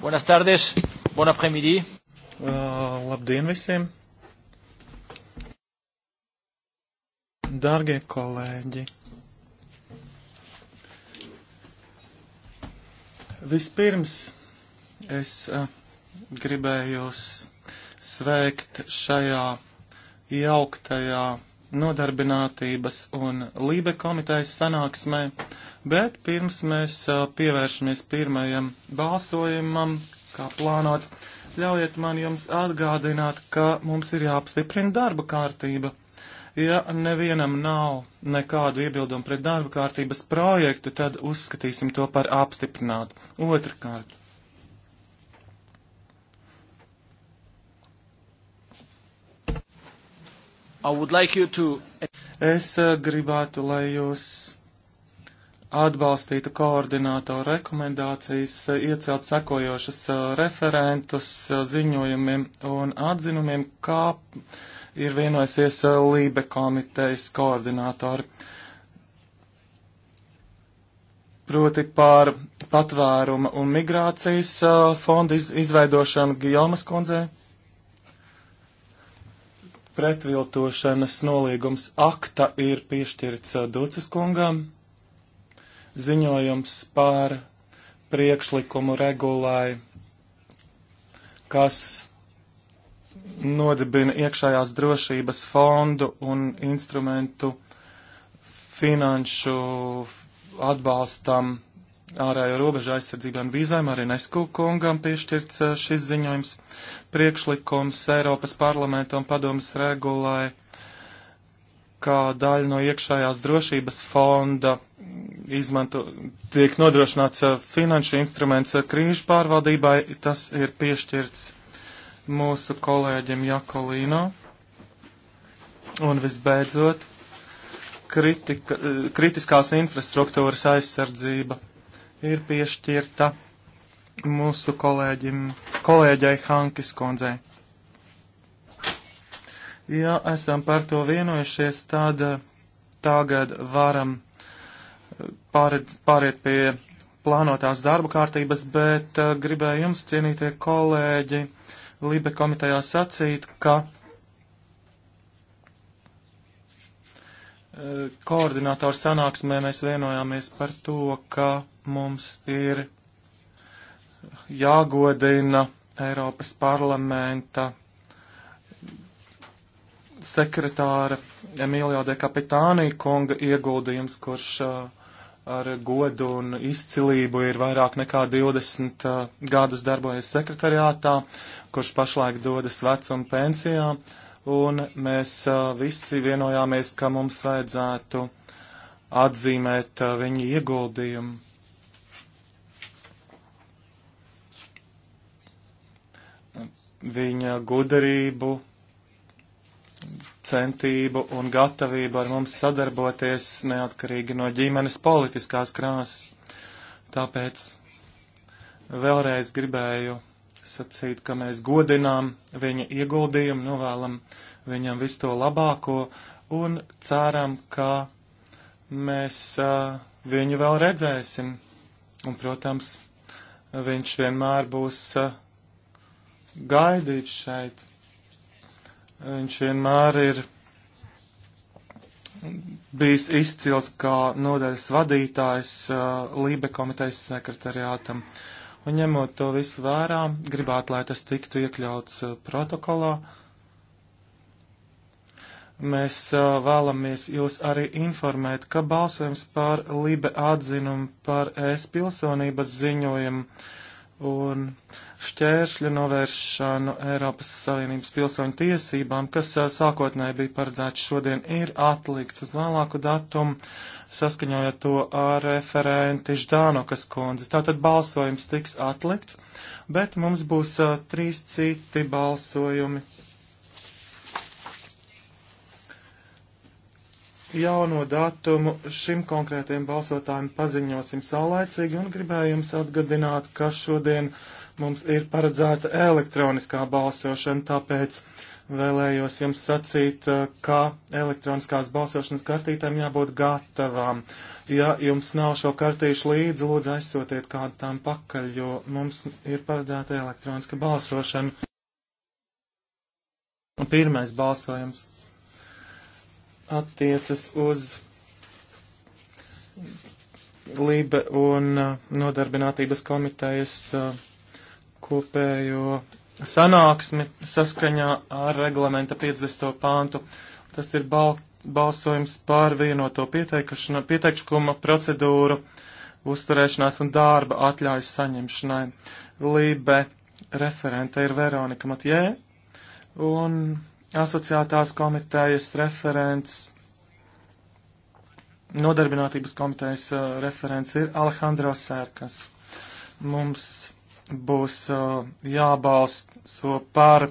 Buenas tardes, bon après-midi. Uh, labdien visiem! Dārgie kolēģi! Vispirms es uh, gribēju jūs sveikt šajā jauktajā nodarbinātības un lībe komitejas sanāksmē. Bet pirms mēs pievēršamies pirmajam balsojumam, kā plānots, ļaujiet man jums atgādināt, ka mums ir jāapstiprina darba kārtība. Ja nevienam nav nekādu iebildumu pret darba kārtības projektu, tad uzskatīsim to par apstiprinātu. Otrakārt. Like to... Es gribētu, lai jūs atbalstītu koordinātoru rekomendācijas, iecelt sekojošas referentus ziņojumiem un atzinumiem, kā ir vienojusies Lībe komitejas koordinātori. Proti pār patvēruma un migrācijas fondu izveidošanu Gijomas kundzei, pretviltošanas nolīgums akta ir piešķirts Ducis kungam ziņojums par priekšlikumu regulai, kas nodibina iekšējās drošības fondu un instrumentu finanšu atbalstam ārējo robežu aizsardzībai un vīzēm arī Nesku kungam piešķirts eh, šis ziņojums priekšlikums Eiropas parlamenta un padomas regulai kā daļa no iekšējās drošības fonda izmanto, tiek nodrošināts uh, finanšu instruments uh, krīžu pārvaldībai. Tas ir piešķirts mūsu kolēģim Jakolīno. Un visbeidzot, kritika, uh, kritiskās infrastruktūras aizsardzība ir piešķirta mūsu kolēģim, kolēģai Hankis kundzei. Ja esam par to vienojušies, tad eh, tagad varam eh, pāriet, pāriet pie plānotās darba kārtības, bet uh, gribēju jums, cienītie kolēģi, Libe komitejā sacīt, ka uh, koordinātoru sanāksmē mēs vienojāmies par to, ka mums ir jāgodina Eiropas parlamenta sekretāra Emīlijā de Kapitānī kunga ieguldījums, kurš uh, ar godu un izcilību ir vairāk nekā 20 uh, gadus darbojies sekretariātā, kurš pašlaik dodas vecuma pensijā, un mēs uh, visi vienojāmies, ka mums vajadzētu atzīmēt viņa ieguldījumu. Viņa gudarību centību un gatavību ar mums sadarboties neatkarīgi no ģimenes politiskās krāsas. Tāpēc vēlreiz gribēju sacīt, ka mēs godinām viņa ieguldījumu, novēlam viņam visu to labāko un ceram, ka mēs uh, viņu vēl redzēsim. Un, protams, viņš vienmēr būs uh, gaidīts šeit. Viņš vienmēr ir bijis izcils kā nodaļas vadītājs uh, Lībe komitejas sekretariātam. Un ņemot to visu vērā, gribētu, lai tas tiktu iekļauts uh, protokolā. Mēs uh, vēlamies jūs arī informēt, ka balsojums par Lībe atzinumu par ēs pilsonības ziņojumu un uh, šķēršļu novēršanu Eiropas Savienības pilsoņu tiesībām, kas sākotnēji bija paredzēts šodien, ir atlikts uz vēlāku datumu, saskaņojot to ar referenti Ždānokas kundzi. Tātad balsojums tiks atlikts, bet mums būs uh, trīs citi balsojumi. Jauno datumu šim konkrētajam balsotājiem paziņosim saulēcīgi un gribēju jums atgadināt, ka šodien uh, mums ir paredzēta elektroniskā balsošana, tāpēc vēlējos jums sacīt, eh, ka elektroniskās balsošanas kartītēm jābūt gatavām. Ja jums nav šo kartīšu līdzi, lūdzu aizsūtiet kādu tām pakaļ, jo mums ir paredzēta elektroniska balsošana. Pirmais balsojums attiecas uz Lība un eh, nodarbinātības komitejas uh, kopējo sanāksmi saskaņā ar reglamenta 50. pāntu. Tas ir bal balsojums pār vienoto pieteikuma procedūru uzturēšanās un darba atļaujas saņemšanai. Lībe referente ir Veronika Matjē un asociētās komitejas referents, nodarbinātības komitejas uh, referents ir Alejandro Sērkas. Mums būs uh, jābalso par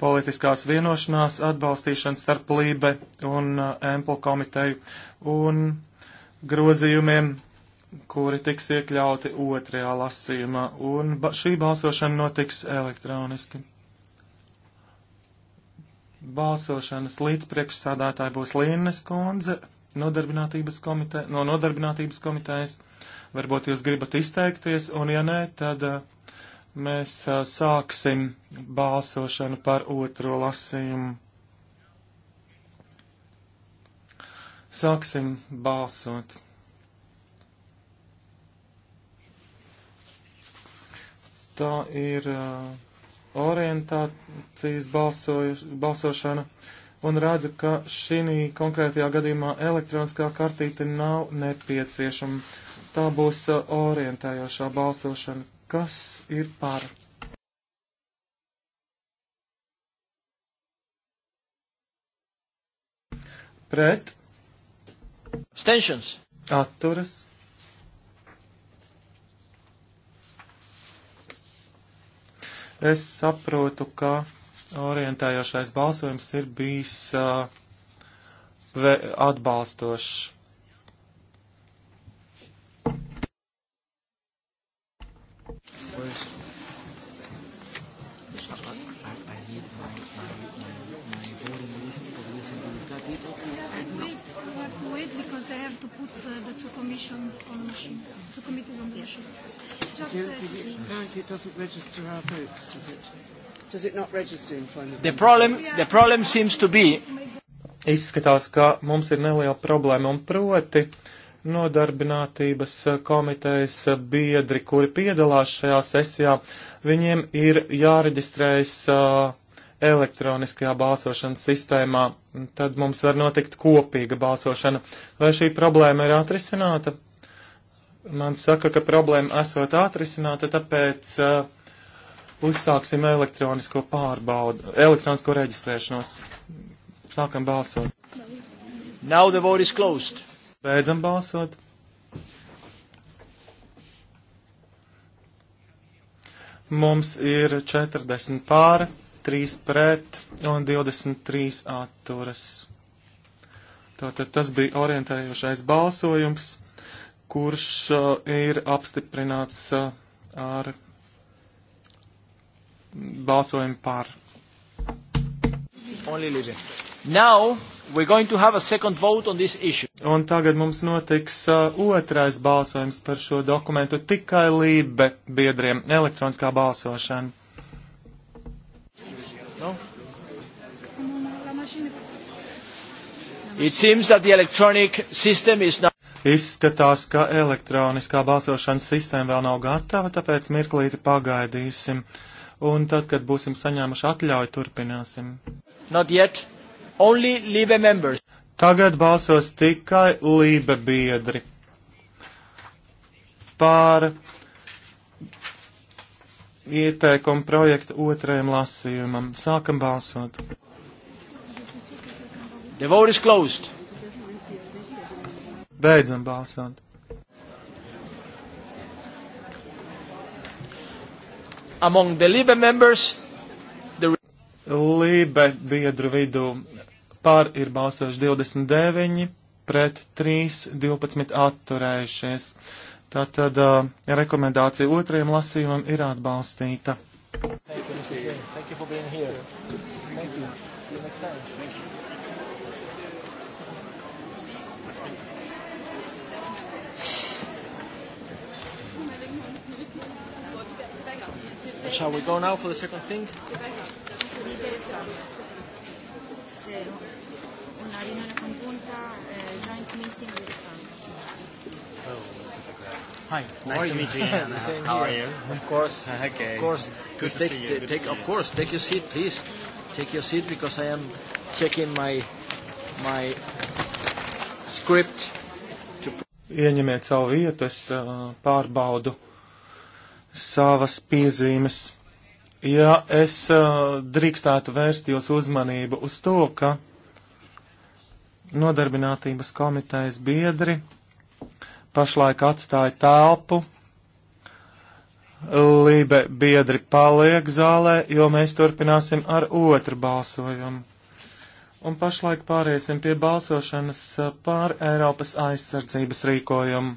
politiskās vienošanās atbalstīšanu starp Lībe un uh, Emplu komiteju un grozījumiem, kuri tiks iekļauti otrajā lasījumā, un ba šī balsošana notiks elektroniski. Balsošanas līdzpriekšsādātāji būs Līnes kundze nodarbinātības komite no nodarbinātības komitejas. Varbūt jūs gribat izteikties, un ja nē, tad uh, mēs a, sāksim balsošanu par otro lasījumu. Sāksim balsot. Tā ir uh, orientācijas balsojuš, balsošana, un redzu, ka šī konkrētajā gadījumā elektroniskā kartīte nav nepieciešama. Tā būs uh, orientējošā balsošana. Kas ir par? Pret. Abstentions. Atturas. Es saprotu, ka orientējošais balsojums ir bijis uh, atbalstošs. first. I, I need my, my, my, my voting list for this and this. That it? No. Wait, we have to wait because they have to put uh, the two commissions on the machine, two committees on the machine. Just, it, uh, it, apparently it doesn't register our votes, does it? Does it not register in front of the problem? The problem seems to be. Izskatās, ka mums ir neliela problēma un proti nodarbinātības eh, komitejas eh, biedri, kuri piedalās šajā sesijā, viņiem ir jāreģistrējas eh, elektroniskajā balsošanas sistēmā. Tad mums var notikt kopīga balsošana. Vai šī problēma ir atrisināta? Man saka, ka problēma esot atrisināta, tāpēc uh, uzsāksim elektronisko pārbaudu, elektronisko reģistrēšanos. Sākam balsot. Now the vote is closed. Beidzam balsot. Mums ir 40 pāri, 3 pret un 23 atturas. Tātad tas bija orientējošais balsojums, kurš uh, ir apstiprināts uh, ar balsojumu par. Only legend. Now Un tagad mums notiks uh, otrais balsojums par šo dokumentu tikai lībe biedriem - elektroniskā balsošana. No? Not... Izskatās, ka elektroniskā balsošanas sistēma vēl nav gatava, tāpēc mirklīti pagaidīsim. Un tad, kad būsim saņēmuši atļauju, turpināsim. Not yet. Only Libe members. Tagad balsos tikai Libe biedri. Pār ieteikumu projektu otrajam lasījumam. Sākam balsot. The vote is closed. Beidzam balsot. Among the Libe members, the... Libe biedru vidū pār ir balsojuši 29, pret 3, 12 atturējušies. Tātad uh, rekomendācija otrajam lasījumam ir atbalstīta. Thank you, Mr. Chair. Thank you for being here. Thank you. See you next time. Thank you. Shall we go now for the second thing? una riunione congiunta, eh, joint meeting with the fund. Oh, Hi, nice How to you? meet you. Anna. Same How here. are you? Of course. okay. Of course. Good take, to see you. Good take, to see of you. course, take your seat, please. Take your seat because I am checking my my script. To... Ieņemiet savu vietu, es uh, pārbaudu savas piezīmes. Ja es uh, drīkstētu vērst jūsu uzmanību uz to, ka nodarbinātības komitejas biedri pašlaik atstāja telpu. Lībe biedri paliek zālē, jo mēs turpināsim ar otru balsojumu. Un pašlaik pāriesim pie balsošanas pār Eiropas aizsardzības rīkojumu.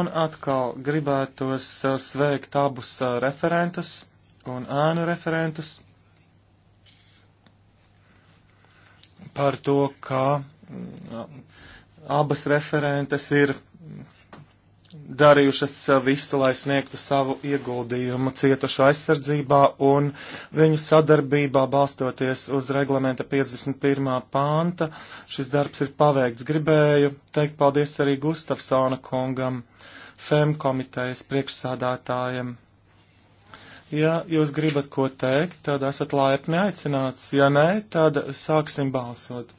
Un atkal gribētos sveikt abus referentus un ēnu referentus. par to, ka mm, abas referentes ir darījušas visu, lai sniegtu savu ieguldījumu cietušu aizsardzībā un viņu sadarbībā balstoties uz reglamenta 51. pānta. Šis darbs ir paveikts. Gribēju teikt paldies arī Gustafsona kungam, FEM komitejas priekšsādātājiem. Ja jūs gribat ko teikt, tad esat laipni aicināts. Ja nē, tad sāksim balsot.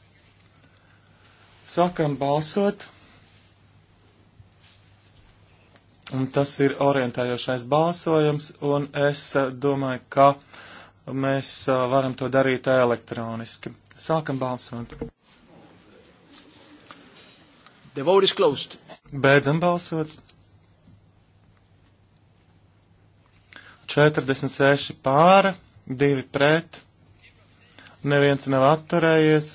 Sākam balsot. Un tas ir orientējošais balsojums, un es domāju, ka mēs varam to darīt elektroniski. Sākam balsot. The vote is closed. Beidzam balsot. 46 pāra, 2 pret, neviens nav atturējies.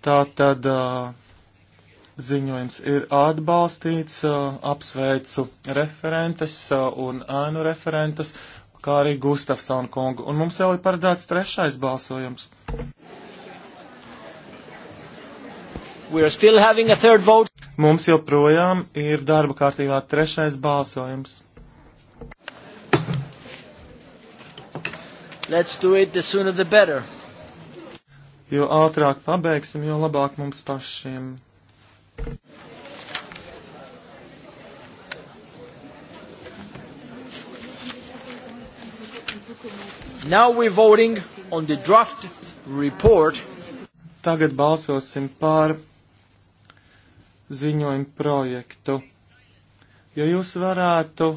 Tā tad uh, ziņojums ir atbalstīts, uh, apsveicu referentes uh, un ēnu referentes, kā arī Gustafsonu kungu. Un mums jau ir paredzēts trešais balsojums. Mums joprojām ir darba kārtībā trešais balsojums. Let's do it, the sooner the better. Jo ātrāk pabeigsim, jo labāk mums pašiem. Now we're voting on the draft report. Tagad balsosim par ziņojumu projektu. Ja jūs varētu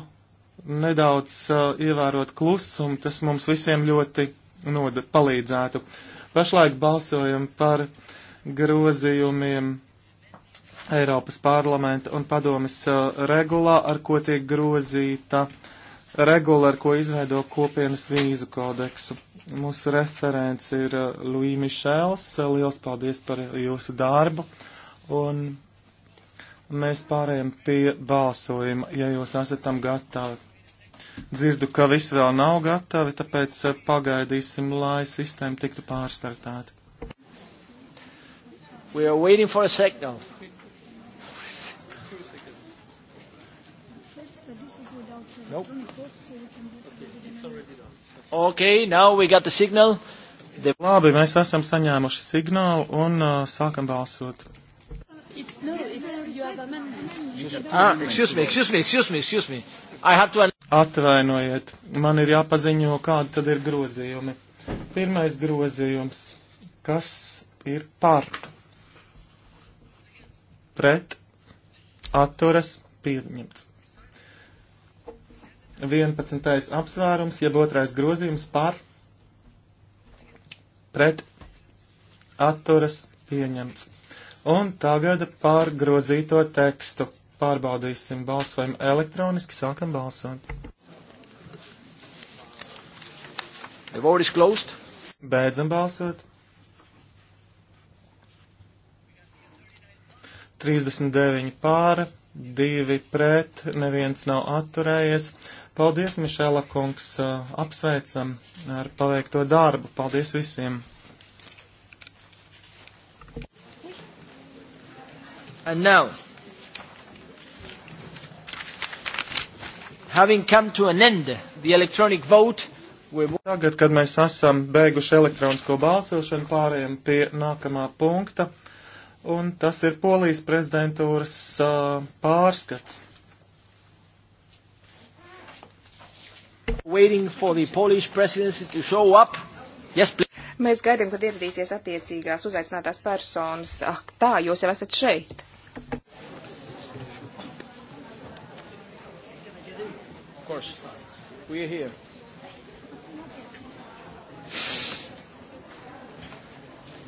nedaudz uh, ievērot klusumu, tas mums visiem ļoti noda, palīdzētu. Pašlaik balsojam par grozījumiem Eiropas parlamenta un padomis uh, regulā, ar ko tiek grozīta regula, ar ko izveido kopienas vīzu kodeksu. Mūsu referents ir uh, Louis Michels. Uh, liels paldies par jūsu darbu. Un mēs pārējām pie balsojuma, ja jūs esat tam gatavi. Dzirdu, ka viss vēl nav gatavi, tāpēc eh, pagaidīsim, lai sistēma tiktu pārstartāta. We are waiting for a signal. Nope. Okay, now we got the signal. The... Labi, mēs esam saņēmuši signālu un uh, sākam balsot. It's, no, it's, ah, excuse me, excuse me, excuse me, excuse me. I have to Atvainojiet, man ir jāpaziņo, kādi tad ir grozījumi. Pirmais grozījums, kas ir par, pret, atturas, pieņemts. 11. apsvērums, jeb otrais grozījums par, pret, atturas, pieņemts. Un tagad par grozīto tekstu pārbaudīsim balsojumu elektroniski, sākam balsot. The vote is closed. Beidzam balsot. 39 pāri, 2 pret, neviens nav atturējies. Paldies, Mišela kungs, apsveicam ar paveikto darbu. Paldies visiem! And now. vote, we... Tagad, kad mēs esam beiguši elektronisko balsošanu, pārējām pie nākamā punkta, un tas ir Polijas prezidentūras uh, pārskats. Waiting for the Polish presidency to show up. Yes, please. Mēs gaidām, kad ieradīsies attiecīgās uzaicinātās personas. Ak, tā, jūs jau esat šeit. Of course. We are here.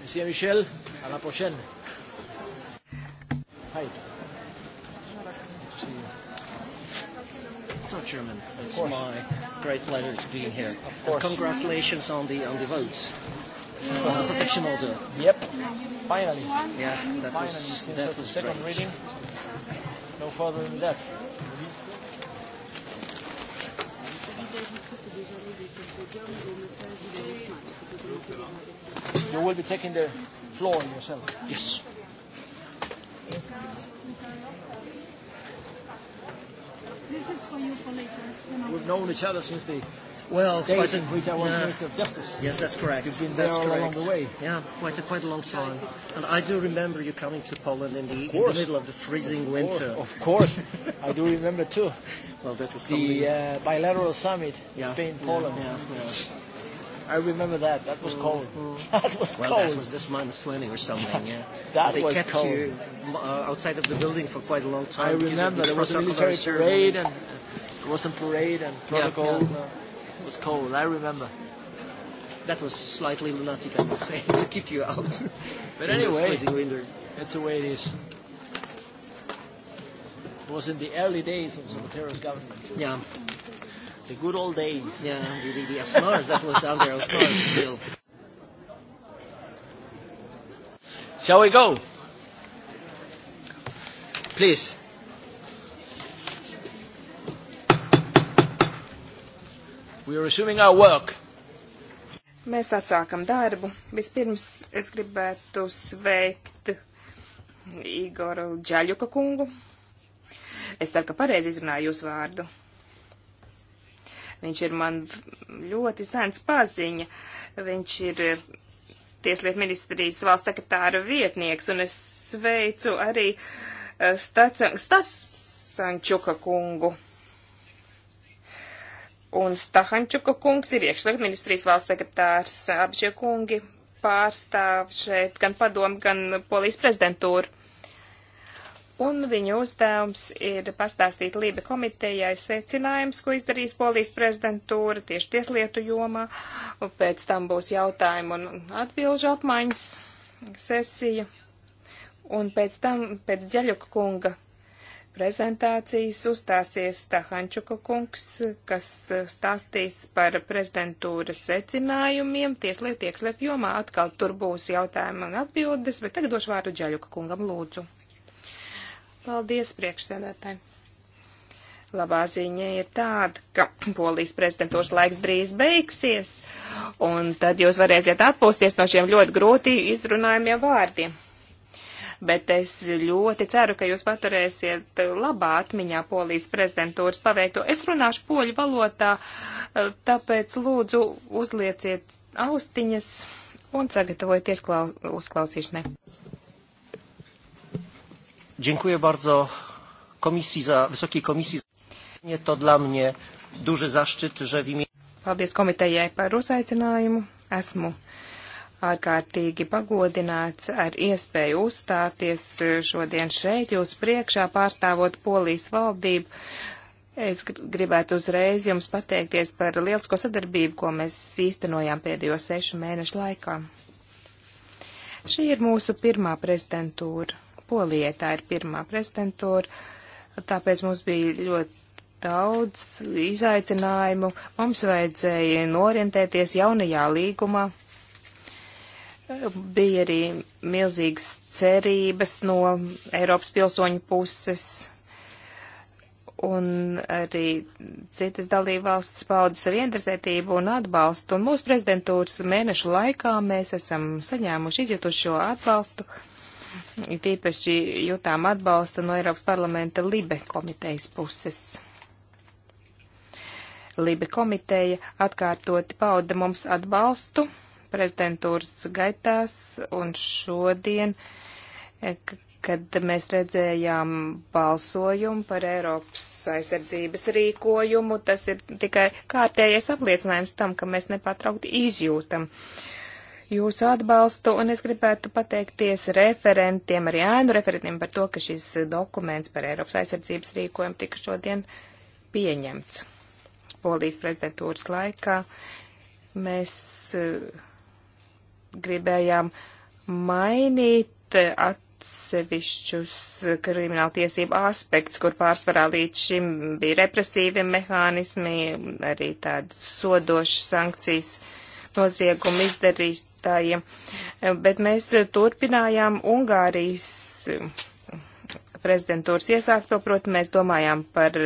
Monsieur Michel, à la prochaine. Hi. Good to see you. So, Chairman, it's my great pleasure to be here. Of course. And congratulations on the on the votes. On the uh, protection order. Yep. Finally. Yeah, that Finally, was, since that was the second great. reading. No further than that. You will be taking the floor yourself. Yes. This is for you for later. We've known each other since the well, days a, in which I was yeah, Minister of Justice. Yes, that's correct. You've been there that's all correct. along the way. Yeah, quite a, quite a long time. And I do remember you coming to Poland in the, in the middle of the freezing of winter. Course, of course, I do remember too. Well, that was something. the uh, bilateral summit, yeah. Spain-Poland. Yeah, yeah, yeah. I remember that. That was mm, cold. Mm. That was well, cold. Well, that was this minus 20 or something, yeah. that they was kept cold. you uh, outside of the building for quite a long time. I remember. The there was a military parade and, uh, there was a parade and protocol. Yeah, yeah. And, uh, It was cold, I remember. That was slightly lunatic, I must say, to keep you out. But anyway, that's the way it is. It was in the early days of Zapatero's government. Yeah. The good old days. Yeah, the, the, the Asnar, that was down there, Asnar still. Shall we go? Please. We are resuming our work. Mēs atsākam darbu. Vispirms es gribētu sveikt Igoru Džaļuka kungu. Es ceru, ka pareizi izrunāju jūsu vārdu. Viņš ir man ļoti sens paziņa. Viņš ir Tieslietu ministrijas valsts sekretāra vietnieks, un es sveicu arī eh, Stasančuka kungu un Stahančuka kungs ir iekšliet ministrijas valsts sekretārs. Abi šie kungi pārstāv šeit gan padomu, gan polijas prezidentūru. Un viņu uzdevums ir pastāstīt Lībe komitejai secinājums, ko izdarīs polijas prezidentūra tieši tieslietu jomā. Un pēc tam būs jautājumu un atbilžu apmaiņas sesija. Un pēc tam, pēc Ģeļuka kunga prezentācijas uzstāsies Tahančuka kungs, kas eh, stāstīs par prezidentūras secinājumiem tieslietu iekšlietu jomā. Atkal tur būs jautājumi un atbildes, bet tagad došu vārdu Džaļuka kungam lūdzu. Paldies priekšsēdētāji. Labā ziņa ir tāda, ka polijas prezidentūras laiks drīz beigsies, un tad jūs varēsiet atpūsties no šiem ļoti grūti izrunājumiem vārdiem bet es ļoti ceru, ka jūs paturēsiet labā atmiņā polijas prezidentūras paveikto. Es runāšu poļu valodā, tāpēc lūdzu uzlieciet austiņas un sagatavojieties uzklausīšanai. Dziękuję bardzo komisji za, Wysokiej Komisji. To dla mnie duży zaszczyt, że w imieniu. Paldies komitejai par uzaicinājumu. Esmu ārkārtīgi pagodināts ar iespēju uzstāties šodien šeit jūs priekšā pārstāvot Polijas valdību. Es gribētu uzreiz jums pateikties par lielisko sadarbību, ko mēs īstenojām pēdējo sešu mēnešu laikā. Šī ir mūsu pirmā prezidentūra. Polijai tā ir pirmā prezidentūra, tāpēc mums bija ļoti daudz izaicinājumu. Mums vajadzēja norientēties jaunajā līgumā, Bija arī milzīgas cerības no Eiropas pilsoņu puses, un arī citas dalībvalstis pauda savu interesētību un atbalstu. Un mūsu prezidentūras mēnešu laikā mēs esam saņēmuši izjutuši šo atbalstu. Tīpaši jūtām atbalsta no Eiropas parlamenta Libe komitejas puses. Libe komiteja atkārtoti pauda mums atbalstu prezidentūras gaitās un šodien, e, kad mēs redzējām balsojumu par Eiropas aizsardzības rīkojumu, tas ir tikai kārtējais apliecinājums tam, ka mēs nepārtraukti izjūtam jūsu atbalstu, un es gribētu pateikties referentiem, arī ēnu referentiem par to, ka šis dokuments par Eiropas aizsardzības rīkojumu tika šodien pieņemts. Polijas prezidentūras laikā mēs uh, gribējām mainīt atsevišķus krimināla tiesību aspektus, kur pārsvarā līdz šim bija represīvi mehānismi, arī tādas sodošas sankcijas noziegumu izdarītājiem, bet mēs turpinājām Ungārijas prezidentūras iesākto, proti mēs domājām par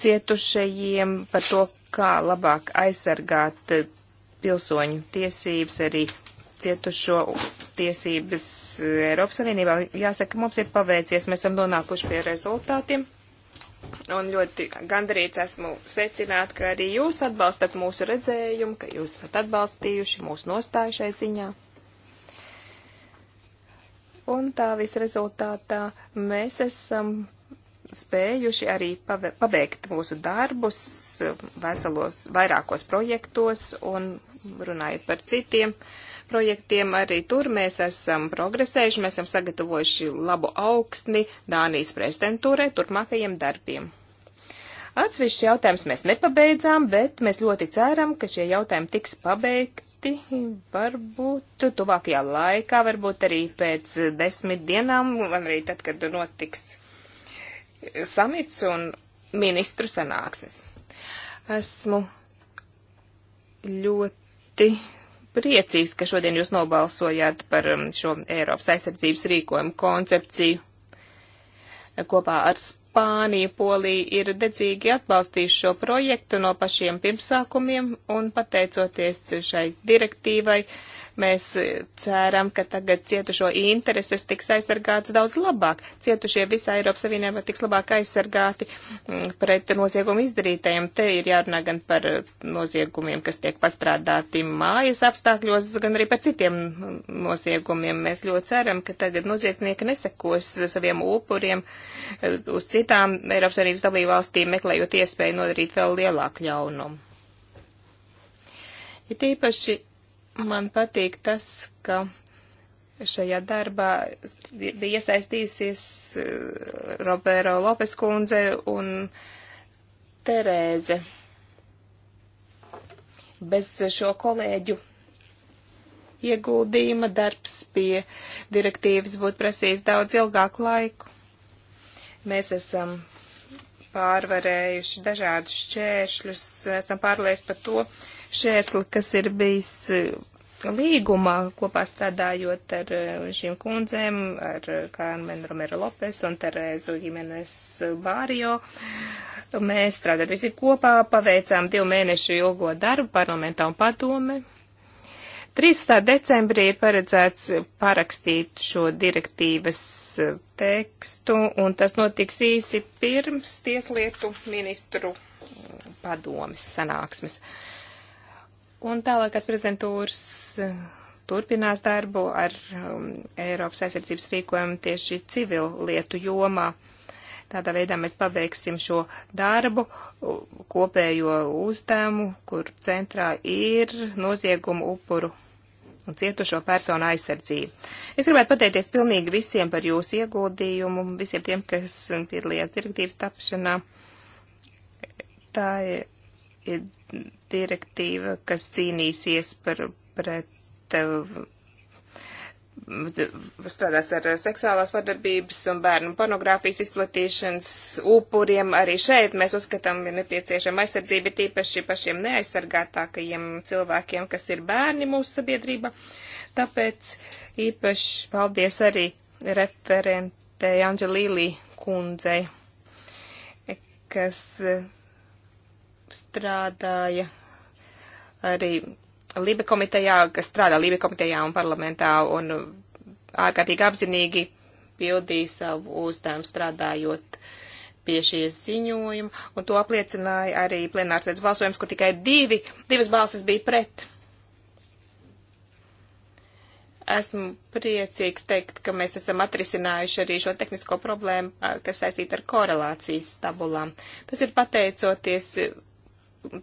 cietušajiem, par to, kā labāk aizsargāt pilsoņu tiesības, arī cietušo tiesības e, Eiropas Savienībā. Jāsaka, mums ir paveicies, mēs esam nonākuši pie rezultātiem. Un ļoti gandarīts esmu secināt, ka arī jūs atbalstat mūsu redzējumu, ka jūs esat atbalstījuši mūsu nostāju šai ziņā. Un tā visa rezultātā mēs esam spējuši arī pabeigt mūsu darbus e, veselos vairākos projektos un runājot par citiem. Uh, projektiem. Arī tur mēs esam progresējuši, mēs esam sagatavojuši labu augsni Dānijas prezidentūrai turpmākajiem darbiem. Atsevišķi jautājums mēs nepabeidzām, bet mēs ļoti ceram, ka šie jautājumi tiks pabeigti varbūt tuvākajā laikā, varbūt arī pēc desmit dienām, arī tad, kad notiks samits un ministru sanāksmes. Esmu ļoti priecīgs, ka šodien jūs nobalsojāt par um, šo Eiropas aizsardzības rīkojumu koncepciju. Kopā ar Spāniju Polija ir dedzīgi atbalstījuši šo projektu no pašiem pirmsākumiem un pateicoties šai direktīvai Mēs e, ceram, ka tagad cietušo intereses tiks aizsargāts daudz labāk. Cietušie visā Eiropas Savienībā tiks labāk aizsargāti mm, pret noziegumu izdarītajiem. Te ir jārunā gan par e, noziegumiem, kas tiek pastrādāti mājas apstākļos, gan arī par citiem mm, noziegumiem. Mēs ļoti ceram, ka tagad noziedznieki nesekos saviem upuriem e, uz citām Eiropas Savienības dalībvalstīm, meklējot iespēju nodarīt vēl lielāku ļaunumu. Ir ja tīpaši Man patīk tas, ka šajā darbā bija iesaistījusies eh, Robero Lopes kundze un Terēze. Bez šo kolēģu ieguldījuma darbs pie direktīvas būtu prasījis daudz ilgāku laiku. Mēs esam pārvarējuši dažādus šķēršļus, esam pārliecināti par to, šērsli, kas ir bijis eh, līgumā kopā strādājot ar eh, šīm kundzēm, ar Kārmen eh, Romero Lopes un Terēzu Jimenez Bārio. Mēs strādājot visi kopā, paveicām divu mēnešu ilgo darbu parlamentā un padome. 13. decembrī ir paredzēts parakstīt šo direktīvas tekstu, un tas notiks īsi pirms tieslietu ministru padomes sanāksmes. Uh, Un tālākās prezidentūras eh, turpinās darbu ar um, Eiropas aizsardzības rīkojumu tieši civilu lietu jomā. Tādā veidā mēs pabeigsim šo darbu, kopējo uzdevumu, kur centrā ir noziegumu upuru un cietušo personu aizsardzība. Es gribētu pateikties pilnīgi visiem par jūsu ieguldījumu, visiem tiem, kas piedalījās direktīvas tapšanā. Tā ir direktīva, kas cīnīsies par, pret strādās ar seksuālās vardarbības un bērnu pornogrāfijas izplatīšanas upuriem. Arī šeit mēs uzskatām, ir nepieciešama aizsardzība tīpaši pašiem neaizsargātākajiem cilvēkiem, kas ir bērni mūsu sabiedrība. Tāpēc īpaši paldies arī referentei Anģelīlī kundzei, kas strādāja arī Lībe komitejā, kas strādā Lībe komitejā un parlamentā un ārkārtīgi apzinīgi pildīja savu uzdevumu strādājot pie šīs ziņojuma, un to apliecināja arī plenārsēdes balsojums, kur tikai divi, divas balsis bija pret. Esmu priecīgs teikt, ka mēs esam atrisinājuši arī šo tehnisko problēmu, kas saistīta ar korelācijas tabulām. Tas ir pateicoties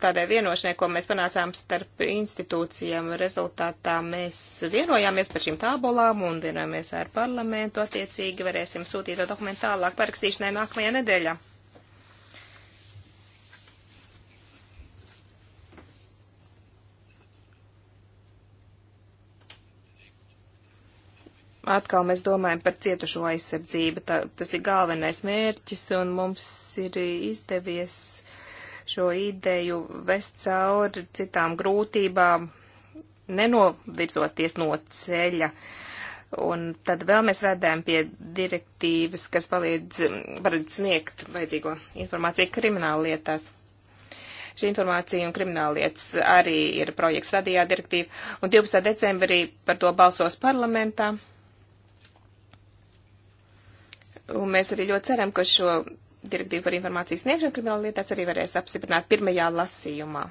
tādai vienošanai, ko mēs panācām starp institūcijām. Rezultātā mēs vienojāmies par šīm tabulām un vienojāmies ar parlamentu. Attiecīgi varēsim sūtīt to dokumentu tālāk parakstīšanai nākamajā nedēļā. Atkal mēs domājam par cietušo aizsardzību. Tā, tas ir galvenais mērķis, un mums ir izdevies uh, šo ideju vest cauri citām grūtībām, nenovirzoties no ceļa. Un tad vēl mēs redzējām pie direktīvas, kas palīdz, paredz sniegt vajadzīgo informāciju krimināla lietās. Šī informācija un krimināllietas arī ir projekts radījā direktīva, un 12. decembrī par to balsos parlamentā. Un mēs arī ļoti ceram, ka šo direktīvu par informācijas sniegšanu krimināla lietās arī varēs apstiprināt pirmajā lasījumā.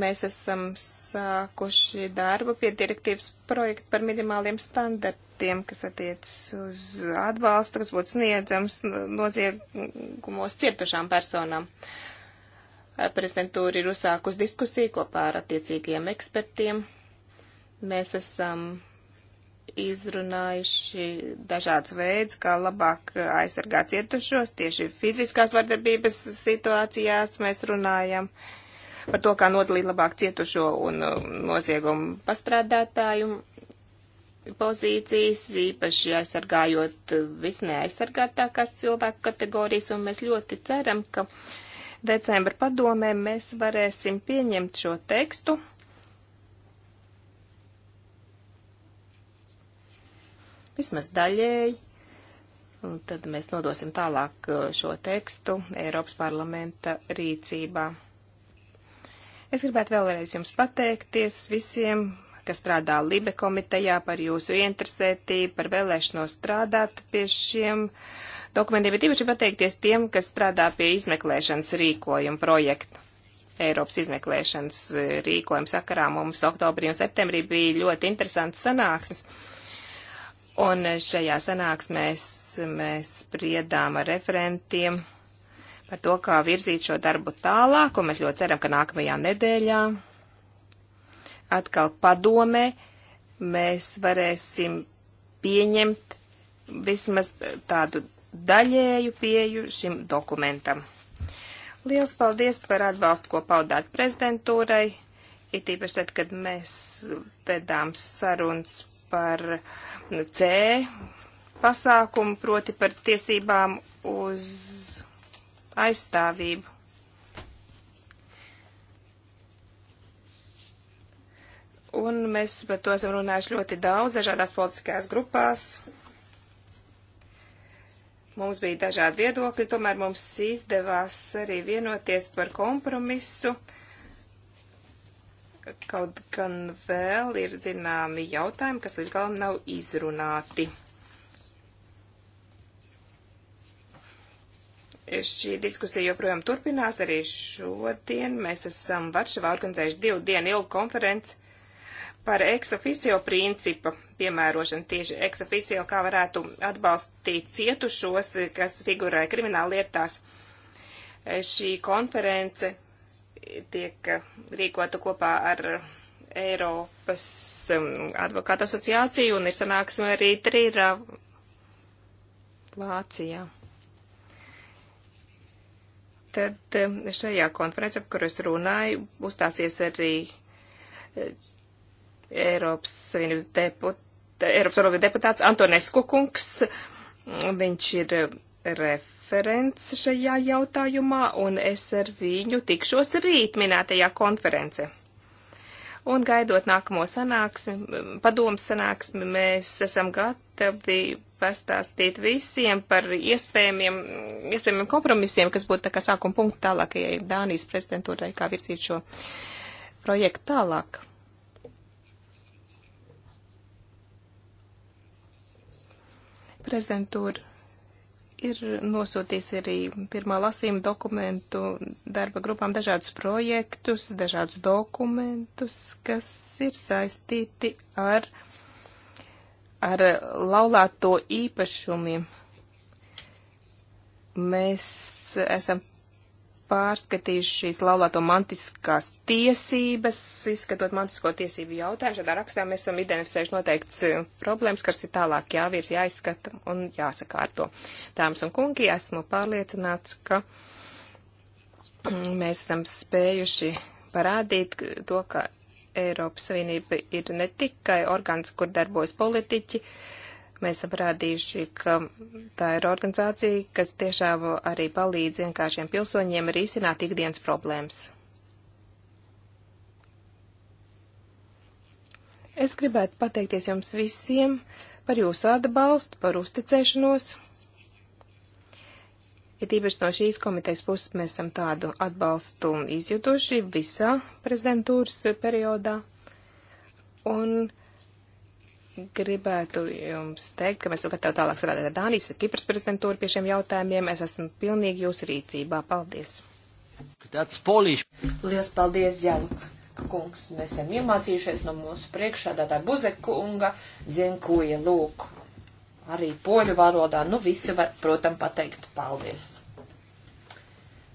Mēs esam sākuši darbu pie direktīvas projekta par minimāliem standartiem, kas attiecas uz atbalstu, kas būtu sniedzams noziegumos cietušām personām. Prezidentūra ir uzsākus diskusiju kopā ar attiecīgajiem ekspertiem. Mēs esam izrunājuši dažāds veids, kā labāk aizsargāt cietušos. Tieši fiziskās vardarbības situācijās mēs runājam par to, kā nodalīt labāk cietušo un um, noziegumu pastrādātāju pozīcijas, īpaši aizsargājot visneaizsargātākās cilvēku kategorijas, un mēs ļoti ceram, ka decembra padomē mēs varēsim pieņemt šo tekstu vismaz daļēji, un tad mēs nodosim tālāk uh, šo tekstu Eiropas parlamenta rīcībā. Es gribētu vēlreiz jums pateikties visiem, kas strādā Libe komitejā par jūsu interesētību, par vēlēšanos strādāt pie šiem dokumentiem, bet īpaši pateikties tiem, kas strādā pie izmeklēšanas rīkojuma projekta. Eiropas izmeklēšanas eh, rīkojuma sakarā mums oktobrī un septembrī bija ļoti interesants sanāksmes. Un šajā sanāksmēs mēs spriedām ar referentiem par to, kā virzīt šo darbu tālāk, un mēs ļoti ceram, ka nākamajā nedēļā atkal padomē mēs varēsim pieņemt vismaz tādu daļēju pieju šim dokumentam. Liels paldies par atbalstu, ko paudāt prezidentūrai, it īpaši tad, kad mēs vedām sarunas par C pasākumu, proti par tiesībām uz aizstāvību. Un mēs par to esam runājuši ļoti daudz dažādās politiskajās grupās. Mums bija dažādi viedokļi, tomēr mums izdevās arī vienoties par kompromisu. Uh, Kaut gan vēl ir zināmi jautājumi, kas līdz galam nav izrunāti. Šī diskusija joprojām turpinās arī šodien. Mēs esam Varšavā organizējuši divu dienu ilgu konferenci par eksoficio principu piemērošanu tieši eksoficio, kā varētu atbalstīt cietušos, kas figurē krimināllietās. Šī konference tiek rīkota kopā ar Eiropas um, advokātu asociāciju un ir sanāksme arī Trīrā Vācijā. Tad um, šajā konferencē, par kuru es runāju, uzstāsies arī uh, Eiropas Savienības deputāts. Eiropas Savienības deputāts Antonesku kungs, viņš ir uh, ref referents šajā jautājumā, un es ar viņu tikšos rīt minētajā konference. Un gaidot nākamo sanāksmi, padomu sanāksmi, mēs esam gatavi pastāstīt visiem par iespējamiem, iespējamiem kompromisiem, kas būtu tā kā sākuma punkti tālākajai Dānijas prezidentūrai, kā virsīt šo projektu tālāk. prezidentūra ir nosūtījis arī pirmā lasījuma dokumentu darba grupām dažādus projektus, dažādus dokumentus, kas ir saistīti ar, ar laulāto īpašumiem. Mēs esam pārskatījuši šīs laulāto mantiskās tiesības, izskatot mantisko tiesību jautājumu. Šādā rakstā mēs esam identificējuši noteikts e, problēmas, kas ir tālāk jāvirs, jāizskata un jāsakārto. Tāms un kungi, esmu pārliecināts, ka mm, mēs esam spējuši parādīt to, ka Eiropas Savienība ir ne tikai orgāns, kur darbojas politiķi, uh, Mēs esam parādījuši, ka tā ir organizācija, kas tiešām arī palīdz vienkāršiem pilsoņiem risināt ikdienas problēmas. Es gribētu pateikties jums visiem par jūsu atbalstu, par uzticēšanos. Ja tīpaši no šīs komitejas puses mēs esam tādu atbalstu izjutuši visā prezidentūras periodā. Un gribētu jums teikt, ka mēs esam gatavi tālāk strādāt ar Dānijas un Kipras prezidentūru pie šiem jautājumiem. Es esmu pilnīgi jūsu rīcībā. Paldies! Tāds poliš! Lielas paldies, Jāluk! Kungs, mēs esam iemācījušies no mūsu priekšādātāja Buzekunga, Zinkoja Lūk. Arī poļu valodā, nu visi var, protam, pateikt paldies.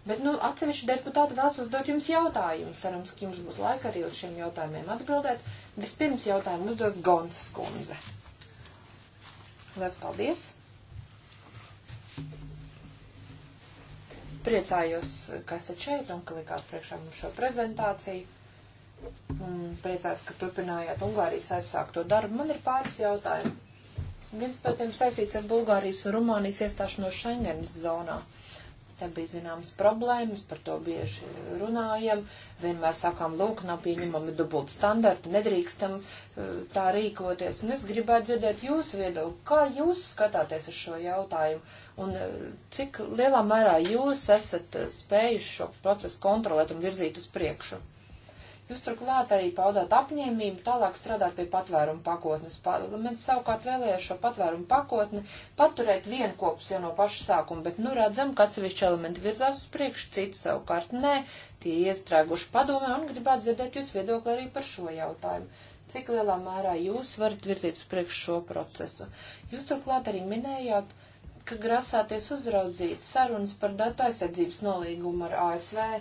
Bet, nu, atsevišķi deputāti vēlas uzdot jums jautājumus. Cerams, ka jums būs laika arī uz šiem jautājumiem atbildēt. Vispirms jautājumu uzdos Gonsas kundze. Lielas paldies! Priecājos, ka esat šeit un ka likāt priekšā mums šo prezentāciju. Un priecājos, ka turpinājāt Ungārijas aizsākto darbu. Man ir pāris jautājumu. Viens no tiem saistīts ar Bulgārijas un Rumānijas iestāšanos Schengenas zonā. Uh, Te bija zināmas problēmas, par to bieži runājam. Vienmēr sakām, lūk, nav pieņemami dubult standarti, nedrīkstam eh, tā rīkoties. Un es gribētu dzirdēt jūsu viedokli, kā jūs skatāties uz šo jautājumu un eh, cik lielā mērā jūs esat eh, spējuši šo procesu kontrolēt un virzīt uz priekšu. Jūs turklāt arī paudāt apņēmību tālāk strādāt pie patvērumu pakotnes. Parlaments savukārt vēlēja šo patvērumu pakotni paturēt vienkopus jau no paša sākuma, bet nu redzam, ka atsevišķi elementi virzās uz priekšu, citi savukārt nē, tie iestrēguši padomē un gribētu dzirdēt jūs viedokli arī par šo jautājumu. Cik lielā mērā jūs varat virzīt uz priekšu šo procesu? Jūs turklāt arī minējāt, ka grasāties uzraudzīt sarunas par datu aizsardzības nolīgumu ar ASV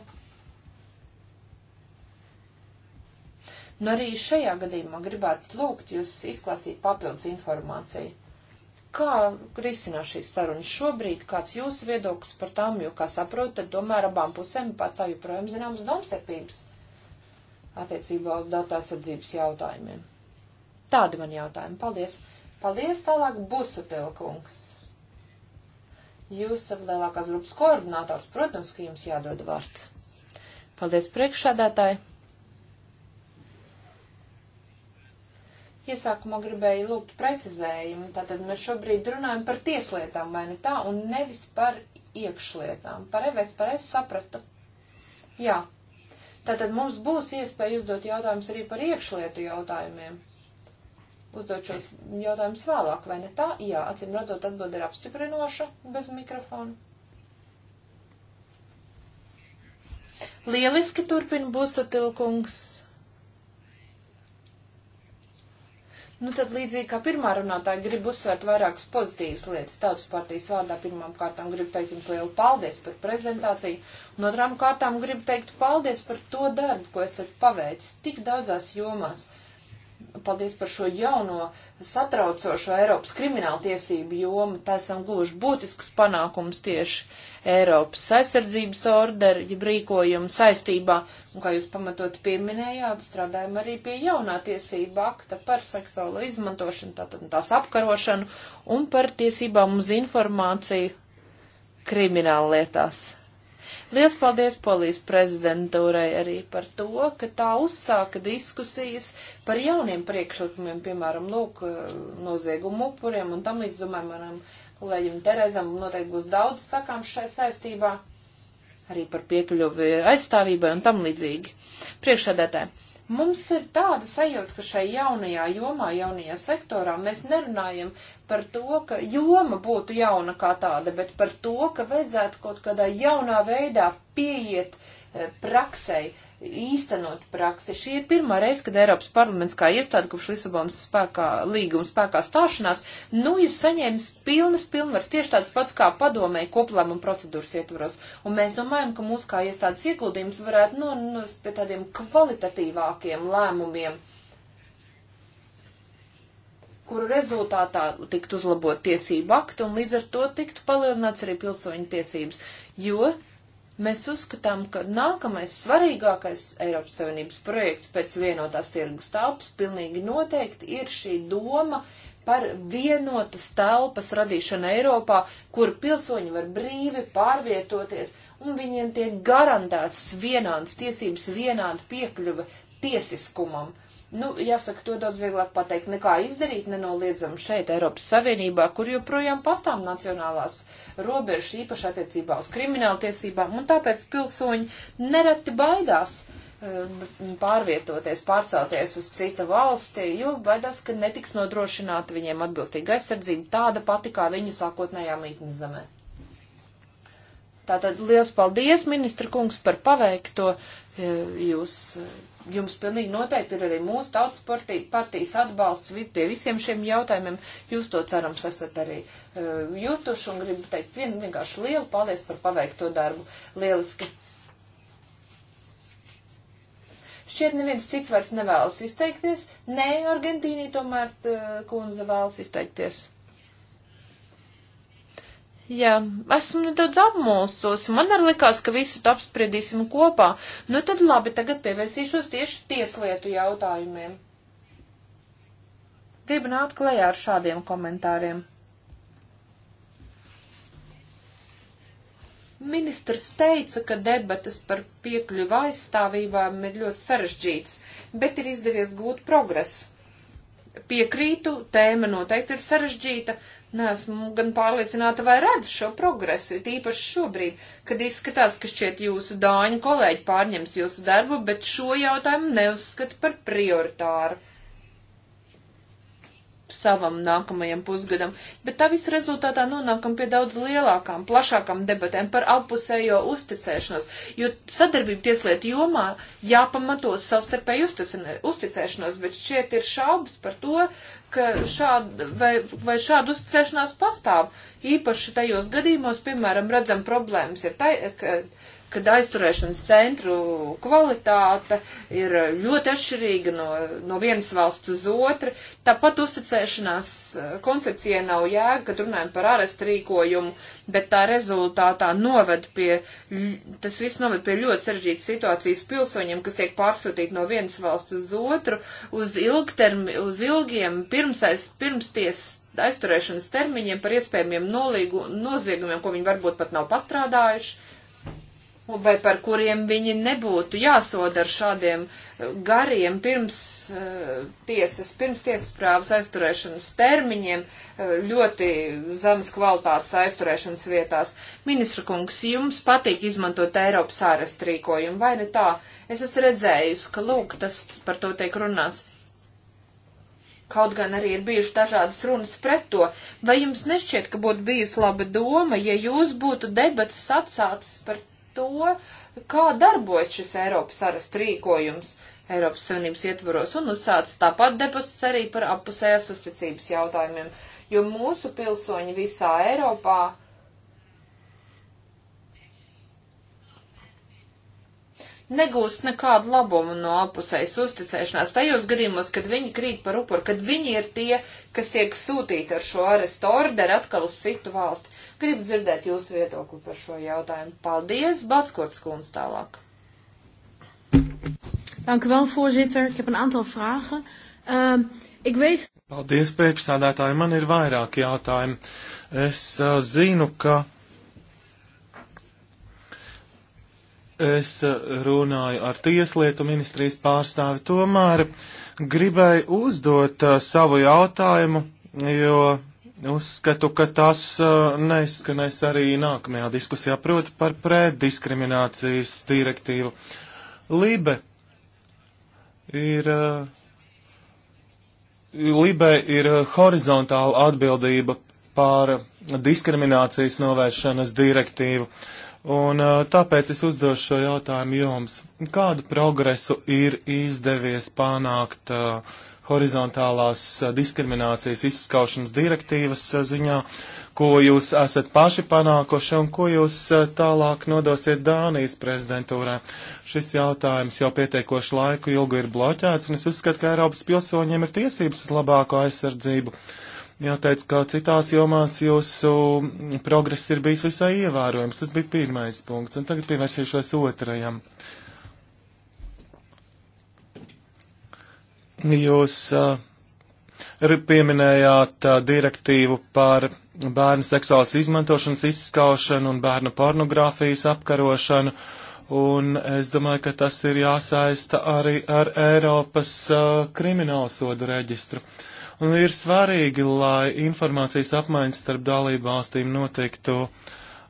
Nu, arī šajā gadījumā gribētu lūgt jūs izklāstīt papildus informāciju. Kā risinās šīs sarunas šobrīd, kāds jūsu viedoklis par tām, jo, kā saprotu, tad tomēr abām pusēm pastāv joprojām zināmas domstarpības attiecībā uz datu aizsardzības jautājumiem. Tādi man jautājumi. Paldies! Paldies tālāk Busutelkungs! Jūs esat lielākās grupas koordinātors, protams, ka jums jādod vārds. Paldies priekšsādātāji! Iesākumā gribēju lūgt precizējumu, tātad mēs šobrīd runājam par tieslietām, vai ne tā, un nevis par iekšlietām. Pareizi, pareizi sapratu. Jā. Tātad mums būs iespēja uzdot jautājumus arī par iekšlietu jautājumiem. Uzdot šos jautājumus vēlāk, vai ne tā? Jā, acīm redzot, atbildi ir apstiprinoša bez mikrofona. Lieliski turpina Busatilkungs. Nu tad līdzīgi kā pirmā runātāja grib uzsvērt vairākas pozitīvas lietas. Tautas partijas vārdā pirmām kārtām gribu teikt jums lielu paldies par prezentāciju, un otrām kārtām gribu teikt paldies par to darbu, ko esat paveicis tik daudzās jomās. Uh, paldies par šo jauno satraucošo Eiropas kriminālu tiesību jomu. Tā esam guvuši būtiskus panākumus tieši Eiropas aizsardzības orderu, jeb rīkojumu saistībā. Un, kā jūs pamatot pieminējāt, strādājam arī pie jaunā tiesība akta par seksuālo izmantošanu, tātad tās apkarošanu un par tiesībām uz informāciju krimināllietās. lietās. Lielas paldies Polijas prezidentūrai arī par to, ka tā uzsāka diskusijas par jauniem priekšlikumiem, piemēram, lūk, noziegumu upuriem un tam līdz, domāju, manam kolēģim Terezam noteikti būs daudz sakām šai saistībā, arī par piekļuvi aizstāvībai un tam līdzīgi. Priekšsēdētāji. Mums ir tāda sajūta, ka šai jaunajā jomā, jaunajā sektorā mēs nerunājam par to, ka joma būtu jauna kā tāda, bet par to, ka vajadzētu kaut kādā jaunā veidā pieiet eh, praksei, īstenot praksi. Šī ir pirmā reize, kad Eiropas parlaments kā iestāde kopš Lisabonas spēkā, līguma spēkā stāšanās, nu ir saņēmis pilnas pilnvaras, tieši tāds pats kā padomēji koplēmuma procedūras ietvaros. Un mēs domājam, ka mūsu kā iestādes ieguldījums varētu nonākt pie tādiem kvalitatīvākiem lēmumiem kuru rezultātā tiktu uzlabot tiesību aktu un līdz ar to tiktu palielināts arī pilsoņu tiesības, jo Mēs uzskatām, ka nākamais svarīgākais Eiropas Savienības projekts pēc vienotās tirgus telpas pilnīgi noteikti ir šī doma par vienotas telpas radīšanu Eiropā, kur pilsoņi var brīvi pārvietoties un viņiem tiek garantēts vienādas tiesības, vienāda piekļuve tiesiskumam. Nu, jāsaka, to daudz vieglāk pateikt nekā izdarīt nenoliedzam šeit, Eiropas Savienībā, kur joprojām pastāv nacionālās robežas īpaši attiecībā uz krimināltiesībām, un tāpēc pilsoņi nereti baidās um, pārvietoties, pārcelties uz citu valsti, jo baidās, ka netiks nodrošināta viņiem atbilstīga aizsardzība tāda pati kā viņu sākotnējā mītnes zemē. Tātad liels paldies, ministra kungs, par paveikto. Eh, jūs eh, Jums pilnīgi noteikti ir arī mūsu tautas partijas atbalsts pie visiem šiem jautājumiem. Jūs to cerams esat arī uh, jutuši un gribu teikt vienu vienkārši lielu paldies par paveikto darbu. Lieliski. Šķiet neviens cits vairs nevēlas izteikties. Nē, Argentīnī tomēr uh, kundze vēlas izteikties. Jā, esmu nedaudz apmulsos. Man arī likās, ka visu to apspriedīsim kopā. Nu tad labi, tagad pievērsīšos tieši tieslietu jautājumiem. Gribu nākt klajā ar šādiem komentāriem. Ministrs teica, ka debatas par piekļuvu aizstāvībām ir ļoti sarežģītas, bet ir izdevies gūt progresu. Piekrītu, tēma noteikti ir sarežģīta, Nesmu gan pārliecināta, vai redz šo progresu, tīpaši šobrīd, kad izskatās, ka šķiet jūsu dāņu kolēģi pārņems jūsu darbu, bet šo jautājumu neuzskata par prioritāru savam nākamajam pusgadam, bet tā visa rezultātā nonākam pie daudz lielākām, plašākām debatēm par apusējo uzticēšanos, jo sadarbība tieslietu jomā jāpamatos savstarpēji uzticēšanos, bet šeit ir šaubas par to, ka šāda, vai, vai šāda uzticēšanās pastāv. Īpaši tajos gadījumos, piemēram, redzam problēmas ir tai, ka kad aizturēšanas centru kvalitāte ir ļoti atšķirīga no, no vienas valsts uz otru. Tāpat uzticēšanās eh, koncepcijai nav jēga, kad runājam par arestu rīkojumu, bet tā rezultātā noved pie, tas viss noved pie ļoti saržģītas situācijas pilsoņiem, kas tiek pārsūtīti no vienas valsts uz otru, uz, ilgtermi, uz ilgiem pirmsais, pirmsties aizturēšanas termiņiem par iespējamiem nolīgu, noziegumiem, ko viņi varbūt pat nav pastrādājuši vai par kuriem viņi nebūtu jāsoda ar šādiem eh, gariem pirms eh, tiesas, pirms tiesas prāvas aizturēšanas termiņiem, eh, ļoti zemas kvalitātes aizturēšanas vietās. Ministra kungs, jums patīk izmantot Eiropas ārestu rīkojumu, vai ne nu tā? Es esmu redzējusi, ka lūk, tas par to tiek runāts. Kaut gan arī ir bijušas dažādas runas pret to, vai jums nešķiet, ka būtu bijusi laba doma, ja jūs būtu debatas atsācis par to, kā darbojas šis Eiropas arestu rīkojums Eiropas Savienības ietvaros un uzsācis tāpat debatas arī par apusējās uzticības jautājumiem, jo mūsu pilsoņi visā Eiropā negūst nekādu labumu no apusējas uzticēšanās tajos gadījumos, kad viņi krīt par upuru, kad viņi ir tie, kas tiek sūtīti ar šo arestu orderu atkal uz citu valsti. Gribu dzirdēt jūsu viedokli par šo jautājumu. Paldies, Batskots kundz tālāk. Dank u wel, voorzitter. Ik heb een aantal vragen. Uh, ik weet... Paldies, priekšsādātāji. Man ir vairāk jautājumu. Es uh, zinu, ka es eh, runāju ar Tieslietu ministrijas pārstāvi, tomēr gribēju uzdot uh, savu jautājumu, jo Uzskatu, ka tas uh, neizskanēs arī nākamajā diskusijā, proti par preddiskriminācijas direktīvu. Libe ir, uh, Libe ir uh, horizontāla atbildība pār diskriminācijas novēršanas direktīvu. Un uh, tāpēc es uzdošu šo jautājumu jums. Kādu progresu ir izdevies panākt uh, horizontālās eh, diskriminācijas izskaušanas direktīvas eh, ziņā, ko jūs esat paši panākoši un ko jūs eh, tālāk nodosiet Dānijas prezidentūrā. Šis jautājums jau pietiekoši laiku ilgu ir bloķēts, un es uzskatu, ka Eiropas pilsoņiem ir tiesības uz labāko aizsardzību. Jāteic, ka citās jomās jūsu mm, progress ir bijis visai ievērojams. Tas bija pirmais punkts, un tagad pievērsīšos otrajam. Uh, Jūs eh, pieminējāt eh, direktīvu par bērnu seksuālas izmantošanas izskaušanu un bērnu pornogrāfijas apkarošanu, un es domāju, ka tas ir jāsaista arī ar Eiropas eh, kriminālsodu reģistru. Un ir svarīgi, lai informācijas apmaiņas starp dalību valstīm notiktu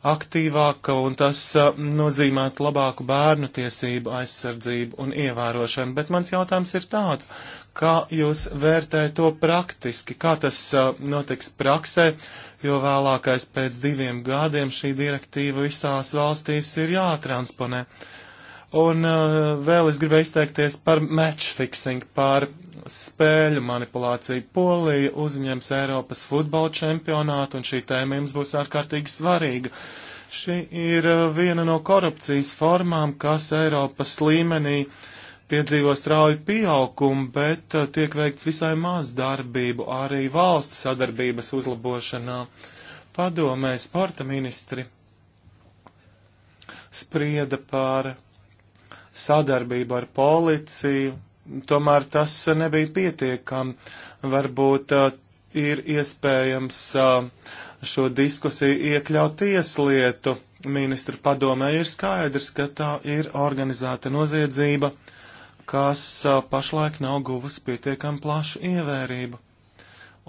aktīvāka, un tas nozīmētu labāku bērnu tiesību aizsardzību un ievērošanu. Bet mans jautājums ir tāds, Kā jūs vērtējat to praktiski? Kā tas uh, notiks praksē? Jo vēlākais pēc diviem gadiem šī direktīva visās valstīs ir jātransponē. Un uh, vēl es gribēju izteikties par match fixing, par spēļu manipulāciju. Polija uzņems Eiropas futbola čempionātu, un šī tēma jums būs ārkārtīgi svarīga. Šī ir uh, viena no korupcijas formām, kas Eiropas līmenī uh, piedzīvo strauju pieaugumu, bet uh, tiek veikts visai maz darbību arī valstu sadarbības uzlabošanā. Padomē sporta ministri sprieda par sadarbību ar policiju, tomēr tas nebija pietiekami. Varbūt uh, ir iespējams uh, šo diskusiju iekļaut tieslietu ministru padomē ir skaidrs, ka tā ir organizēta noziedzība, kas pašlaik nav guvis pietiekam plašu ievērību.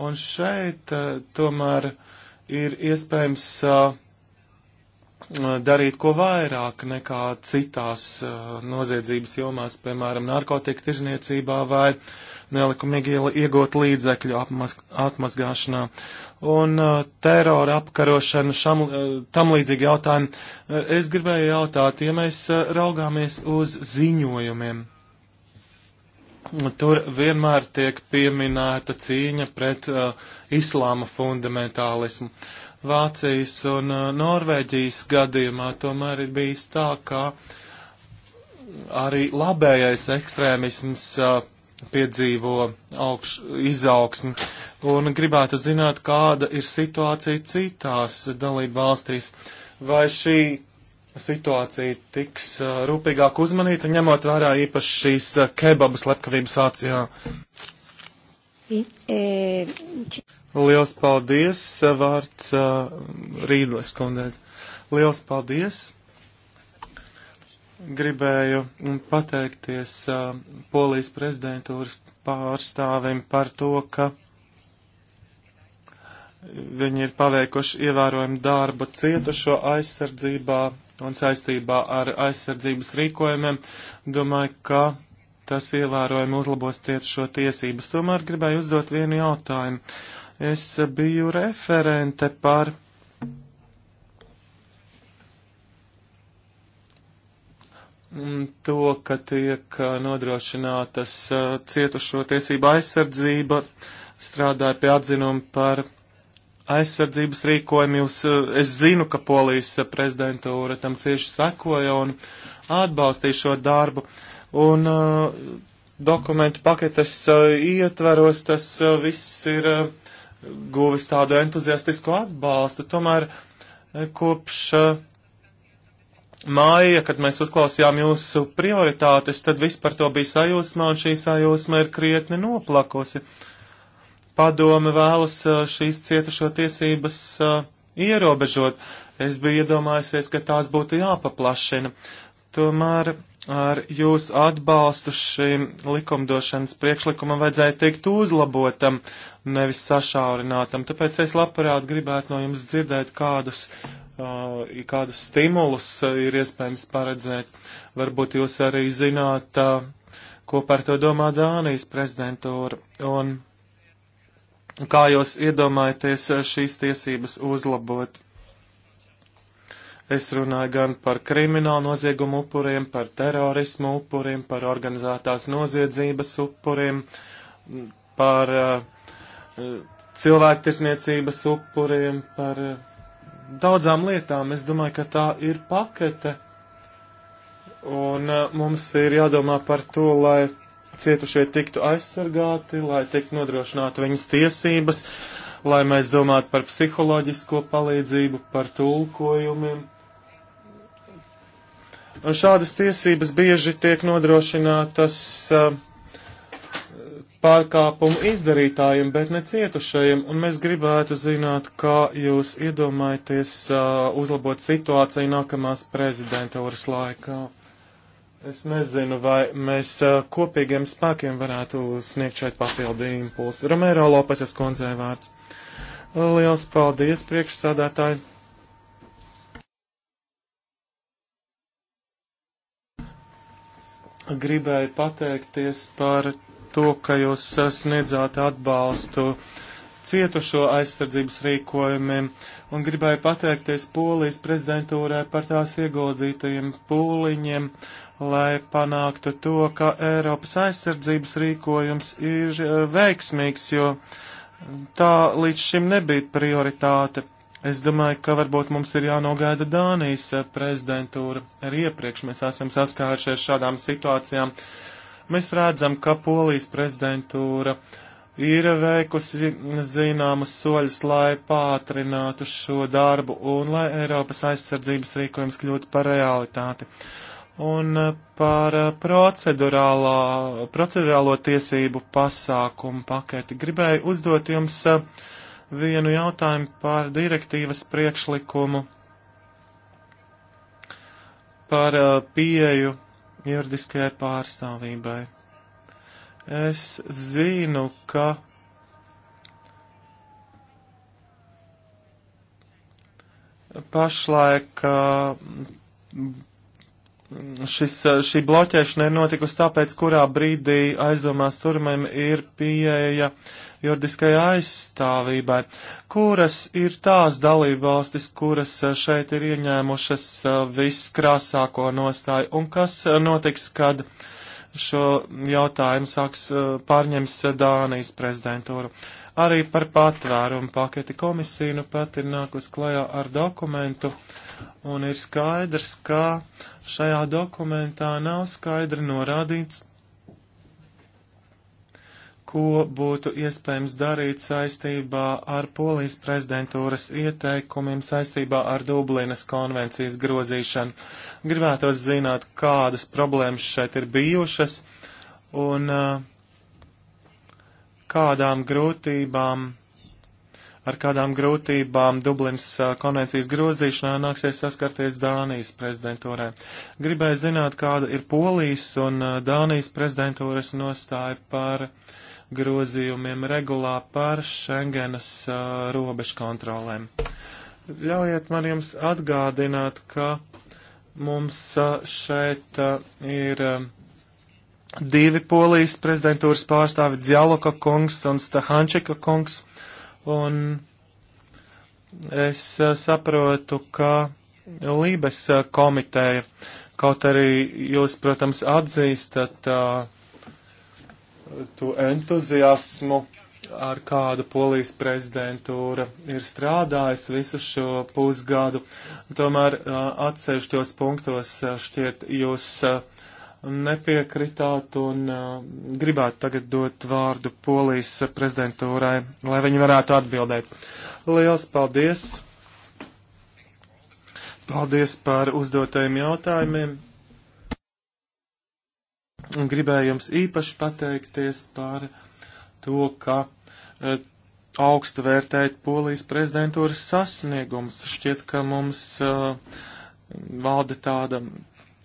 Un šeit tomēr ir iespējams darīt ko vairāk nekā citās noziedzības jomās, piemēram, narkotika tirzniecībā vai nelikumīgi iegūt līdzekļu apmaz, atmazgāšanā. Un uh, terora apkarošana, šam, uh, tam līdzīgi jautājumi. Uh, es gribēju jautāt, ja mēs uh, raugāmies uz ziņojumiem, tur vienmēr tiek pieminēta cīņa pret uh, islāma fundamentālismu. Vācijas un uh, Norvēģijas gadījumā tomēr ir bijis tā, ka arī labējais ekstrēmisms uh, piedzīvo augš, izaugsmi. Un gribētu zināt, kāda ir situācija citās dalību valstīs. Vai šī situācija tiks rūpīgāk uzmanīta, ņemot vērā īpaši šīs kebabas lepkavībasācijā. E, Liels paldies, vārds Rīdlis kundēs. Liels paldies! Gribēju pateikties Polijas prezidentūras pārstāvim par to, ka viņi ir paveikuši ievērojumu darbu cietušo aizsardzībā un saistībā ar aizsardzības rīkojumiem, domāju, ka tas ievērojami uzlabos cietušo tiesības. Tomēr gribēju uzdot vienu jautājumu. Es biju referente par. To, ka tiek uh, nodrošinātas uh, cietušo tiesība aizsardzība, strādāja pie atzinuma par aizsardzības rīkojumi. Jūs, eh, es zinu, ka polijas eh, prezidentūra tam cieši sekoja un atbalstīja šo darbu. Un uh, dokumentu paketes uh, ietveros tas uh, viss ir uh, guvis tādu entuziastisku atbalstu. Tomēr uh, kopš. Uh, Māja, kad mēs uzklausījām jūsu prioritātes, tad viss par to bija sajūsmā, un šī sajūsma ir krietni noplakusi. Uh, padome vēlas šīs cietušo tiesības ierobežot. Es biju iedomājusies, ka tās būtu jāpaplašina. Tomēr ar jūsu atbalstu šim likumdošanas priekšlikumam vajadzēja tikt uzlabotam, nevis sašaurinātam. Tāpēc es labprāt gribētu no jums dzirdēt, kādus, uh, kādus stimulus ir iespējams paredzēt. Varbūt jūs arī zināt, uh, ko par to domā Dānijas prezidentūra. Un Kā jūs iedomājaties eh, šīs tiesības uzlabot? Es runāju gan par kriminālu noziegumu upuriem, par terorismu upuriem, par organizētās noziedzības upuriem, par uh, cilvēktiesniecības upuriem, par uh, daudzām lietām. Es domāju, ka tā ir pakete. Un uh, mums ir jādomā par to, lai cietušie tiktu aizsargāti, lai tiktu nodrošināta viņas tiesības, lai mēs domātu par psiholoģisko palīdzību, par tulkojumiem. Un šādas tiesības bieži tiek nodrošinātas uh, pārkāpumu izdarītājiem, bet ne cietušajiem, un mēs gribētu zināt, kā jūs iedomājaties uh, uzlabot situāciju nākamās prezidentūras laikā. Es nezinu, vai mēs eh, kopīgiem spēkiem varētu sniegt šeit papildu impulsu. Romēro Lopeses kundzei vārds. Liels paldies, priekšsādātāji! Gribēju pateikties par to, ka jūs eh, sniedzāt atbalstu cietušo aizsardzības rīkojumiem, un gribēju pateikties Polijas prezidentūrai par tās ieguldītajiem pūliņiem lai panāktu to, ka Eiropas aizsardzības rīkojums ir eh, veiksmīgs, jo tā līdz šim nebija prioritāte. Es domāju, ka varbūt mums ir jānogaida Dānijas eh, prezidentūra. Arī iepriekš mēs esam saskārušies šādām situācijām. Mēs redzam, ka Polijas prezidentūra ir veikusi zināmas soļus, lai pātrinātu šo darbu un lai Eiropas aizsardzības rīkojums kļūtu par realitāti. Uh, un eh, par eh, procedurālo tiesību pasākumu paketi. Gribēju uzdot jums eh, vienu jautājumu par direktīvas priekšlikumu par pieeju juridiskajai pārstāvībai. Es zinu, ka pašlaik šis, eh, šī bloķēšana ir notikusi tāpēc, kurā brīdī aizdomās turamajam ir pieeja juridiskai aizstāvībai, kuras ir tās dalībvalstis, kuras eh, šeit ir ieņēmušas eh, viskrāsāko nostāju, un kas notiks, kad šo jautājumu sāks pārņems Dānijas prezidentūru. Arī par patvērumu paketi komisija nu pat ir nākus klajā ar dokumentu, un ir skaidrs, ka uh, Šajā dokumentā nav skaidri norādīts, ko būtu iespējams darīt saistībā ar Polijas prezidentūras ieteikumiem saistībā ar Dublinas konvencijas grozīšanu. Gribētos zināt, kādas problēmas šeit ir bijušas un uh, kādām grūtībām ar kādām grūtībām Dublinas konvencijas grozīšanā nāksies saskarties Dānijas prezidentūrē. Gribēju zināt, kāda ir Polijas un Dānijas prezidentūras nostāja par grozījumiem regulā par Schengenas uh, robežu kontrolēm. Ļaujiet man jums atgādināt, ka mums uh, šeit uh, ir divi polijas prezidentūras pārstāvi - Djaloka kungs un Stahančika kungs. Un es eh, saprotu, ka Lībes eh, komiteja, kaut arī jūs, protams, atzīstat uh, eh, tu entuziasmu, ar kādu polijas prezidentūra ir strādājis visu šo pusgadu. Tomēr atsevišķos punktos šķiet jūs uh, nepiekritāt un uh, gribētu tagad dot vārdu polijas prezidentūrai, lai viņi varētu atbildēt. Liels paldies! Paldies par uzdotajiem jautājumiem! Un gribēju jums īpaši pateikties par to, ka uh, augstu vērtēt polijas prezidentūras sasniegums. Šķiet, ka mums uh, valda tāda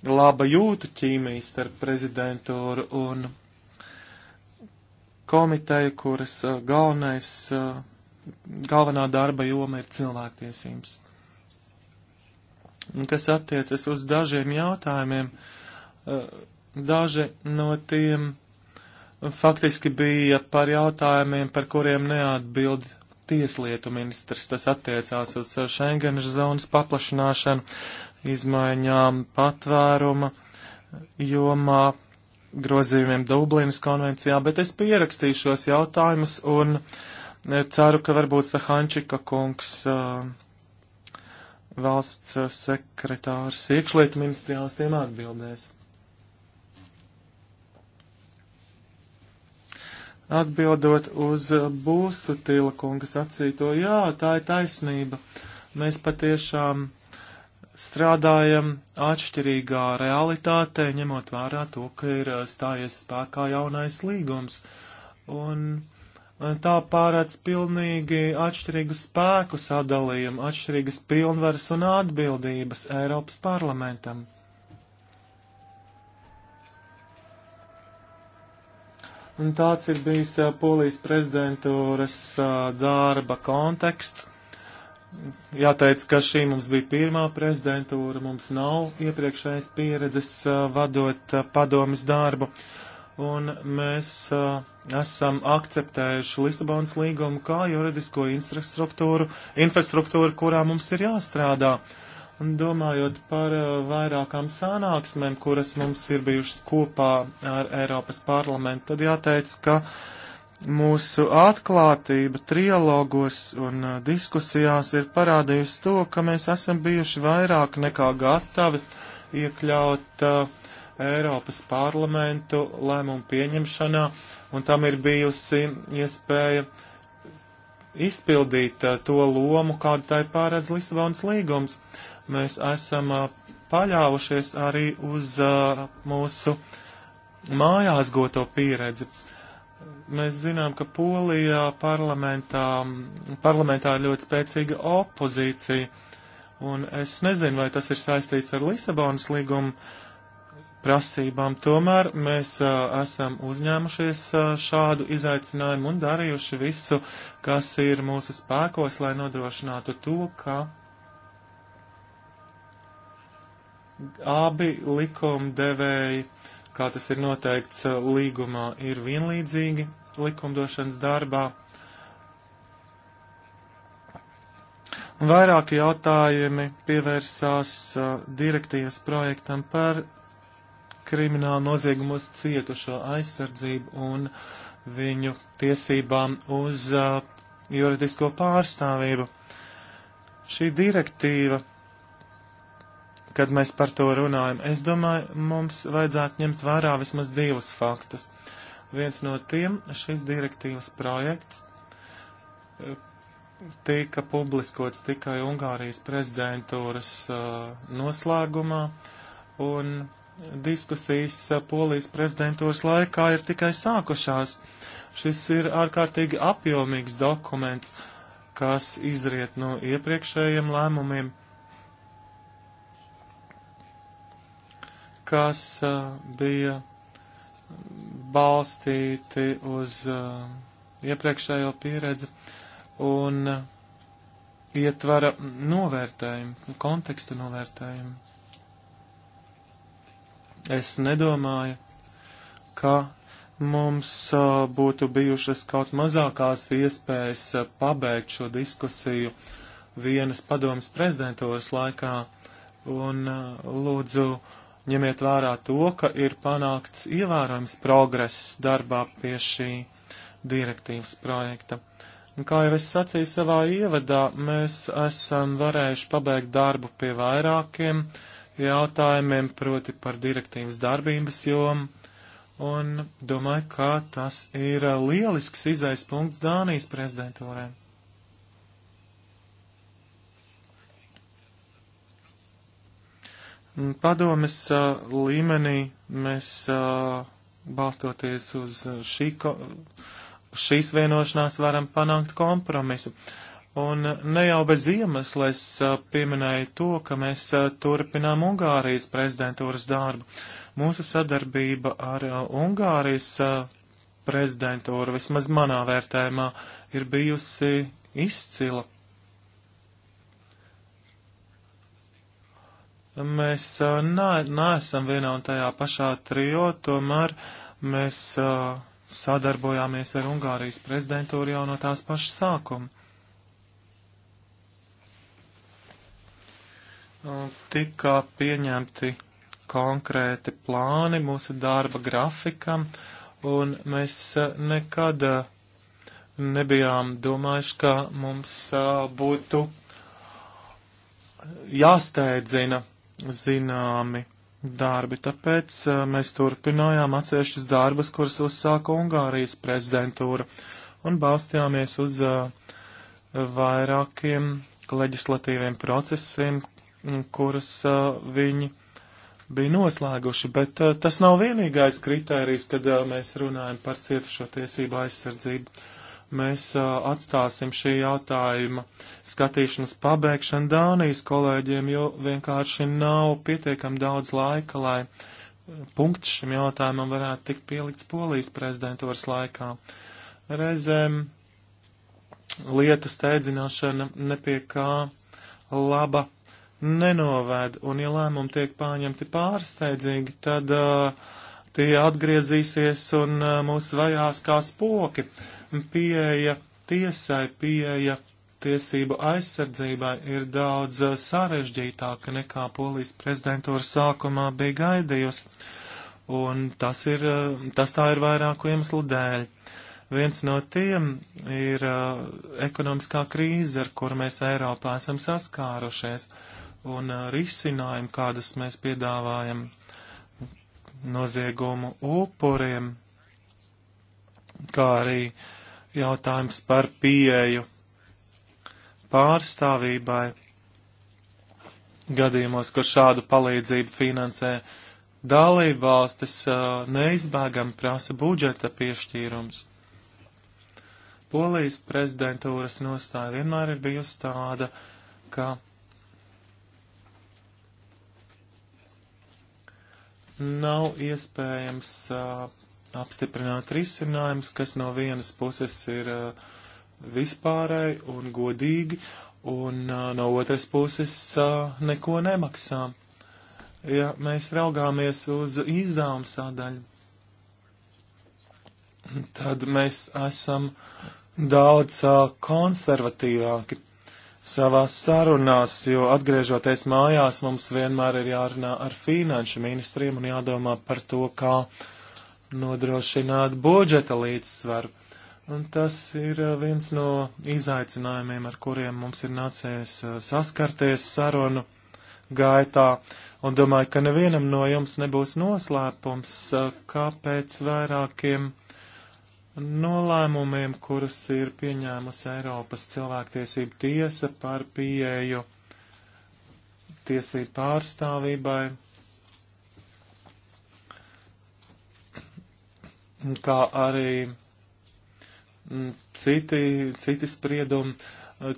laba jūtu ķīmija starp prezidentūru un komiteju, kuras uh, galvenais, uh, galvenā darba joma ir cilvēktiesības. Un kas attiecas uz dažiem jautājumiem, uh, daži no tiem faktiski bija par jautājumiem, par kuriem neatbild tieslietu ministrs. Tas attiecās uz Schengenas zonas paplašināšanu, izmaiņām patvēruma jomā, grozījumiem Dublinas konvencijā, bet es pierakstīšos jautājumus un e, ceru, ka varbūt Sahančika kungs, e, valsts sekretārs, iekšlietu ministrijās tiem atbildēs. Atbildot uz būsu tīla kunga sacīto, jā, tā ir taisnība. Mēs patiešām strādājam atšķirīgā realitātē, ņemot vērā to, ka ir uh, stājies spēkā jaunais līgums. Un uh, tā pārēc pilnīgi atšķirīgu spēku sadalījumu, atšķirīgas pilnvaras un atbildības Eiropas parlamentam. Un tāds ir bijis uh, Polijas prezidentūras darba konteksts jāteic, ka šī mums bija pirmā prezidentūra, mums nav iepriekšējas pieredzes vadot padomis darbu, un mēs esam akceptējuši Lisabonas līgumu kā juridisko infrastruktūru, infrastruktūru, kurā mums ir jāstrādā. Un domājot par vairākām sanāksmēm, kuras mums ir bijušas kopā ar Eiropas parlamentu, tad jāteic, ka uh, Mūsu atklātība trialogos un uh, diskusijās ir parādījusi to, ka mēs esam bijuši vairāk nekā gatavi iekļaut uh, Eiropas parlamentu lēmumu pieņemšanā, un tam ir bijusi iespēja izpildīt uh, to lomu, kādu tai pārēdz Lisabonas līgums. Mēs esam uh, paļāvušies arī uz uh, mūsu mājās goto pieredzi. Mēs zinām, ka Polijā parlamentā, parlamentā ir ļoti spēcīga opozīcija, un es nezinu, vai tas ir saistīts ar Lisabonas līgumu prasībām. Tomēr mēs a, esam uzņēmušies a, šādu izaicinājumu un darījuši visu, kas ir mūsu spēkos, lai nodrošinātu to, ka abi likumdevēji, kā tas ir noteikts līgumā, ir vienlīdzīgi likumdošanas darbā. Vairāki jautājumi pievērsās uh, direktīvas projektam par kriminālu noziegumos cietušo aizsardzību un viņu tiesībām uz uh, juridisko pārstāvību. Šī direktīva, kad mēs par to runājam, es domāju, mums vajadzētu ņemt vērā vismaz divus faktus. Uh, Viens no tiem šis direktīvas projekts eh, tika publiskots tikai Ungārijas prezidentūras uh, noslēgumā, un diskusijas uh, Polijas prezidentūras laikā ir tikai sākušās. Šis ir ārkārtīgi apjomīgs dokuments, kas izriet no iepriekšējiem lēmumiem, kas uh, bija balstīti uz uh, iepriekšējo pieredzi un uh, ietvara novērtējumu, konteksta novērtējumu. Es nedomāju, ka mums uh, būtu bijušas kaut mazākās iespējas uh, pabeigt šo diskusiju vienas padomas prezidentūras laikā, un uh, lūdzu ņemiet vērā to, ka ir panākts ievērojams progress darbā pie šī direktīvas projekta. Un kā jau es sacīju savā ievadā, mēs esam varējuši pabeigt darbu pie vairākiem jautājumiem, proti par direktīvas darbības jomu, un domāju, ka tas ir lielisks izais punkts Dānijas prezidentūrē. Mm, padomes uh, līmenī mēs, uh, balstoties uz uh, šī, šīs vienošanās, varam panākt kompromisu. Un ne jau bez iemesla es pieminēju to, ka mēs turpinām Ungārijas prezidentūras darbu. Mūsu sadarbība ar Ungārijas prezidentūru, vismaz manā vērtējumā, ir bijusi izcila. Mēs neesam vienā un tajā pašā trijo, tomēr mēs sadarbojāmies ar Ungārijas prezidentūru jau no tās pašas sākuma. Nu, Tikā pieņemti konkrēti plāni mūsu darba grafikam, un mēs nekad nebijām domājuši, ka mums būtu jāsteidzina zināmi darbi, tāpēc eh, mēs turpinājām atsevišķas darbas, kuras uzsāka Ungārijas prezidentūra, un balstījāmies uz eh, vairākiem leģislatīviem procesiem, kuras eh, viņi bija noslēguši, bet tas nav vienīgais kritērijs, kad mēs runājam par cietušo tiesību aizsardzību mēs a, atstāsim šī jautājuma skatīšanas pabeigšanu Dānijas kolēģiem, jo vienkārši nav pietiekami daudz laika, lai punkts šim jautājumam varētu tikt pielikts Polijas prezidentūras laikā. Reizēm lietu steidzināšana nepie kā laba nenovēd, un ja lēmumi tiek pāņemti pārsteidzīgi, tad uh, tie atgriezīsies un uh, mūs vajās kā spoki. Uh, Pieeja tiesai, pieeja tiesību aizsardzībai ir daudz eh, sarežģītāka nekā polijas prezidentūra sākumā bija gaidījusi, un tas, ir, eh, tas tā ir vairāku iemeslu dēļ. Viens no tiem ir uh, ekonomiskā krīze, ar kuru mēs Eiropā esam saskārušies, un uh, risinājumi, kādus mēs piedāvājam noziegumu upuriem, kā arī uh, jautājums par pieeju pārstāvībai gadījumos, kur šādu palīdzību finansē dalībvalstis, neizbēgami prasa budžeta piešķīrums. Polijas prezidentūras nostāja vienmēr ir bijusi tāda, ka nav iespējams uh, apstiprināt risinājums, kas no vienas puses ir uh, vispārēji un godīgi, un uh, no otras puses uh, neko nemaksā. Ja mēs raugāmies uz izdevumu sādaļu, tad mēs esam daudz uh, konservatīvāki savās sarunās, jo atgriežoties mājās mums vienmēr ir jārunā ar finanšu ministriem un jādomā par to, kā uh, nodrošināt budžeta līdzsvaru. Un tas ir eh, viens no izaicinājumiem, ar kuriem mums ir nācies eh, saskarties sarunu gaitā. Un domāju, ka nevienam no jums nebūs noslēpums, eh, kāpēc vairākiem nolēmumiem, kurus ir pieņēmusi Eiropas cilvēktiesība tiesa par pieeju tiesību pārstāvībai, kā arī mm, citi, citi spriedumi.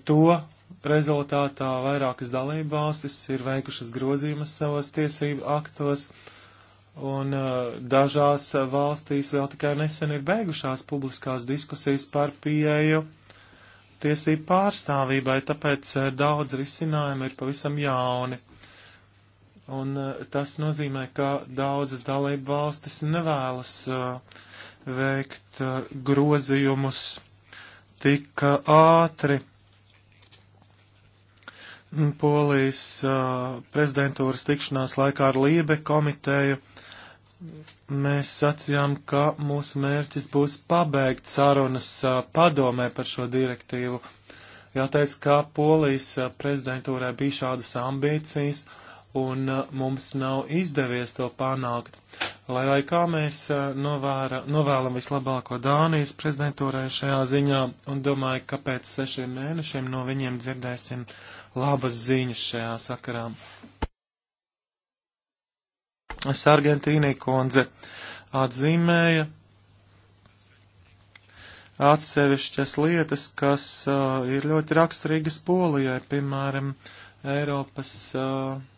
To rezultātā vairākas dalībvalstis ir veikušas grozījumus savos tiesību aktos, un eh, dažās valstīs vēl tikai nesen ir beigušās publiskās diskusijas par pieeju tiesību pārstāvībai, tāpēc eh, daudz risinājumu ir pavisam jauni. Un eh, tas nozīmē, ka daudzas dalību valstis nevēlas uh, veikt eh, grozījumus tik eh, ātri. Polijas eh, prezidentūras tikšanās laikā ar Lībe komiteju mēs sacījām, ka mūsu mērķis būs pabeigt sarunas padomē par šo direktīvu. Jāteic, ka Polijas prezidentūrē bija šādas ambīcijas, un uh, mums nav izdevies to panākt. Lai, lai kā mēs uh, novēra, novēlam vislabāko Dānijas prezidentūrai šajā ziņā, un domāju, ka pēc sešiem mēnešiem no viņiem dzirdēsim labas ziņas šajā sakarā. Sargentīnī kundze atzīmēja atsevišķas lietas, kas uh, ir ļoti raksturīgas Polijai, piemēram, Eiropas uh,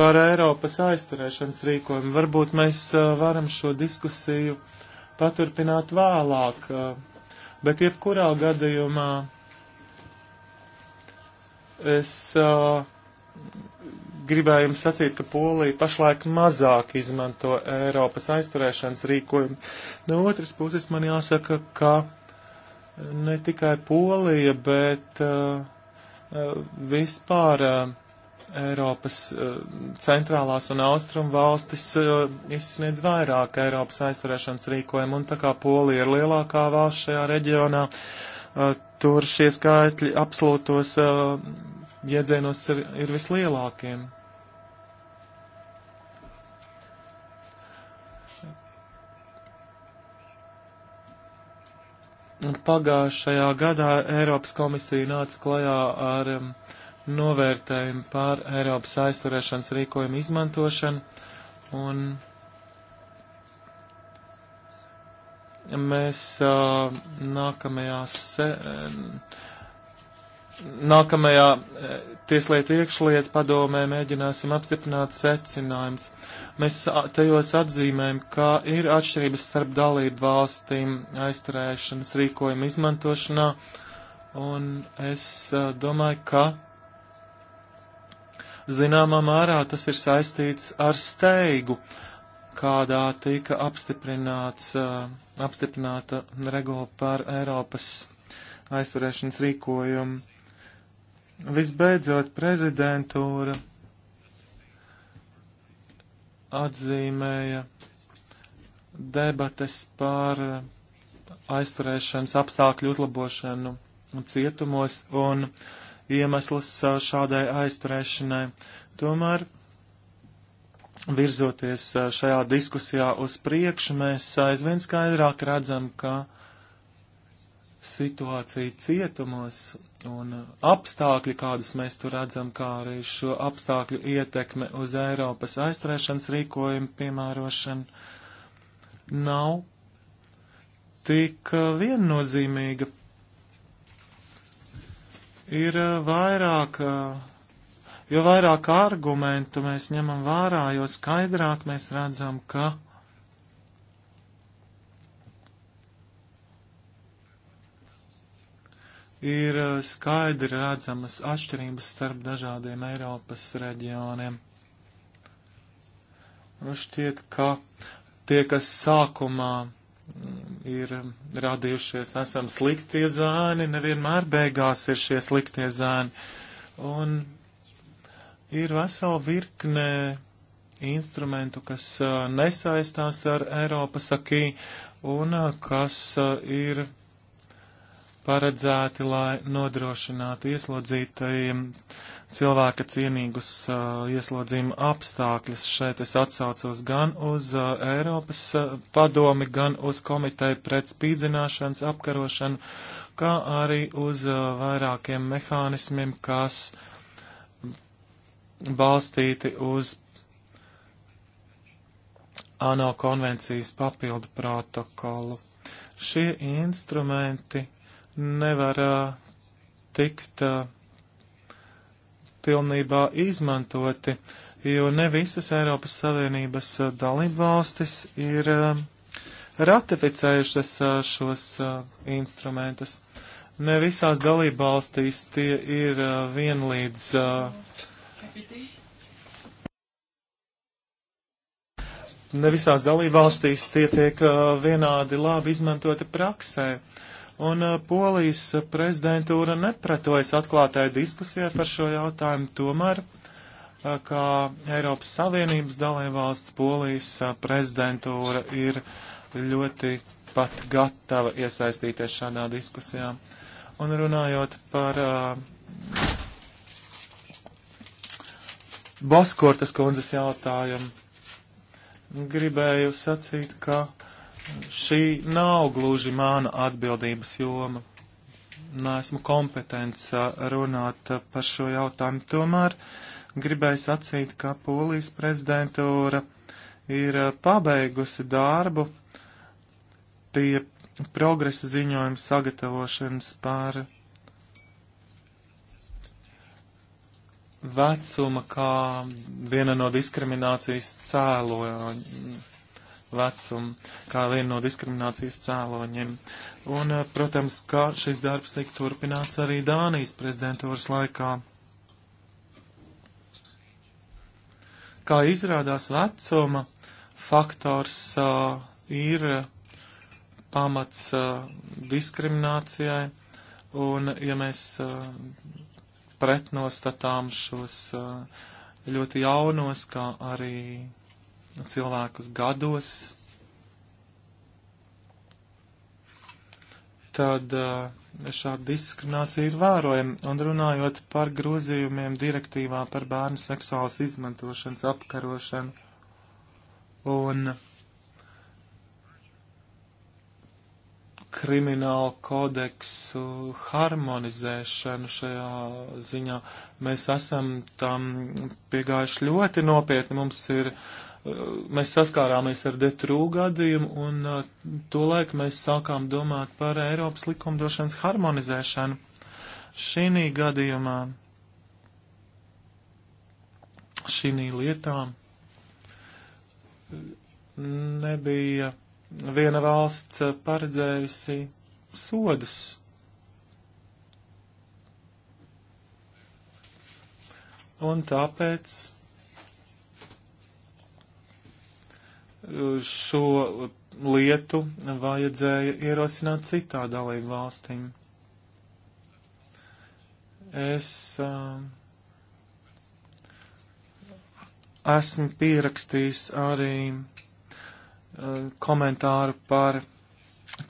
par Eiropas aizturēšanas rīkojumu. Varbūt mēs uh, varam šo diskusiju paturpināt vēlāk, uh, bet jebkurā gadījumā es uh, gribēju jums sacīt, ka Polija pašlaik mazāk izmanto Eiropas aizturēšanas rīkojumu. No otras puses man jāsaka, ka ne tikai Polija, bet uh, vispār uh, Eiropas uh, centrālās un austrum valstis uh, izsniedz vairāk Eiropas aizturēšanas rīkojumu, un tā kā Polija ir lielākā valsts šajā reģionā, uh, tur šie skaitļi absolūtos iedzienos ir, ir vislielākiem. Pagājušajā gadā Eiropas komisija nāca klajā ar um, novērtējumu pār Eiropas aizturēšanas rīkojumu izmantošanu un mēs uh, nākamajā, se, nākamajā uh, tieslietu iekšlietu padomē mēģināsim apstiprināt secinājums. Mēs uh, tajos atzīmējam, ka ir atšķirības starp dalību valstīm aizturēšanas rīkojumu izmantošanā, un es uh, domāju, ka Zināmā mērā tas ir saistīts ar steigu, kādā tika apstiprināts, uh, apstiprināta regula par Eiropas aizturēšanas rīkojumu. Visbeidzot, prezidentūra atzīmēja debates par aizturēšanas apstākļu uzlabošanu cietumos un uh, iemeslus uh, šādai aizturēšanai. Tomēr, virzoties uh, šajā diskusijā uz priekšu, mēs aizvien skaidrāk redzam, ka situācija cietumos un uh, apstākļi, kādus mēs tur redzam, kā arī šo apstākļu ietekme uz Eiropas aizturēšanas rīkojumu piemērošanu, nav tik viennozīmīga ir eh, vairāk, eh, jo vairāk argumentu mēs ņemam vērā, jo skaidrāk mēs redzam, ka ir eh, skaidri redzamas atšķirības starp dažādiem Eiropas reģioniem. Nu šķiet, ka tie, kas sākumā ir radījušies, esam sliktie zāni, nevienmēr beigās ir šie sliktie zāni. Un ir vesela virkne instrumentu, kas uh, nesaistās ar Eiropas akī un uh, kas uh, ir paredzēti, lai nodrošinātu ieslodzītajiem cilvēka cienīgus uh, ieslodzījuma apstākļus. Šeit es atsaucos gan uz uh, Eiropas uh, padomi, gan uz komiteju pret spīdzināšanas apkarošanu, kā arī uz uh, vairākiem mehānismiem, kas balstīti uz ANO konvencijas papildu protokolu. Šie instrumenti nevar tikt pilnībā izmantoti, jo ne visas Eiropas Savienības dalībvalstis ir ratificējušas šos instrumentus. Ne visās dalībvalstīs tie ir vienlīdz. Ne visās dalībvalstīs tie tiek vienādi labi izmantoti praksē. Un uh, polijas prezidentūra nepretojas atklātai diskusijai par šo jautājumu, tomēr uh, kā Eiropas Savienības dalībvalsts polijas uh, prezidentūra ir ļoti pat gatava iesaistīties šādā diskusijā. Un runājot par uh, Baskortas kundzes jautājumu, gribēju sacīt, ka uh, Šī nav gluži mana atbildības joma. Nesmu kompetents uh, runāt uh, par šo jautājumu. Tomēr gribēju sacīt, ka Polijas prezidentūra ir uh, pabeigusi darbu pie progresa ziņojuma sagatavošanas par vecuma kā viena no diskriminācijas cēloņiem vecumu kā vienu no diskriminācijas cēloņiem. Un, eh, protams, ka šis darbs tiek turpināts arī Dānijas prezidentūras laikā. Kā izrādās vecuma faktors uh, ir pamats uh, diskriminācijai, un ja mēs uh, pretnostatām šos uh, ļoti jaunos, kā arī cilvēkus gados, tad eh, šāda diskriminācija ir vērojama. Un runājot par grozījumiem direktīvā par bērnu seksuālas izmantošanas apkarošanu un kriminālu kodeksu harmonizēšanu šajā ziņā, mēs esam tam piegājuši ļoti nopietni. Mums ir uh, mēs saskārāmies ar detrū gadījumu, un tolaik mēs sākām domāt par Eiropas likumdošanas harmonizēšanu. Šī gadījumā, šī lietā nebija viena valsts paredzējusi sodus un tāpēc šo lietu vajadzēja ierosināt citā dalību valstīm. Es uh, esmu pierakstījis arī uh, komentāru par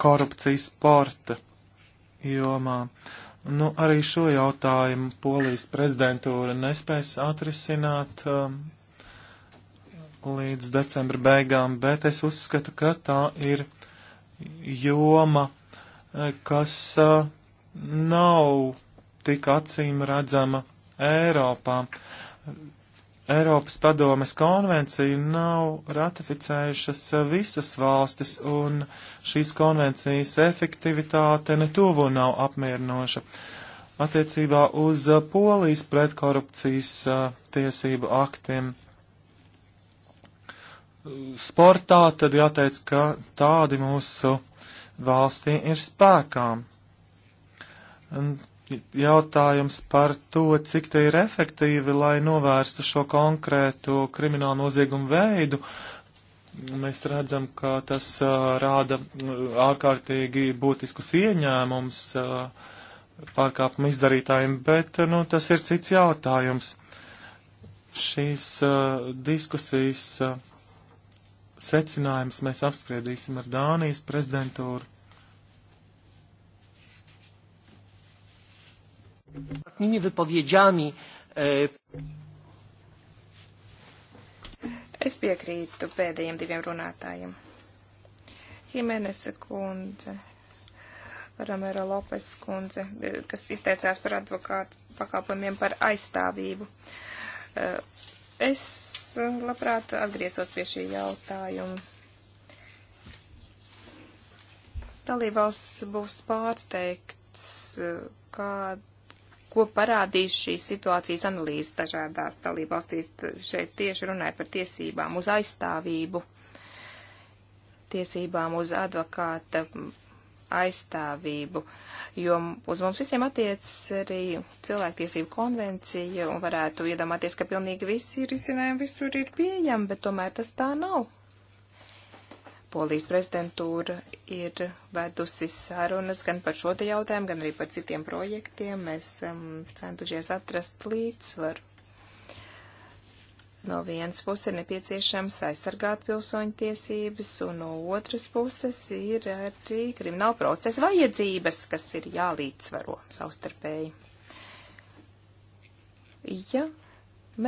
korupciju sporta jomā. Nu, arī šo jautājumu polijas prezidentūra nespēs atrisināt. Uh, līdz decembra beigām, bet es uzskatu, ka tā ir joma, eh, kas eh, nav tik acīm redzama Eiropā. Eiropas padomes konvenciju nav ratificējušas eh, visas valstis, un šīs konvencijas efektivitāte netuvu nav apmierinoša. Attiecībā uz Polijas pretkorupcijas tiesību aktiem sportā, tad jāteic, ka tādi mūsu valstī ir spēkā. Jautājums par to, cik te ir efektīvi, lai novērstu šo konkrēto kriminālu noziegumu veidu, mēs redzam, ka tas uh, rāda ārkārtīgi būtiskus ieņēmums uh, pārkāpumu izdarītājiem, bet nu, tas ir cits jautājums. Šīs uh, diskusijas. Uh, secinājumus mēs apspriedīsim ar Dānijas prezidentūru. E, es piekrītu pēdējiem diviem runātājiem. Himenese kundze, Ramēra Lopes kundze, kas izteicās par advokātu pakalpojumiem par aizstāvību. E, es Eh, labprāt atgrieztos pie šī jautājuma. Dalībvalsts būs pārsteigts, eh, kā, ko parādīs šīs situācijas analīzes dažādās dalībvalstīs. Šeit tieši runāja par tiesībām uz aizstāvību, tiesībām uz advokāta aizstāvību, jo uz mums visiem attiec arī cilvēktiesību konvencija un varētu iedomāties, ka pilnīgi visi risinājumi visur ir pieejami, bet tomēr tas tā nav. Polijas prezidentūra ir vedusi sarunas gan par šo te jautājumu, gan arī par citiem projektiem. Mēs um, centušies atrast līdzsvaru. No vienas puses ir nepieciešams aizsargāt pilsoņu tiesības, un no otras puses ir arī krimināla procesa vajadzības, kas ir jālīdzsvaro savstarpēji. Ja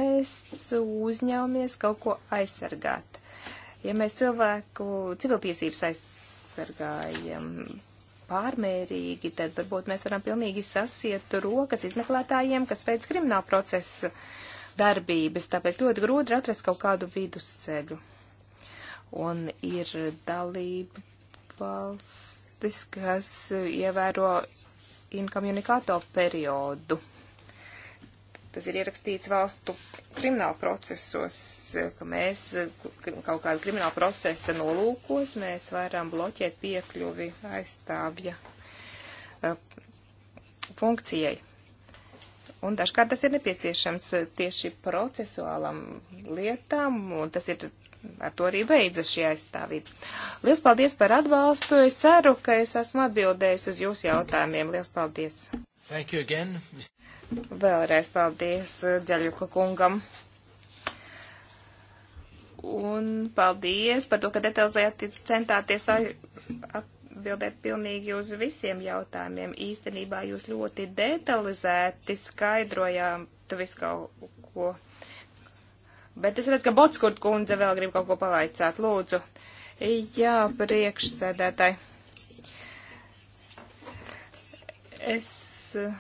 mēs uzņēmamies kaut ko aizsargāt, ja mēs cilvēku civiltiesības aizsargājam pārmērīgi, tad varbūt mēs varam pilnīgi sasiet rokas izmeklētājiem, kas veids krimināla procesa. Uh, darbības, tāpēc ļoti grūti atrast kaut kādu vidusceļu. Un ir dalība valstis, kas ievēro inkomunikato periodu. Tas ir ierakstīts valstu krimināla procesos, ka mēs kaut kāda krimināla procesa nolūkos, mēs varam bloķēt piekļuvi aizstāvja eh, funkcijai. Un dažkārt tas ir nepieciešams tieši procesuālam lietām, un tas ir, ar to arī beidzas šī aizstāvība. Lielas paldies par atbalstu. Es ceru, ka es esmu atbildējis uz jūsu jautājumiem. Lielas paldies. Thank you again. Vēlreiz paldies Ģaļuka eh, kungam. Un paldies par to, ka detalizēti centāties at atbildēt pilnīgi uz visiem jautājumiem. Īstenībā jūs ļoti detalizēti skaidrojāt visu kaut ko. Bet es redzu, ka Botskurt kundze vēl grib kaut ko pavaicāt. Lūdzu. Jā, priekšsēdētāji. Es uh,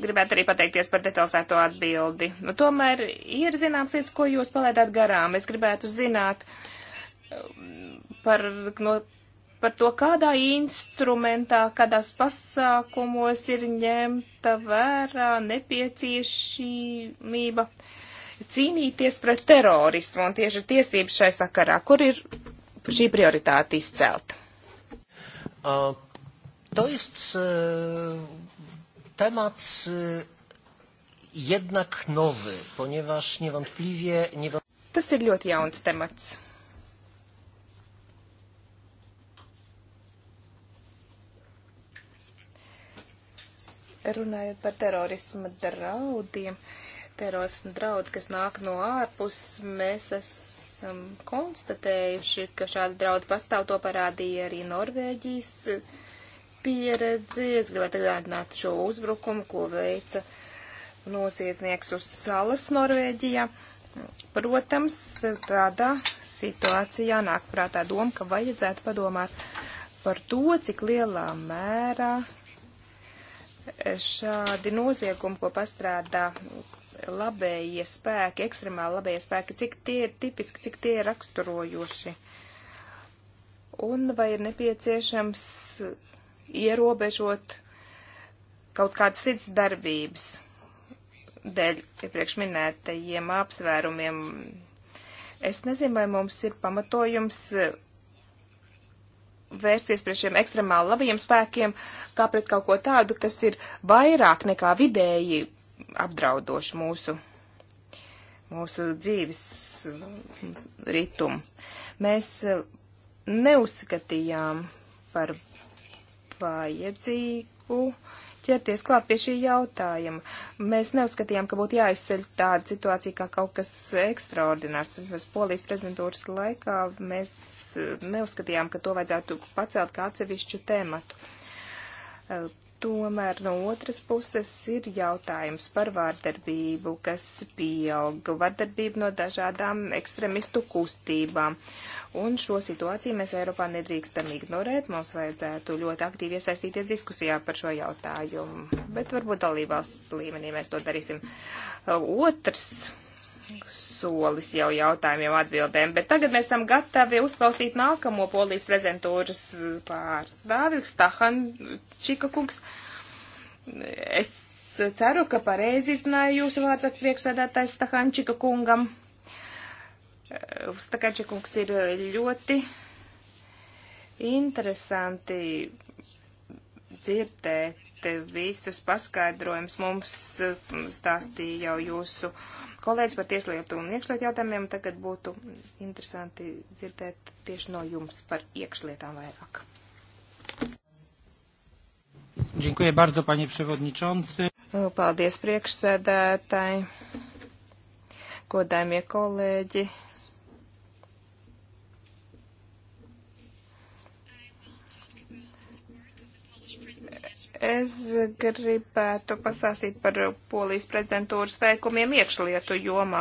gribētu arī pateikties par detalizēto atbildi. Nu, tomēr ir zināms lietas, ko jūs palaidāt garām. Es gribētu zināt um, par no par to, kādā instrumentā, kādās pasākumos ir ņemta vērā nepieciešamība cīnīties pret terorismu un tieši tiesības šai sakarā, kur ir šī prioritāte izcelta? Uh, to jest uh, temat uh, jednak nowy, ponieważ niewątpliwie... niewątpliwie... Tas ir ļoti jauns temats Runājot par terorisma draudiem, terorisma draudi, kas nāk no ārpus, mēs esam konstatējuši, ka šādi draudi pastāv, to parādīja arī Norvēģijas pieredzi. Es gribētu atgādināt šo uzbrukumu, ko veica nosiedznieks uz salas Norvēģijā. Protams, tādā situācijā nāk prātā doma, ka vajadzētu padomāt par to, cik lielā mērā šādi noziegumi, ko pastrādā labējie spēki, ekstremāli labējie spēki, cik tie ir tipiski, cik tie ir raksturojoši? Un vai ir nepieciešams ierobežot kaut kādas cits darbības dēļ iepriekš ja minētajiem apsvērumiem? Es nezinu, vai mums ir pamatojums vērsties pret šiem ekstremāli labajiem spēkiem, kā pret kaut ko tādu, kas ir vairāk nekā vidēji apdraudoši mūsu, mūsu dzīves ritumu. Mēs eh, neuzskatījām par vajadzīgu ķerties klāt pie šī jautājuma. Mēs neuzskatījām, ka būtu jāizceļ tāda situācija kā kaut kas ekstraordinārs. Polijas prezidentūras laikā mēs neuzskatījām, ka to vajadzētu pacelt kā atsevišķu tēmatu. Eh, tomēr no otras puses ir jautājums par vārdarbību, kas pieaug, vārdarbību no dažādām ekstremistu kustībām. Un šo situāciju mēs Eiropā nedrīkstam ignorēt, mums vajadzētu ļoti aktīvi iesaistīties diskusijā par šo jautājumu, bet varbūt dalībās līmenī mēs to darīsim. Eh, otrs solis jau jautājumiem atbildēm, bet tagad mēs esam gatavi uzklausīt nākamo polijas prezentūras pārstāvi, Stahan Čikakungs. Es ceru, ka pareizi izrunāju jūsu vārdu priekšsēdētājs Stahančika kungam. Stahančika kungs ir ļoti interesanti dzirdēt visus paskaidrojumus. Mums stāstīja jau jūsu uh, kolēģis par tieslietu un iekšlietu jautājumiem. Tagad būtu interesanti dzirdēt tieši no jums par iekšlietām vairāk. Dziękuję bardzo, panie przewodniczący. Paldies priekšsēdētāji, godājumie kolēģi, Es gribētu pastāstīt par polijas prezidentūras veikumiem iekšlietu jomā.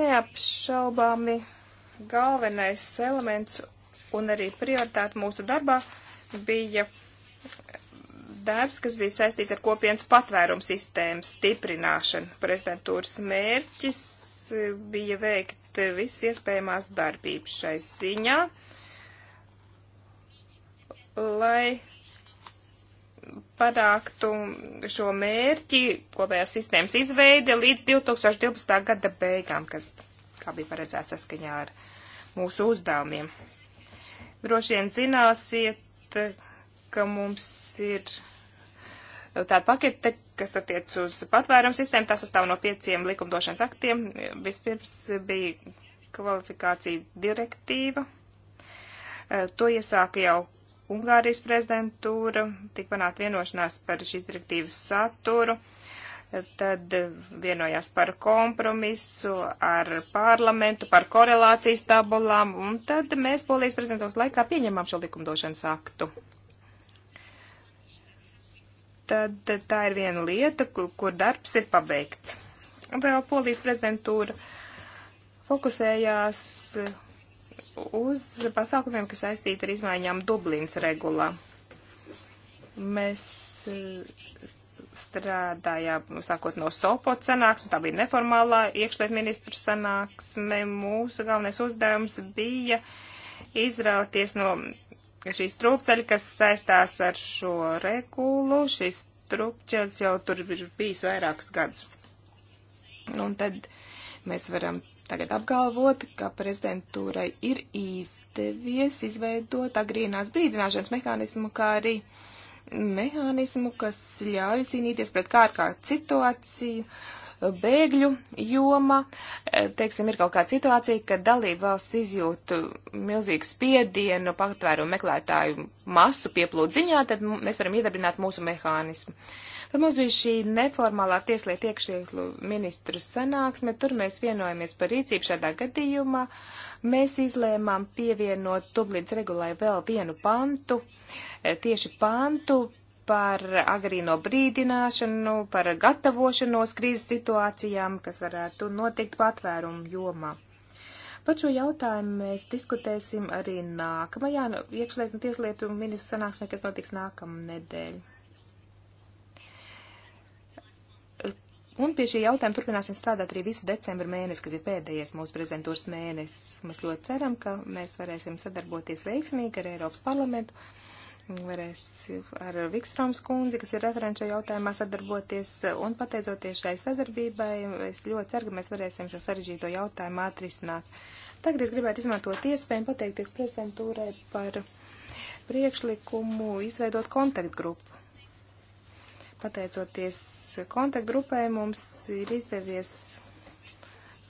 Neapšaubāmi galvenais elements un arī prioritāte mūsu darbā bija darbs, kas bija saistīts ar kopienas patvērumu sistēmas stiprināšanu. Prezidentūras mērķis bija veikt visas iespējamās darbības šai ziņā, lai panāktu šo mērķi, kopējās sistēmas izveide līdz 2012. gada beigām, kas kā bija paredzēts saskaņā ar mūsu uzdevumiem. Droši vien zināsiet, ka mums ir tāda pakete, kas attiec uz patvērumu sistēmu, tā sastāv no pieciem likumdošanas aktiem. Vispirms bija kvalifikācija direktīva. To iesāka jau Ungārijas prezidentūra, tik panākt vienošanās par šīs direktīvas saturu, tad vienojās par kompromisu ar parlamentu, par korelācijas tabulām, un tad mēs Polijas prezidentūras laikā pieņemām šo likumdošanas aktu. Tad tā ir viena lieta, kur, kur darbs ir pabeigts. Un vēl Polijas prezidentūra fokusējās uz pasākumiem, kas saistīti ar izmaiņām Dublins regulā. Mēs eh, strādājām, sākot no Sopot sanāksmes, tā bija neformālā iekšliet ministru sanāksme. Mūsu galvenais uzdevums bija izrauties no šīs trūpceļa, kas saistās ar šo regulu. Šis trūpceļs jau tur ir bijis vairākus gadus. Un tad mēs varam tagad apgalvot, ka prezidentūrai ir izdevies izveidot agrīnās brīdināšanas mehānismu, kā arī mehānismu, kas ļauj cīnīties pret kārkārt situāciju bēgļu joma. Teiksim, ir kaut kāda situācija, ka dalība valsts izjūt milzīgu spiedienu patvērumu meklētāju masu pieplūdziņā, tad mēs varam iedarbināt mūsu mehānismu. Uh, Tad mums bija šī neformālā tieslietu iekšlietu ministru sanāksme, tur mēs vienojamies par rīcību šādā gadījumā. Mēs izlēmām pievienot Dublīns regulai vēl vienu pantu, e, tieši pantu par agrīno brīdināšanu, par gatavošanos krīzes situācijām, kas varētu notikt patvērumu jomā. Par šo jautājumu mēs diskutēsim arī nākamajā nu, iekšlietu un tieslietu ministru sanāksmē, kas notiks nākamnedēļ. Un pie šī jautājuma turpināsim strādāt arī visu decembru mēnesi, kas ir pēdējais mūsu prezidentūras mēnesis. Mēs ļoti ceram, ka mēs varēsim sadarboties veiksmīgi ar Eiropas parlamentu, varēs ar Vikstroms kundzi, kas ir referenča jautājumā sadarboties, un pateicoties šai sadarbībai, es ļoti ceru, ka mēs varēsim šo sarežģīto jautājumu atrisināt. Tagad es gribētu izmantot iespēju pateikties prezidentūrai par priekšlikumu izveidot kontaktgrupu pateicoties kontaktgrupē, mums ir izdevies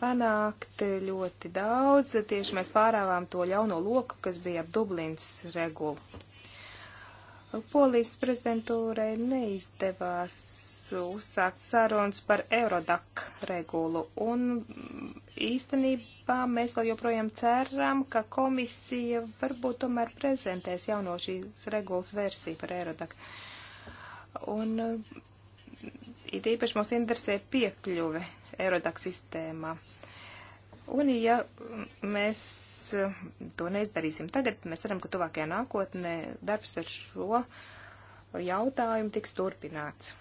panākt ļoti daudz. Tieši mēs pārāvām to ļauno loku, kas bija ap Dublins regulu. Polijas prezidentūrai neizdevās uzsākt sarunas par Eurodak regulu. Un īstenībā mēs vēl joprojām ceram, ka komisija varbūt tomēr prezentēs jauno šīs regulas versiju par Eurodak. Uh, Un eh, it īpaši mums interesē piekļuve Eurodax sistēmā. Un ja mēs eh, to neizdarīsim tagad, mēs ceram, ka tuvākajā nākotnē darbs ar šo jautājumu tiks turpināts.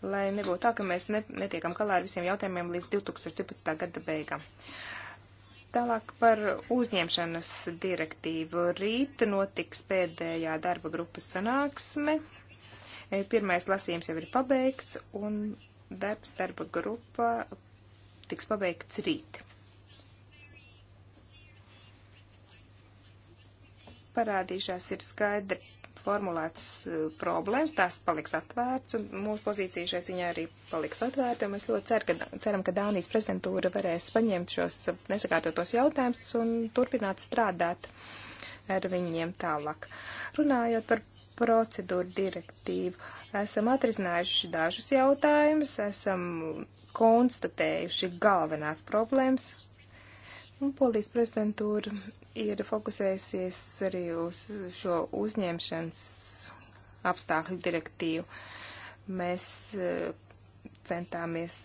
Lai nebūtu tā, ka mēs ne, netiekam galā ar visiem jautājumiem līdz 2012. gada beigām. Uh, Tālāk par uzņemšanas direktīvu. Rīt notiks pēdējā darba grupas sanāksme. E, pirmais lasījums jau ir pabeigts, un darbs darba grupā tiks pabeigts rīt. Parādīšās ir skaidri formulēts eh, problēmas, tās paliks atvērts, un mūsu pozīcija šai ziņā arī paliks atvērta, un mēs ļoti cer, ka, ceram, ka Dānijas prezidentūra varēs paņemt šos nesakārtotos jautājumus un turpināt strādāt ar viņiem tālāk. Runājot par procedūru direktīvu, esam atrisinājuši dažus jautājumus, esam konstatējuši galvenās problēmas, Nu, Polijas prezidentūra ir fokusējusies arī uz šo uzņemšanas apstākļu direktīvu. Mēs eh, centāmies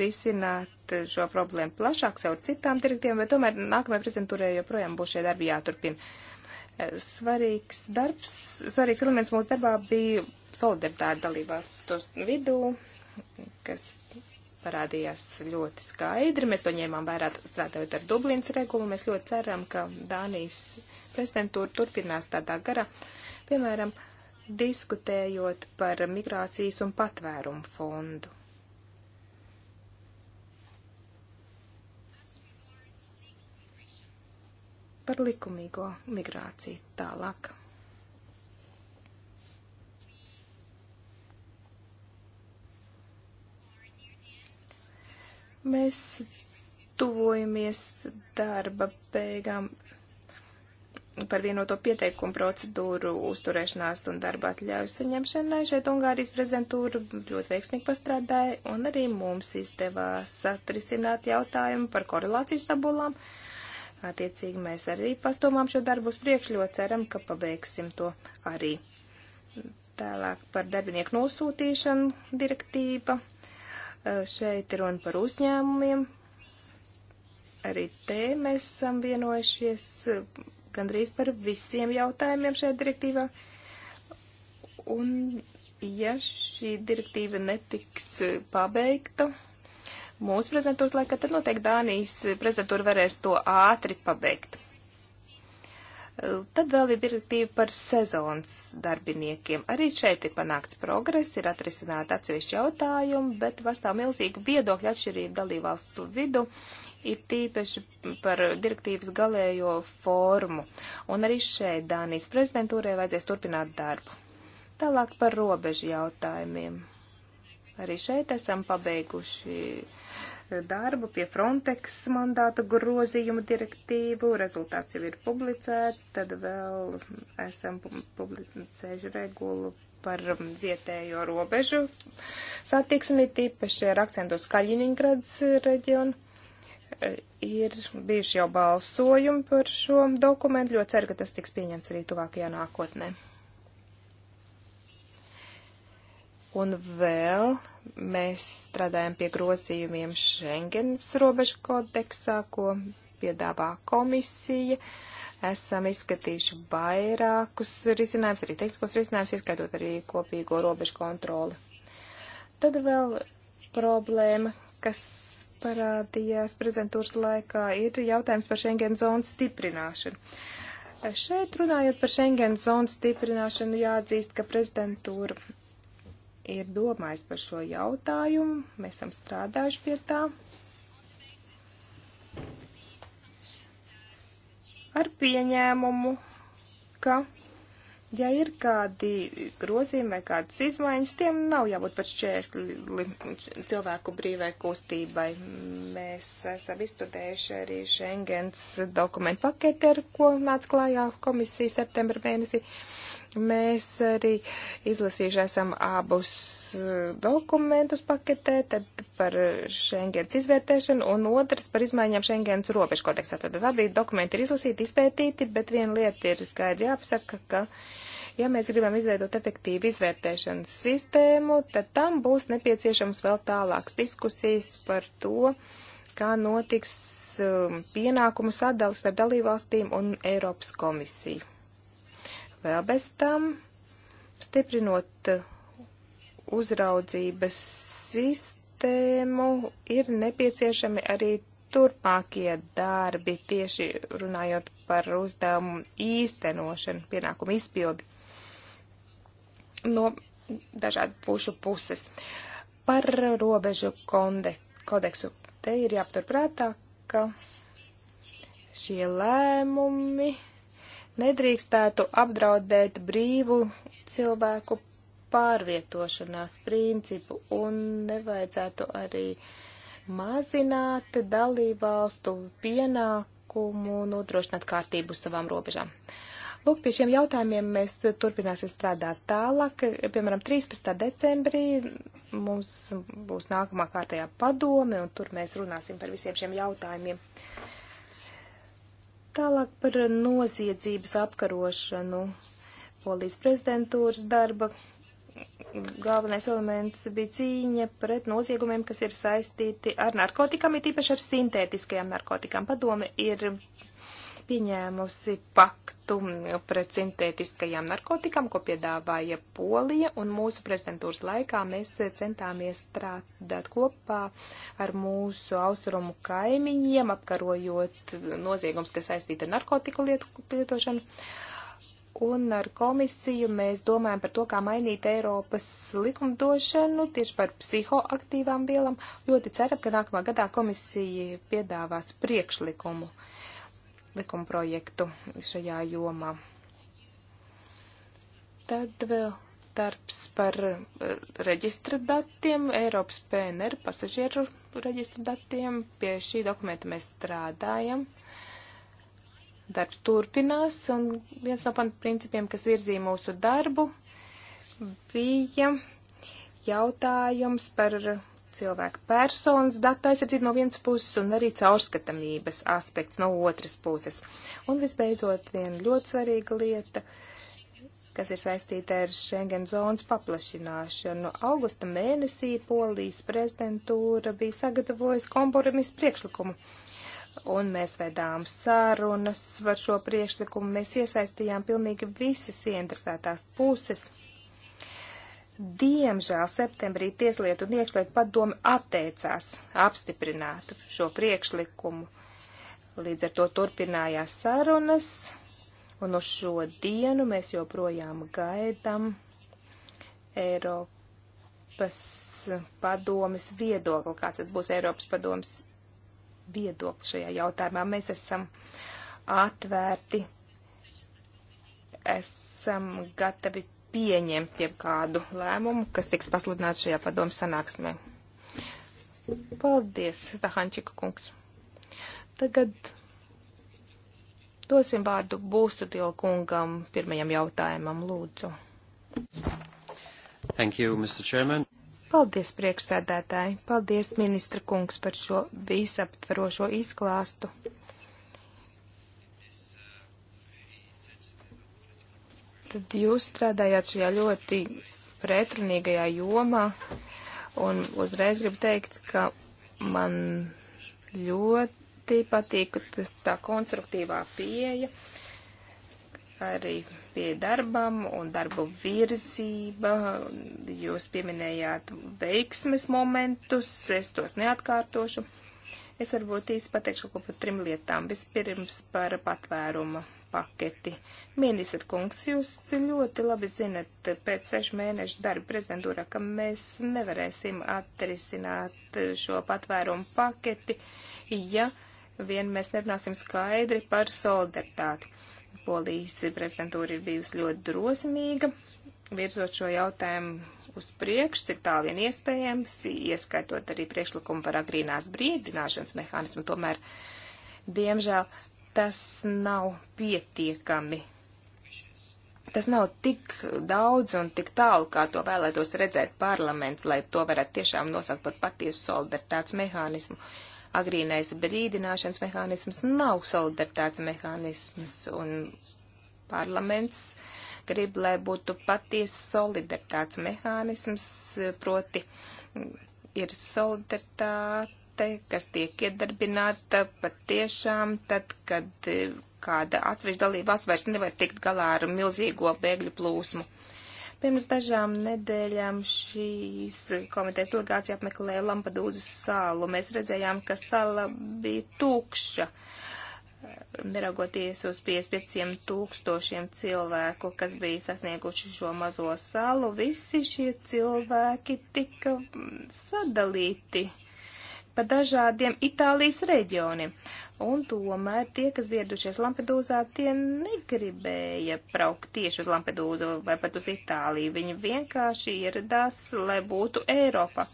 risināt šo problēmu plašāk caur citām direktīvām, bet tomēr nākamajai prezidentūrai joprojām būs šie darbi jāturpina. Eh, svarīgs darbs, svarīgs elements mūsu darbā bija solidaritāte dalībās tos vidū, kas parādījās ļoti skaidri. Mēs to ņēmām vērā strādājot ar Dublīnas regulu. Mēs ļoti ceram, ka Dānijas prezidentūra turpinās tādā garā. Piemēram, diskutējot par migrācijas un patvērumu fondu. Par likumīgo migrāciju tālāk. Mēs tuvojamies darba beigām par vienoto pieteikumu procedūru uzturēšanās un darba atļauju saņemšanai. Šeit Ungārijas prezidentūra ļoti veiksmīgi pastrādāja, un arī mums izdevās atrisināt jautājumu par korelācijas tabulām. Attiecīgi mēs arī pastomām šo darbu uz priekšu, ļoti ceram, ka pabeigsim to arī. Tālāk par darbinieku nosūtīšanu direktīva Eh, šeit ir runa par uzņēmumiem. Arī te mēs esam vienojušies eh, gandrīz par visiem jautājumiem šajā direktīvā. Un ja šī direktīva netiks eh, pabeigta mūsu prezidentūras laikā, tad noteikti Dānijas prezidentūra varēs to ātri pabeigt. Tad vēl ir direktīva par sezonas darbiniekiem. Arī šeit ir panākts progress, ir atrisināti atsevišķi jautājumi, bet pastāv milzīga viedokļa atšķirība dalībvalstu vidu, ir tīpaši par direktīvas galējo formu. Un arī šeit Dānijas prezidentūrai vajadzēs turpināt darbu. Tālāk par robežu jautājumiem. Arī šeit esam pabeiguši uh, darbu pie Frontex mandāta grozījumu direktīvu. Rezultāts jau ir publicēts, tad vēl esam publicējuši regulu par vietējo robežu satiksmi, tīpaši ar akcentu uz Kaļiņingrads reģionu e, ir bijuši jau balsojumi par šo dokumentu. Ļoti ceru, ka tas tiks pieņemts arī tuvākajā nākotnē. Un vēl mēs strādājam pie grozījumiem Schengens robežu kodeksā, ko piedāvā komisija. Esam izskatījuši vairākus risinājumus, arī tehniskos risinājumus, ieskaitot arī kopīgo robežu kontroli. Tad vēl problēma, kas parādījās prezentūras laikā, ir jautājums par Schengen zonas stiprināšanu. Šeit runājot par Schengen zonas stiprināšanu, jāatzīst, ka prezidentūra ir domājis par šo jautājumu, mēs esam strādājuši pie tā. Ar pieņēmumu, ka, ja ir kādi grozījumi vai kādas izmaiņas, tiem nav jābūt pat šķērtli cilvēku brīvai kustībai. Mēs esam izstudējuši arī Schengens dokumentu paketi, ar ko nāca klājā komisija septembra mēnesī. Uh, Mēs arī izlasījuši esam abus eh, dokumentus paketē, tad par Schengens izvērtēšanu un otrs par izmaiņām Schengens robežu kodeksā. Tad abi dokumenti ir izlasīti, izpētīti, bet viena lieta ir skaidri jāpasaka, ka, ja mēs gribam izveidot efektīvu izvērtēšanas sistēmu, tad tam būs nepieciešams vēl tālāks diskusijas par to, kā notiks eh, pienākumu sadalas ar dalībvalstīm un Eiropas komisiju. Vēl bez tam, stiprinot uzraudzības sistēmu, ir nepieciešami arī turpmākie darbi, tieši runājot par uzdevumu īstenošanu, pienākumu izpildi no dažādu pušu puses. Par robežu konde, kodeksu te ir jāpaturprātā, ka šie lēmumi nedrīkstētu apdraudēt brīvu cilvēku pārvietošanās principu un nevajadzētu arī mazināt dalībvalstu pienākumu nodrošināt kārtību savām robežām. Lūk, pie šiem jautājumiem mēs turpināsim strādāt tālāk. Piemēram, 13. decembrī mums būs nākamā kārtējā padome, un tur mēs runāsim par visiem šiem jautājumiem. Uh, Tālāk par noziedzības apkarošanu. Polijas prezidentūras darba galvenais elements bija cīņa pret noziegumiem, kas ir saistīti ar narkotikām, ir tīpaši ar sintētiskajām narkotikām. Padome ir pieņēmusi paktu pret sintētiskajām narkotikām, ko piedāvāja Polija, un mūsu prezidentūras laikā mēs centāmies strādāt kopā ar mūsu austrumu kaimiņiem, apkarojot noziegums, kas saistīta ar narkotiku lietu lietošanu. Un ar komisiju mēs domājam par to, kā mainīt Eiropas likumdošanu tieši par psihoaktīvām vielām. Ļoti ceram, ka nākamā gadā komisija piedāvās priekšlikumu. Uh, likumprojektu šajā jomā. Tad vēl darbs par eh, reģistra datiem, Eiropas PNR pasažieru reģistra datiem. Pie šī dokumenta mēs strādājam. Darbs turpinās, un viens no pamatprincipiem, kas virzīja mūsu darbu, bija jautājums par cilvēku personas datu aizsardzība no vienas puses un arī caurskatamības aspekts no otras puses. Un visbeidzot, viena ļoti svarīga lieta, kas ir saistīta ar Schengen zonas paplašināšanu. Augusta mēnesī Polijas prezidentūra bija sagatavojusi kompromisu priekšlikumu. Un mēs vedām sarunas par šo priekšlikumu. Mēs iesaistījām pilnīgi visas ieinteresētās puses Diemžēl septembrī Tieslietu un iekšlietu padomi atteicās apstiprināt šo priekšlikumu. Līdz ar to turpinājās sarunas, un uz šo dienu mēs joprojām gaidām Eiropas padomes viedokli, kāds tad būs Eiropas padomes viedokli šajā jautājumā. Mēs esam atvērti, esam gatavi pieņemt jebkādu lēmumu, kas tiks pasludināts šajā padomu sanāksmē. Paldies, Stahančika kungs. Tagad dosim vārdu Būsutila kungam pirmajam jautājumam, lūdzu. Thank you, Mr. Chairman. Paldies, priekšsēdētāji. Paldies, ministra kungs, par šo visaptverošo izklāstu. Tad jūs strādājāt šajā ļoti pretrunīgajā jomā, un uzreiz gribu teikt, ka man ļoti patīk tas, tā konstruktīvā pieeja, arī pie darbam un darbu virzība. Jūs pieminējāt veiksmes momentus, es tos neatkārtošu. Es varbūt īsti pateikšu kaut ko par trim lietām. Vispirms par patvērumu paketi. Ministra kungs, jūs ļoti labi zinat pēc sešu mēnešu darba prezidentūrā, ka mēs nevarēsim atrisināt šo patvērumu paketi, ja vien mēs nerunāsim skaidri par solidaritāti. Polijas prezidentūra ir bijusi ļoti drosmīga, virzot šo jautājumu uz priekšu, cik tālu vien iespējams, ieskaitot arī priekšlikumu par agrīnās brīdināšanas mehānismu. Tomēr, diemžēl, tas nav pietiekami. Tas nav tik daudz un tik tālu, kā to vēlētos redzēt parlaments, lai to varētu tiešām nosaukt par patiesu solidaritātes mehānismu. Agrīnais brīdināšanas mehānisms nav solidaritātes mehānisms, un parlaments grib, lai būtu patiesa solidaritātes mehānisms, proti ir solidaritāte debate, kas tiek iedarbināta patiešām tad, kad e, kāda atsevišķa dalībās vairs nevar tikt galā ar milzīgo bēgļu plūsmu. Pirms dažām nedēļām šīs komitejas delegācija apmeklēja Lampadūzas salu. Mēs redzējām, ka sala bija tūkša, e, neraugoties uz 55 tūkstošiem cilvēku, kas bija sasnieguši šo mazo salu. Visi šie cilvēki tika sadalīti pa dažādiem Itālijas reģioniem. Un tomēr tie, kas viedušies Lampedūzā, tie negribēja braukt tieši uz Lampedūzu vai pat uz Itāliju. Viņi vienkārši ieradās, lai būtu Eiropa.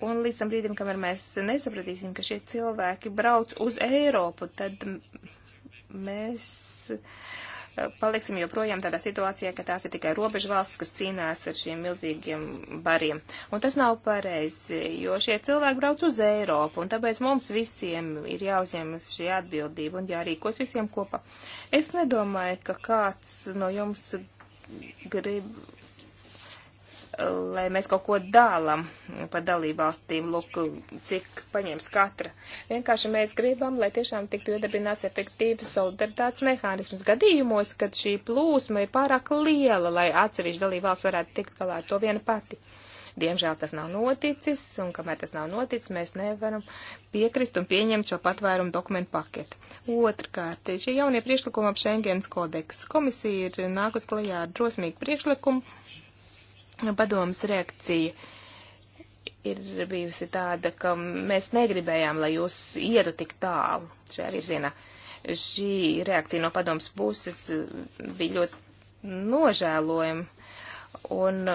Un līdz tam brīdim, kamēr mēs nesapratīsim, ka šie cilvēki brauc uz Eiropu, tad mēs paliksim joprojām tādā situācijā, ka tās ir tikai robežvalsts, kas cīnās ar šiem milzīgiem bariem. Un tas nav pareizi, jo šie cilvēki brauc uz Eiropu, un tāpēc mums visiem ir jāuzņemas šī atbildība un jārīkos visiem kopā. Es nedomāju, ka kāds no jums grib lai mēs kaut ko dālam par dalībvalstīm, lūk, cik paņems katra. Vienkārši mēs gribam, lai tiešām tiktu iedarbināts efektīvs solidaritātes mehānisms gadījumos, kad šī plūsma ir pārāk liela, lai atsevišķi dalībvalsts varētu tikt galā ar to viena pati. Diemžēl tas nav noticis, un kamēr tas nav noticis, mēs nevaram piekrist un pieņemt šo patvērumu dokumentu paketu. Otrkārt, šie jaunie priekšlikumi ap Schengens kodeksu. Komisija ir nākus klajā ar drosmīgu priekšlikumu Nu, padomas reakcija ir bijusi tāda, ka mēs negribējām, lai jūs ietu tik tālu šajā virzienā. Šī reakcija no padomas puses bija ļoti nožēlojama. Un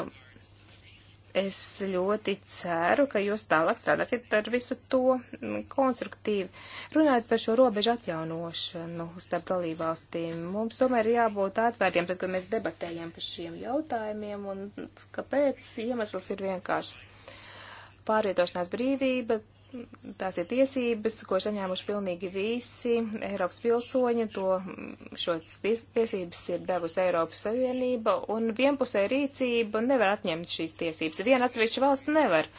Es ļoti ceru, ka jūs tālāk strādāsiet ar visu to mm, konstruktīvi. Runājot par šo robežu atjaunošanu starp dalībvalstīm, mums tomēr ir jābūt atvērtiem, tad, kad mēs debatējam par šiem jautājumiem, un kāpēc iemesls ir vienkārši pārvietošanās brīvība, tās ir tiesības, ko saņēmuši pilnīgi visi Eiropas pilsoņi, to šos tiesības ir devusi Eiropas Savienība, un vienpusē rīcība nevar atņemt šīs tiesības. Viena atsevišķa valsts nevar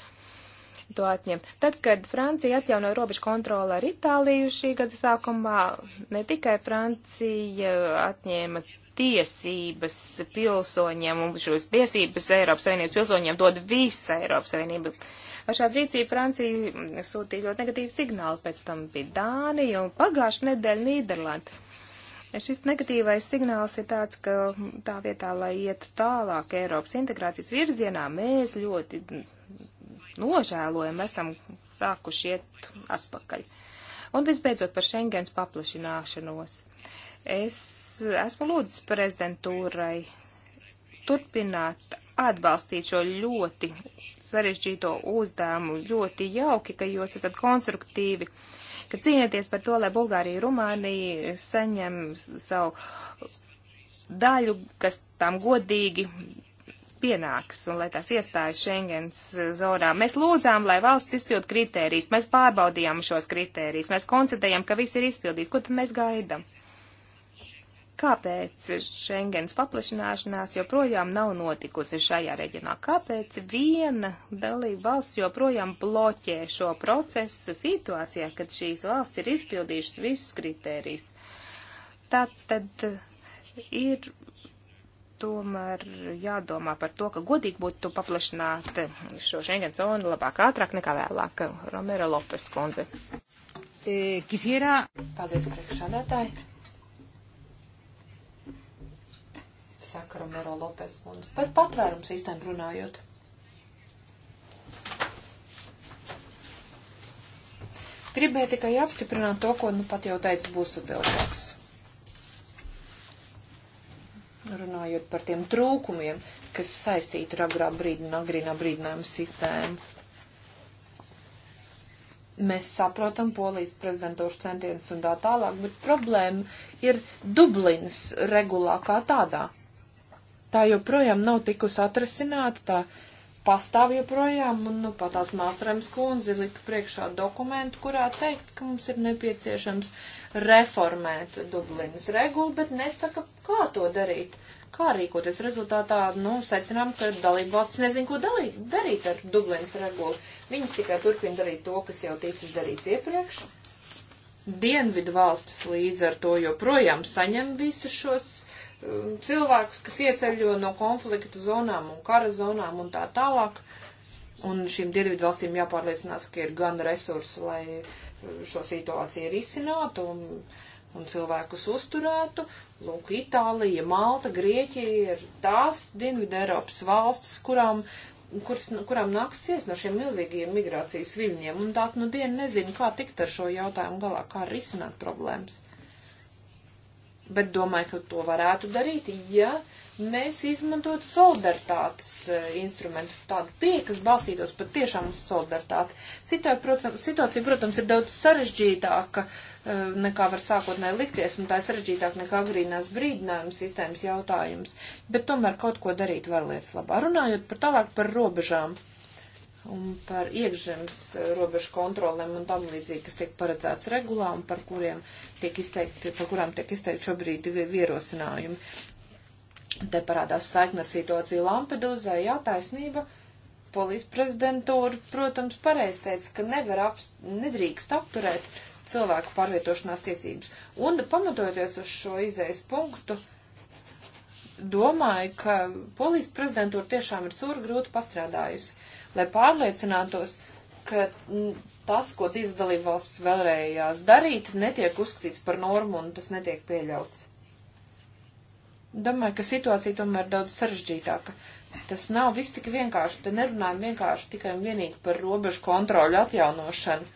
to atņemt. Tad, kad Francija atjaunoja robežu kontroli ar Itāliju šī gada sākumā, ne tikai Francija atņēma tiesības pilsoņiem, un šos tiesības Eiropas Savienības pilsoņiem dod visa Eiropas Savienība. Ar šādu rīcību Francija sūtīja ļoti negatīvu signālu, pēc tam bija Dānija un pagājušā nedēļa Nīderlanda. Šis negatīvais signāls ir tāds, ka tā vietā, lai ietu tālāk Eiropas integrācijas virzienā, mēs ļoti nožēlojam, esam sākuši iet atpakaļ. Un visbeidzot par Schengens paplašināšanos. Es esmu lūdzis prezidentūrai turpināt atbalstīt šo ļoti sarežģīto uzdevumu. Ļoti jauki, ka jūs esat konstruktīvi, ka cīnieties par to, lai Bulgārija, Rumānija saņem savu daļu, kas tām godīgi pienāks un lai tās iestājas Schengens zonā. Mēs lūdzām, lai valsts izpild kritērijas, mēs pārbaudījām šos kritērijas, mēs koncentrējām, ka viss ir izpildīts. Ko tad mēs gaidām? Kāpēc Schengens paplašināšanās joprojām nav notikusi šajā reģionā? Kāpēc viena dalība valsts joprojām bloķē šo procesu situācijā, kad šīs valsts ir izpildījušas visus kritērijus? Tātad ir tomēr jādomā par to, ka godīgi būtu paplašināt šo Schengen zonu labāk ātrāk nekā vēlāk. Romero Lopes kundze. E, eh, Kisierā. Paldies, priekšsādātāji. saka Romero Lopes kundze. Par patvērumu sistēmu runājot. Gribēju tikai apstiprināt to, ko nu pat jau teica Busutilkungs. Runājot par tiem trūkumiem, kas saistīti ar agrā brīdina, agrīnā brīdinājuma sistēmu. Mēs saprotam polijas prezidentūras centienus un tā tālāk, bet problēma ir Dublinas regulā kā tādā tā joprojām nav tikusi atrisināta, tā pastāv joprojām, un nu, pat tās māstrēmas kundze lika priekšā dokumentu, kurā teikts, ka mums ir nepieciešams reformēt Dublinas regulu, bet nesaka, kā to darīt, kā rīkoties. Rezultātā, nu, secinām, ka dalība valsts nezin, ko dalīt, darīt ar Dublinas regulu. Viņas tikai turpina darīt to, kas jau ticis darīts iepriekš. Dienvidu valstis līdz ar to joprojām saņem visus šos Um, cilvēkus, kas ieceļo no konflikta zonām un kara zonām un tā tālāk. Un šīm dienvidu valstīm jāpārliecinās, ka ir gan resursi, lai uh, šo situāciju risinātu un, un cilvēkus uzturētu. Lūk, Itālija, Malta, Grieķija ir tās dienvidu Eiropas valstis, kurām kuras, kurām nāks ciest no šiem milzīgiem migrācijas viļņiem, un tās nu dienu nezinu, kā tikt ar šo jautājumu galā, kā risināt problēmas bet domāju, ka to varētu darīt, ja mēs izmantotu solidaritātes eh, instrumentu, tādu pieeju, kas balstītos pat tiešām uz solidaritāti. Situācija, protams, ir daudz sarežģītāka eh, nekā var sākotnēji likties, un tā ir sarežģītāka nekā agrīnās brīdinājuma sistēmas jautājums, bet tomēr kaut ko darīt var lietas labā. Runājot par tālāk par robežām un par iekšzemes eh, robežu kontrolēm un tam līdzīgi, kas tiek paredzēts regulā un par, kuriem tiek izteikti, par kurām tiek izteikti šobrīd vierosinājumi. Te parādās saikna situācija Lampedūzē, jā, taisnība. Polijas prezidentūra, protams, pareiz teica, ka nevar ap, nedrīkst apturēt cilvēku pārvietošanās tiesības. Un pamatojoties uz šo izējas punktu, domāju, ka polijas prezidentūra tiešām ir sūri grūti pastrādājusi lai pārliecinātos, ka mm, tas, ko divas dalībvalstis vēlējās darīt, netiek uzskatīts par normu un tas netiek pieļauts. Domāju, ka situācija tomēr daudz sarežģītāka. Tas nav viss tik vienkārši. Te nerunājam vienkārši tikai un vienīgi par robežu kontroļu atjaunošanu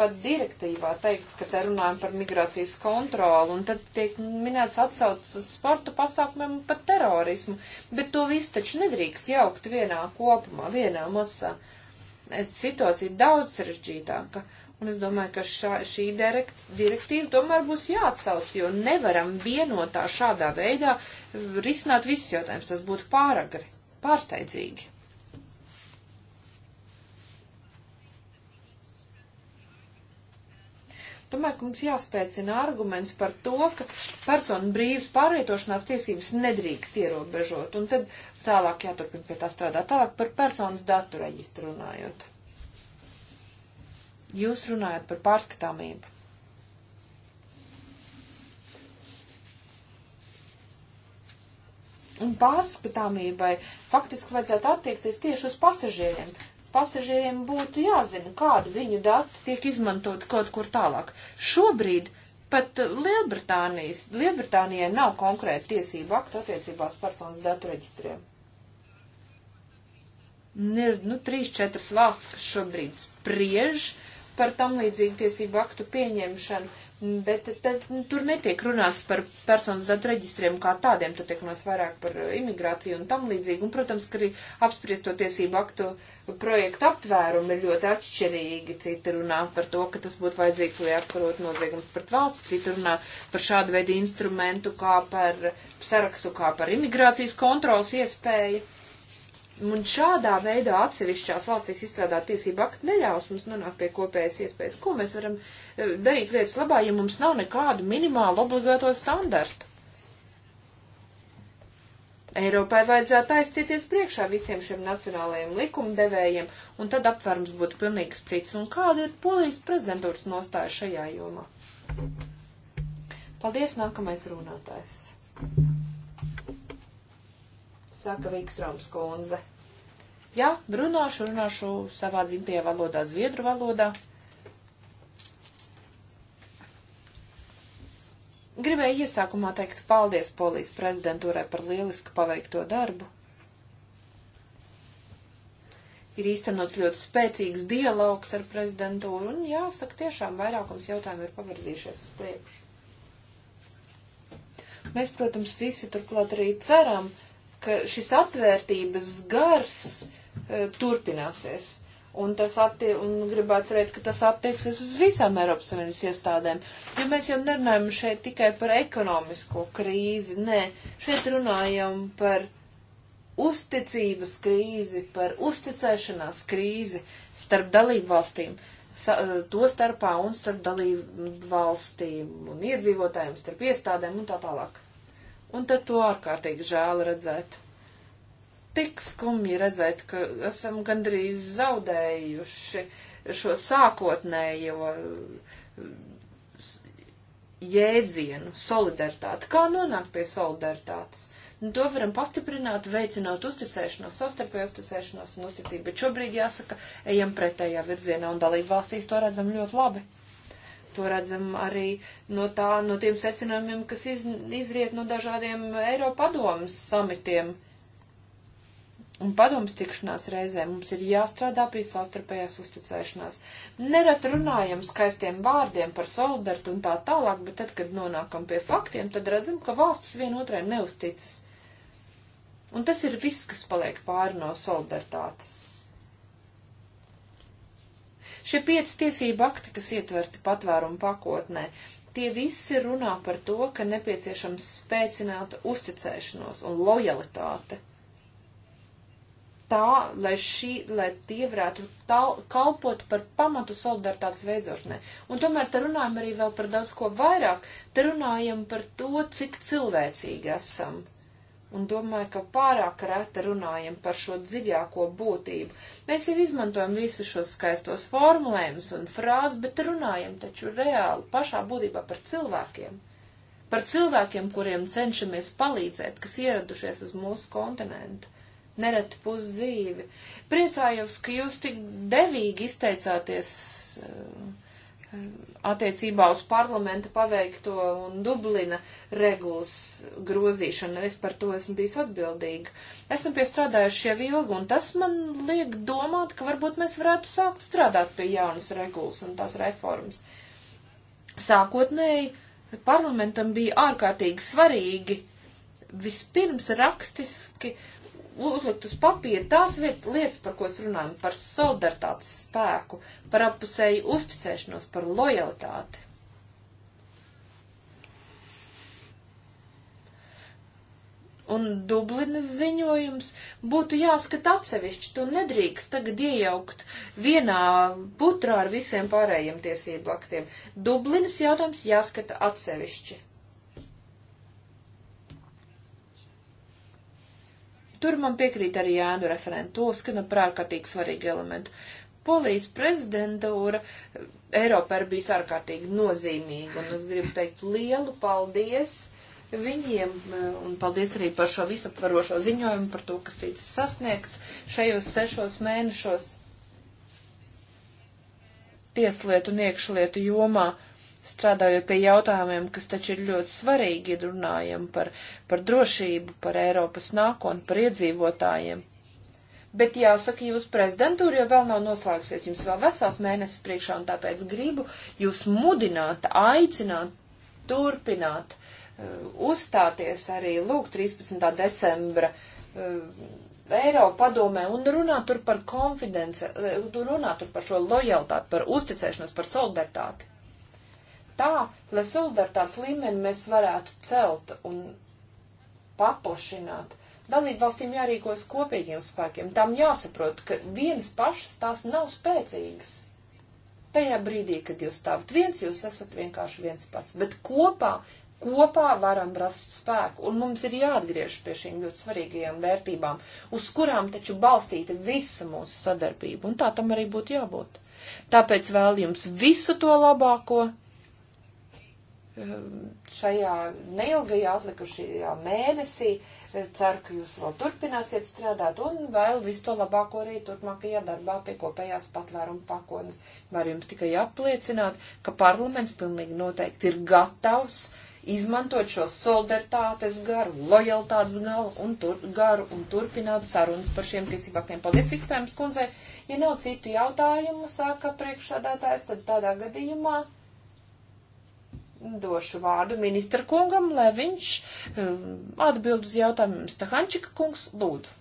pat direktīvā teikts, ka te runājam par migrācijas kontroli, un tad tiek minēts atsaucis uz sporta pasākumiem un pat terorismu, bet to visu taču nedrīkst jaukt vienā kopumā, vienā masā. Situācija daudz sarežģītāka, un es domāju, ka šā, šī direkt, direktīva tomēr būs jāatsauc, jo nevaram vienotā šādā veidā risināt visus jautājumus, tas būtu pāragri, pārsteidzīgi. Domāju, ka mums jāspēcina arguments par to, ka personu brīvas pārvietošanās tiesības nedrīkst ierobežot, un tad tālāk jāturpina pie tā strādāt, tālāk par personas datu reģistru runājot. Jūs runājat par pārskatāmību. Un pārskatāmībai faktiski vajadzētu attiekties tieši uz pasažieriem, pasažieriem būtu jāzina, kāda viņu dati tiek izmantot kaut kur tālāk. Šobrīd pat Lielbritānijas, Lielbritānijai nav konkrēta tiesība aktu attiecībās personas datu reģistriem. Ir, nu, trīs, četras valsts, kas šobrīd spriež par tam līdzīgu tiesību aktu pieņemšanu, Bet tad, tur netiek runāts par personas datu reģistriem kā tādiem, tur tiek runāts vairāk par uh, imigrāciju un tam līdzīgi. Un, protams, ka arī apspriesto tiesību aktu projektu aptvērumi ir ļoti atšķirīgi. Citi runā par to, ka tas būtu vajadzīgs, lai apkarot noziegums pret valsts, citi runā par šādu veidu instrumentu, kā par sarakstu, kā par imigrācijas kontrols iespēju. Un šādā veidā atsevišķās valstīs izstrādāt tiesību aktu neļaus mums nonākt pie kopējas iespējas. Ko mēs varam eh, darīt lietas labā, ja mums nav nekādu minimālu obligāto standartu? Eiropai vajadzētu aizstieties priekšā visiem šiem nacionālajiem likumdevējiem, un tad apvērums būtu pilnīgs cits. Un kāda ir polijas prezidentūras nostāja šajā jomā? Paldies, nākamais runātājs saka Vikstroms kundze. Jā, runāšu, runāšu savā dzimtajā valodā, zviedru valodā. Gribēju iesākumā teikt paldies Polijas prezidentūrai par lieliski paveikto darbu. Ir īstenots ļoti spēcīgs dialogs ar prezidentūru, un jāsaka, tiešām vairākums jautājumu ir pavirzījušies uz priekšu. Mēs, protams, visi turklāt arī ceram, ka ka šis atvērtības gars e, turpināsies. Un, attie, un gribētu cerēt, ka tas attieksies uz visām Eiropas Savienības iestādēm. Jo mēs jau nerunājam šeit tikai par ekonomisko krīzi, nē, šeit runājam par uzticības krīzi, par uzticēšanās krīzi starp dalību valstīm, sa, e, to starpā un starp dalību valstīm un iedzīvotājiem, starp iestādēm un tā tālāk un tad to ārkārtīgi žēl redzēt. Tik skumji redzēt, ka esam gandrīz zaudējuši šo sākotnējo jēdzienu solidaritāti. Kā nonākt pie solidaritātes? Nu, to varam pastiprināt, veicinot uzticēšanos, sastarpēju uzticēšanos un uzticību, bet šobrīd jāsaka, ejam pretējā virzienā un dalību valstīs to redzam ļoti labi. To redzam arī no, tā, no tiem secinājumiem, kas iz, izriet no dažādiem Eiropadomas samitiem un padomas tikšanās reizē. Mums ir jāstrādā pie savstarpējās uzticēšanās. Nerad runājam skaistiem vārdiem par solidaritāti un tā tālāk, bet tad, kad nonākam pie faktiem, tad redzam, ka valstis vienotrai neusticas. Un tas ir viss, kas paliek pāri no solidaritātes. Šie pieci tiesību akti, kas ietverti patvērumu pakotnē, tie visi runā par to, ka nepieciešams spēcināta uzticēšanos un lojalitāte. Tā, lai, šī, lai tie varētu tal, kalpot par pamatu solidaritātes veidzošanai. Un tomēr te runājam arī vēl par daudz ko vairāk. Te runājam par to, cik cilvēcīgi esam un domāju, ka pārāk reta runājam par šo dziļāko būtību. Mēs jau izmantojam visus šos skaistos formulējumus un frāzes, bet runājam taču reāli pašā būtībā par cilvēkiem. Par cilvēkiem, kuriem cenšamies palīdzēt, kas ieradušies uz mūsu kontinentu. Nereti pusdzīvi. Priecājos, ka jūs tik devīgi izteicāties. Uh, attiecībā uz parlamenta paveikto un Dublina regulas grozīšanu. Es par to esmu bijis atbildīga. Esam piestrādājuši jau ilgi, un tas man liek domāt, ka varbūt mēs varētu sākt strādāt pie jaunas regulas un tās reformas. Sākotnēji parlamentam bija ārkārtīgi svarīgi vispirms rakstiski uzlikt uz papīra tās lietas, par ko es runāju, par solidaritātes spēku, par apusēju uzticēšanos, par lojalitāti. Un Dublinas ziņojums būtu jāskata atsevišķi, to nedrīkst tagad iejaukt vienā putrā ar visiem pārējiem tiesību aktiem. Dublinas jautājums jāskata atsevišķi. Tur man piekrīt arī Jānu referentu, uzskana nu, par ārkārtīgi svarīgu elementu. Polijas prezidentūra Eiropā ir bijis ārkārtīgi nozīmīga, un es gribu teikt lielu paldies viņiem, un paldies arī par šo visaptvarošo ziņojumu, par to, kas ticis sasniegts šajos sešos mēnešos tieslietu un iekšlietu jomā. Uh, strādājot pie jautājumiem, kas taču ir ļoti svarīgi, ja runājam par, par drošību, par Eiropas nākotni, par iedzīvotājiem. Bet jāsaka, jūs prezidentūra jau vēl nav noslēgusies, jums vēl vesels mēnesis priekšā, un tāpēc gribu jūs mudināt, aicināt, turpināt, uh, uzstāties arī, lūk, 13. decembra uh, Eiropa padomē un runā tur par konfidence, uh, runā tur par šo lojalitāti, par uzticēšanos, par solidaritāti tā, lai solidaritātes līmeni mēs varētu celt un paplašināt. Dalību valstīm jārīkojas kopīgiem spēkiem. Tām jāsaprot, ka vienas pašas tās nav spēcīgas. Tajā brīdī, kad jūs stāvat viens, jūs esat vienkārši viens pats. Bet kopā, kopā varam rast spēku. Un mums ir jāatgriež pie šīm ļoti svarīgajām vērtībām, uz kurām taču balstīta visa mūsu sadarbība. Un tā tam arī būtu jābūt. Tāpēc vēl jums visu to labāko Eh, šajā neilgajā atlikušajā mēnesī. Eh, ceru, ka jūs vēl turpināsiet strādāt un vēl visu to labāko arī turpmākajā darbā pie kopējās patvēruma pakotnes. Var jums tikai apliecināt, ka parlaments pilnīgi noteikti ir gatavs izmantot šo solidaritātes garu, lojaltātes garu un, tur, garu un turpināt sarunas par šiem tiesībākiem. Paldies, Vikstrēms kundzei. Ja nav citu jautājumu, sāka priekšādātājs, tad tādā gadījumā došu vārdu ministra kungam, lai viņš um, atbild uz jautājumiem. Stahančika kungs, lūdzu.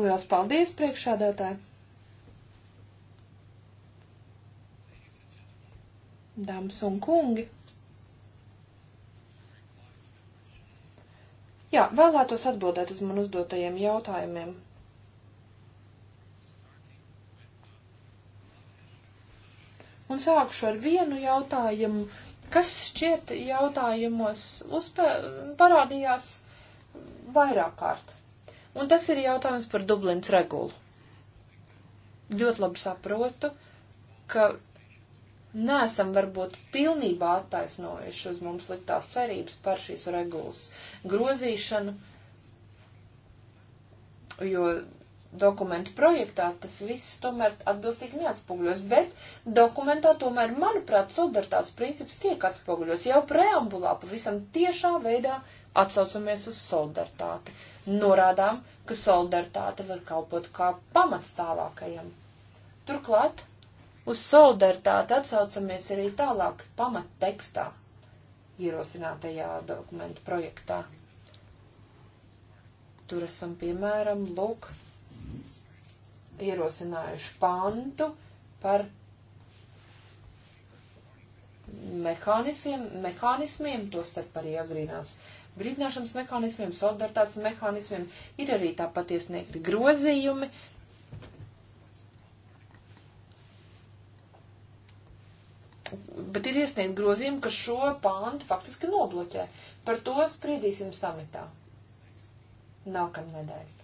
Liels paldies, priekšādātāji! Dāmas un kungi! Jā, vēlētos atbildēt uz man uzdotajiem jautājumiem. un sākšu ar vienu jautājumu, kas šķiet jautājumos uzpē, parādījās vairāk kārt. Un tas ir jautājums par Dublins regulu. Ļoti labi saprotu, ka nesam varbūt pilnībā attaisnojuši uz mums liktās cerības par šīs regulas grozīšanu, jo dokumentu projektā tas viss tomēr atbilstīgi neatspūgļos, bet dokumentā tomēr, manuprāt, solidaritātes princips tiek atspoguļos. Jau preambulā pavisam tiešā veidā atsaucamies uz solidaritāti. Norādām, ka solidaritāte var kalpot kā pamats tālākajam. Turklāt uz solidaritāti atsaucamies arī tālāk pamat tekstā, ierosinātajā dokumentu projektā. Tur esam, piemēram, lūk, ierosinājuši pantu par mehānismiem, mehānismiem to starp arī agrīnās brīdināšanas mehānismiem, solidaritātes mehānismiem, ir arī tāpat iesniegti grozījumi. Bet ir iesniegti grozījumi, ka šo pāntu faktiski nobloķē. Par to spriedīsim samitā. Nākamnedēļ.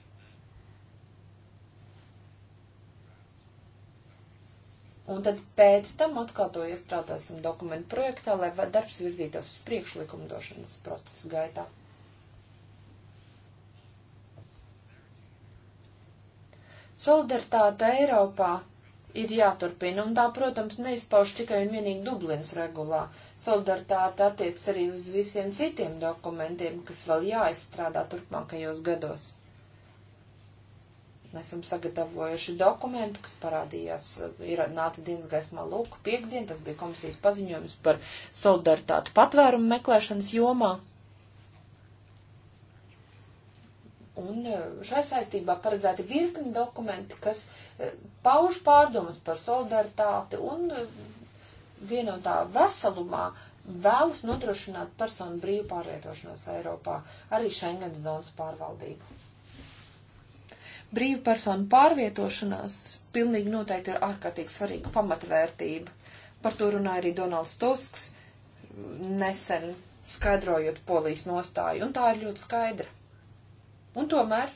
Un tad pēc tam atkal to iestrādāsim dokumentu projektā, lai darbs virzītos uz priekšlikumdošanas procesa gaitā. Solidaritāte Eiropā ir jāturpina, un tā, protams, neizpauž tikai un vienīgi Dublinas regulā. Solidaritāte attiec arī uz visiem citiem dokumentiem, kas vēl jāizstrādā turpmākajos gados. Esam sagatavojuši dokumentu, kas parādījās, eh, ir nāca dienas gaismā lūk piekdien, tas bija komisijas paziņojums par solidaritātu patvērumu meklēšanas jomā. Un eh, šai saistībā paredzēti virkni dokumenti, kas eh, pauž pārdomas par solidaritāti un vienotā veselumā vēlas nodrošināt personu brīvu pārvietošanos Eiropā, arī Schengen zonas pārvaldību brīva persona pārvietošanās pilnīgi noteikti ir ārkārtīgi svarīga pamatvērtība. Par to runāja arī Donalds Tusks nesen skaidrojot polijas nostāju, un tā ir ļoti skaidra. Un tomēr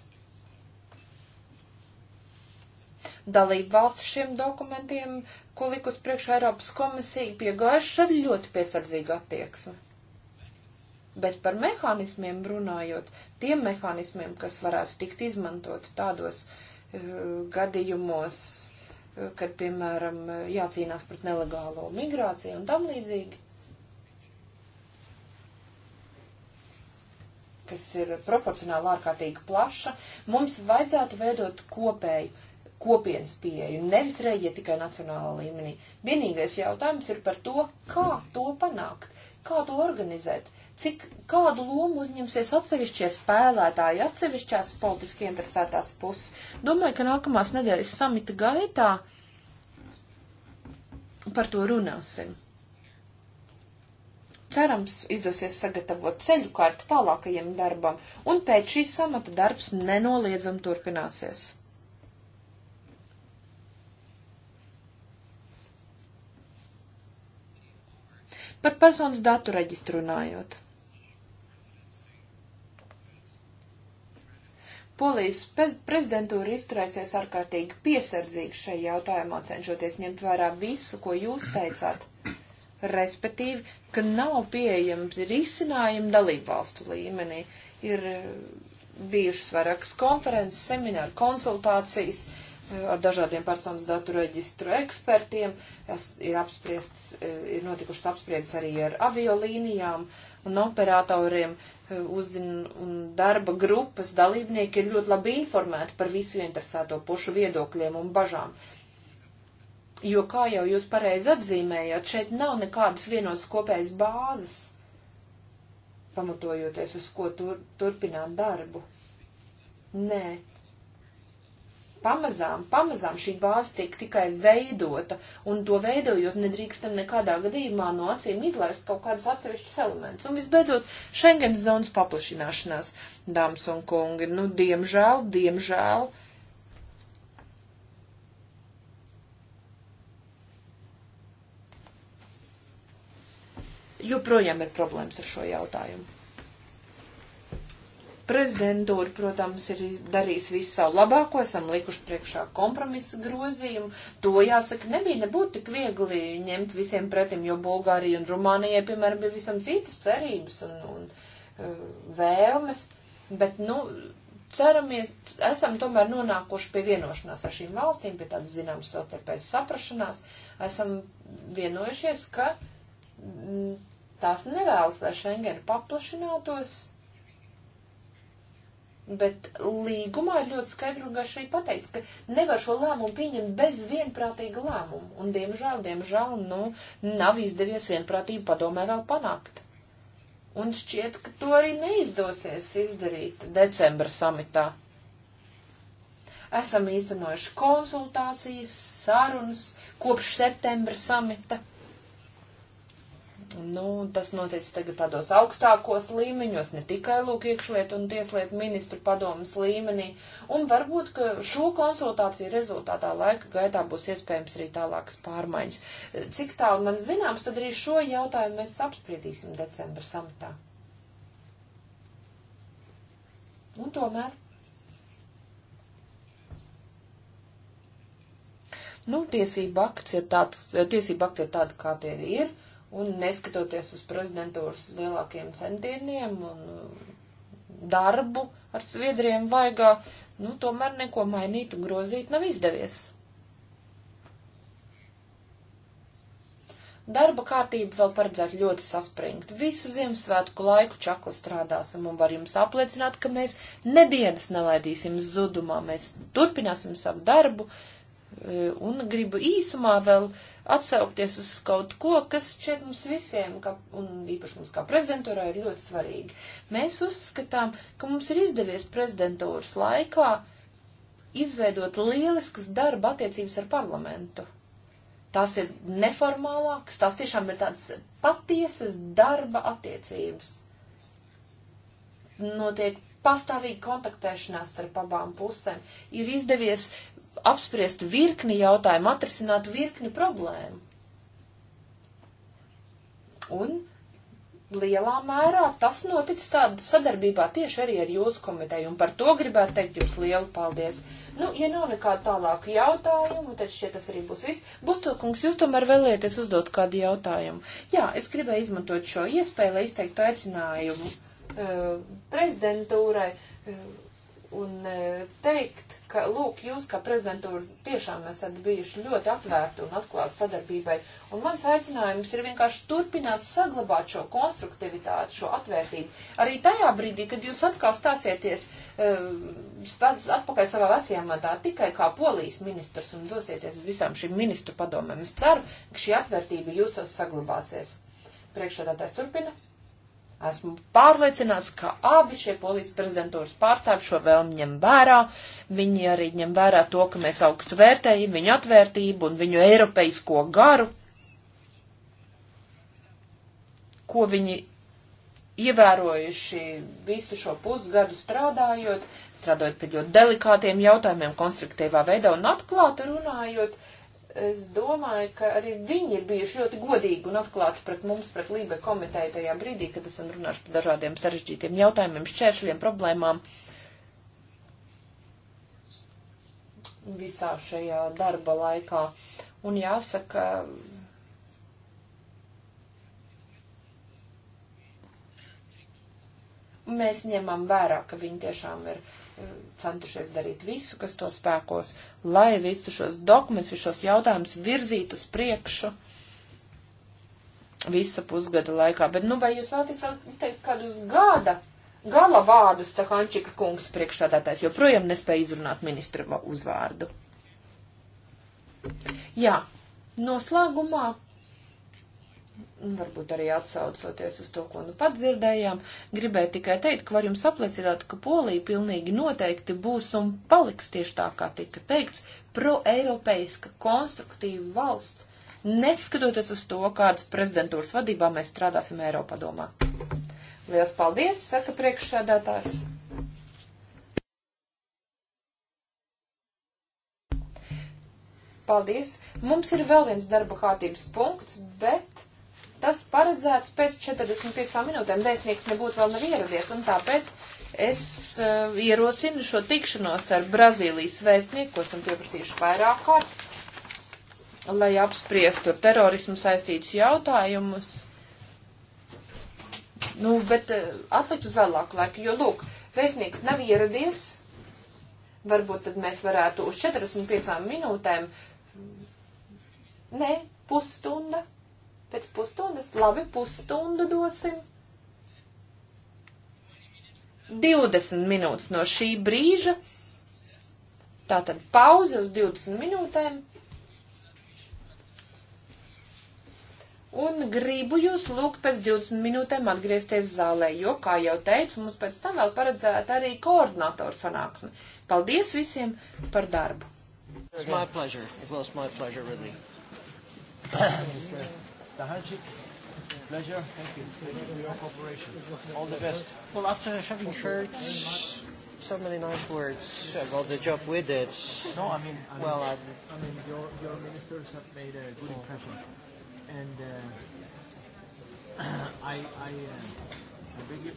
dalību valsts šiem dokumentiem, ko likus priekšā Eiropas komisija, pie gaišas ar ļoti piesardzīgu attieksmi. Bet par mehānismiem runājot, tiem mehānismiem, kas varētu tikt izmantot tādos uh, gadījumos, uh, kad, piemēram, eh, jācīnās pret nelegālo migrāciju un tam līdzīgi, kas ir proporcionāli ārkārtīgi plaša, mums vajadzētu veidot kopēju kopienas pieeju, nevis reaģēt tikai nacionālā līmenī. Vienīgais jautājums ir par to, kā to panākt, kā to organizēt, cik kādu lomu uzņemsies atsevišķie spēlētāji, atsevišķās politiski interesētās puses. Domāju, ka nākamās nedēļas samita gaitā par to runāsim. Cerams, izdosies sagatavot ceļu kārtu tālākajiem darbam, un pēc šī samata darbs nenoliedzam turpināsies. Par personas datu reģistru runājot. Polijas prezidentūra izturēsies ārkārtīgi piesardzīgi šajā jautājumā, cenšoties ņemt vērā visu, ko jūs teicāt, respektīvi, ka nav pieejams risinājumi dalībvalstu līmenī. Ir eh, bijušas vairākas konferences, semināri, konsultācijas eh, ar dažādiem personas datu reģistru ekspertiem. Es ir, eh, ir notikušas apspriedzes arī ar aviolīnijām un operatoriem. Eh, uzzina un darba grupas dalībnieki ir ļoti labi informēti par visu interesēto pušu viedokļiem un bažām. Jo, kā jau jūs pareizi atzīmējāt, šeit nav nekādas vienotas kopējas bāzes, pamatojoties uz ko tur, turpināt darbu. Nē, Pamazām, pamazām šī bāze tiek tikai veidota, un to veidojot nedrīkstam nekādā gadījumā no acīm izlaist kaut kādus atsevišķus elementus. Un visbeidzot, Schengens zonas paplašināšanās, dāmas un kungi, nu, diemžēl, diemžēl. Joprojām ir problēmas ar šo jautājumu. Prezidentūra, protams, ir darījis visu savu labāko, esam likuši priekšā kompromisa grozījumu. To jāsaka, nebija nebūtu tik viegli ņemt visiem pretim, jo Bulgārija un Rumānijai, piemēram, bija visam citas cerības un, un uh, vēlmes. Bet, nu, ceramies, esam tomēr nonākuši pie vienošanās ar šīm valstīm, pie tādas zināmas savstarpējas saprašanās, esam vienojušies, ka mm, tās nevēlas, lai Schengen paplašinātos, bet līgumā ir ļoti skaidri un garšīgi pateikts, ka nevar šo lēmumu pieņemt bez vienprātīga lēmuma. Un, diemžēl, diemžēl, nu, nav izdevies vienprātību padomē vēl panākt. Un šķiet, ka to arī neizdosies izdarīt decembra samitā. Esam īstenojuši konsultācijas, sarunas kopš septembra samita. Nu, tas noticis tagad tādos augstākos līmeņos, ne tikai lūk iekšliet un tieslietu ministru padomas līmenī. Un varbūt, ka šo konsultāciju rezultātā laika gaitā būs iespējams arī tālākas pārmaiņas. Cik tālu man zināms, tad arī šo jautājumu mēs apspriedīsim decembra samitā. Un tomēr. Nu, tiesība akts ir tāds, tiesība akts ir tāda, kā tie ir Un neskatoties uz prezidentūras lielākiem centieniem un um, darbu ar sviedriem vaigā, nu, tomēr neko mainīt un grozīt nav izdevies. Darba kārtība vēl paredzēta ļoti saspringta. Visu Ziemassvētku laiku čakli strādāsim un var jums apliecināt, ka mēs nedienas nelaidīsim zudumā. Mēs turpināsim savu darbu, uh, Eh, un gribu īsumā vēl atsaukties uz kaut ko, kas šeit mums visiem, kā, un īpaši mums kā prezidentūrai, ir ļoti svarīgi. Mēs uzskatām, ka mums ir izdevies prezidentūras laikā izveidot lieliskas darba attiecības ar parlamentu. Tās ir neformālākas, tās tiešām ir tādas patiesas darba attiecības. Notiek pastāvīga kontaktēšanās starp abām pusēm. Ir izdevies apspriest virkni jautājumu, atrisināt virkni problēmu. Un lielā mērā tas notic tādā sadarbībā tieši arī ar jūsu komiteju, un par to gribētu teikt jums lielu paldies. Nu, ja nav nekādu tālāku jautājumu, tad šie tas arī būs viss. Bustulkungs, jūs tomēr vēlēties uzdot kādu jautājumu. Jā, es gribēju izmantot šo iespēju, lai izteiktu aicinājumu uh, prezidentūrai. Uh, un e, teikt, ka, lūk, jūs kā prezidentūra tiešām esat bijuši ļoti atvērti un atklāti sadarbībai. Un mans aicinājums ir vienkārši turpināt saglabāt šo konstruktivitāti, šo atvērtību. Arī tajā brīdī, kad jūs atkal stāsieties e, stāds atpakaļ savā vecajā matā tikai kā polijas ministrs un dosieties uz visām šīm ministru padomēm. Es ceru, ka šī atvērtība jūsos saglabāsies. Priekšsēdētājs turpina. Esmu pārliecināts, ka abi šie polijas prezidentūras pārstāvi šo vēlmi ņem vērā. Viņi arī ņem vērā to, ka mēs augstu vērtējam viņu atvērtību un viņu eiropeisko garu, ko viņi ievērojuši visu šo pusgadu strādājot, strādājot pie ļoti delikātiem jautājumiem, konstruktīvā veidā un atklāti runājot es domāju, ka arī viņi ir bijuši ļoti godīgi un atklāti pret mums, pret Lībe komiteju tajā brīdī, kad esam runājuši par dažādiem sarežģītiem jautājumiem, šķēršļiem, problēmām visā šajā darba laikā. Un jāsaka, mēs ņemam vērā, ka viņi tiešām ir centušies darīt visu, kas to spēkos, lai visu šos dokumentus, visus šos jautājumus virzītu uz priekšu visa pusgada laikā. Bet, nu, vai jūs vēlaties vēl izteikt kādus gada, gala vārdus, tā Hančika kungs priekšstādātājs, joprojām nespēja izrunāt ministra uzvārdu? Jā, noslēgumā un varbūt arī atsaucoties uz to, ko nu pat dzirdējām, gribēju tikai teikt, ka var jums apliecināt, ka Polija pilnīgi noteikti būs un paliks tieši tā, kā tika teikts, pro-eiropeiska konstruktīva valsts, neskatoties uz to, kādas prezidentūras vadībā mēs strādāsim Eiropadomā. Liels paldies, saka priekšsēdētājs. Paldies. Mums ir vēl viens darba kārtības punkts, bet tas paredzēts pēc 45 minūtēm. Vēstnieks nebūtu vēl nav ieradies, un tāpēc es uh, ierosinu šo tikšanos ar Brazīlijas vēstnieku, ko esam pieprasījuši vairāk kārt, lai apspriestu ar terorismu saistītus jautājumus. Nu, bet uh, atlikt uz vēlāku laiku, jo, lūk, vēstnieks nav ieradies. Varbūt tad mēs varētu uz 45 minūtēm, nē, pusstunda Pēc pusstundas? Labi, pusstundu dosim. 20 minūtes no šī brīža. Tātad pauze uz 20 minūtēm. Un gribu jūs lūgt pēc 20 minūtēm atgriezties zālē, jo, kā jau teicu, mums pēc tam vēl paredzēta arī koordinātoru sanāksme. Paldies visiem par darbu! It's my pleasure. Well, it's my pleasure, really. Tahaji, pleasure. Thank you. Thank you for your cooperation. All the best. Well, after having heard so many nice words about the job we did. No, I mean, I mean, well, I, I mean, your your ministers have made a good impression, and uh, I I, uh, I really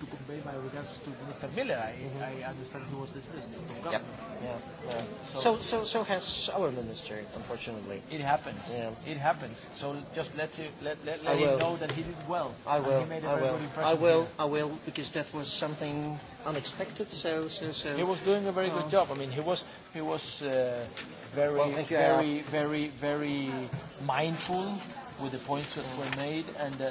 to convey my regards to Mr. Miller. I, mm-hmm. I understand he was dismissed from government. Yep. Yeah, yeah. So, so, so, so has our minister, unfortunately. It happens. Yeah. It happens. So just let you, let, let, let I him will. know that he did well. I will. And he made a I very will. Good impression I will. Here. I will, because that was something unexpected. So, so, so. He was doing a very oh. good uh, job. I mean, he was, he was uh, very, well, very, very, very, very mindful with the points that were made and. Uh,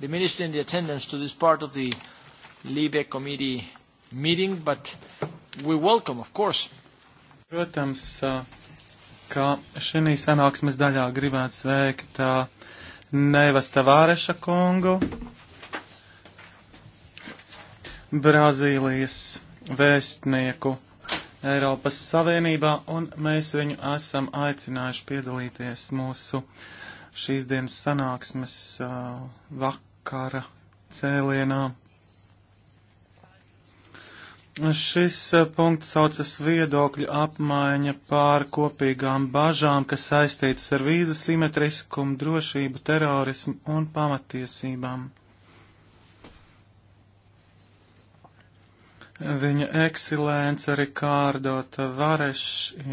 the minister in the attendance to this part of the Libe committee meeting, but we welcome, of course. Protams, uh, ka šī sanāksmes daļā gribētu sveikt uh, Nevas Tavāreša kungu, Brazīlijas vēstnieku Eiropas Savienībā, un mēs viņu esam aicinājuši piedalīties mūsu uh, šīs dienas sanāksmes uh, vakara cēlienā. Šis punkts saucas viedokļu apmaiņa pār kopīgām bažām, kas saistītas ar vīzu simetriskumu, drošību, terorismu un pamatiesībām. Viņa ekscelence Rikārdo Tavares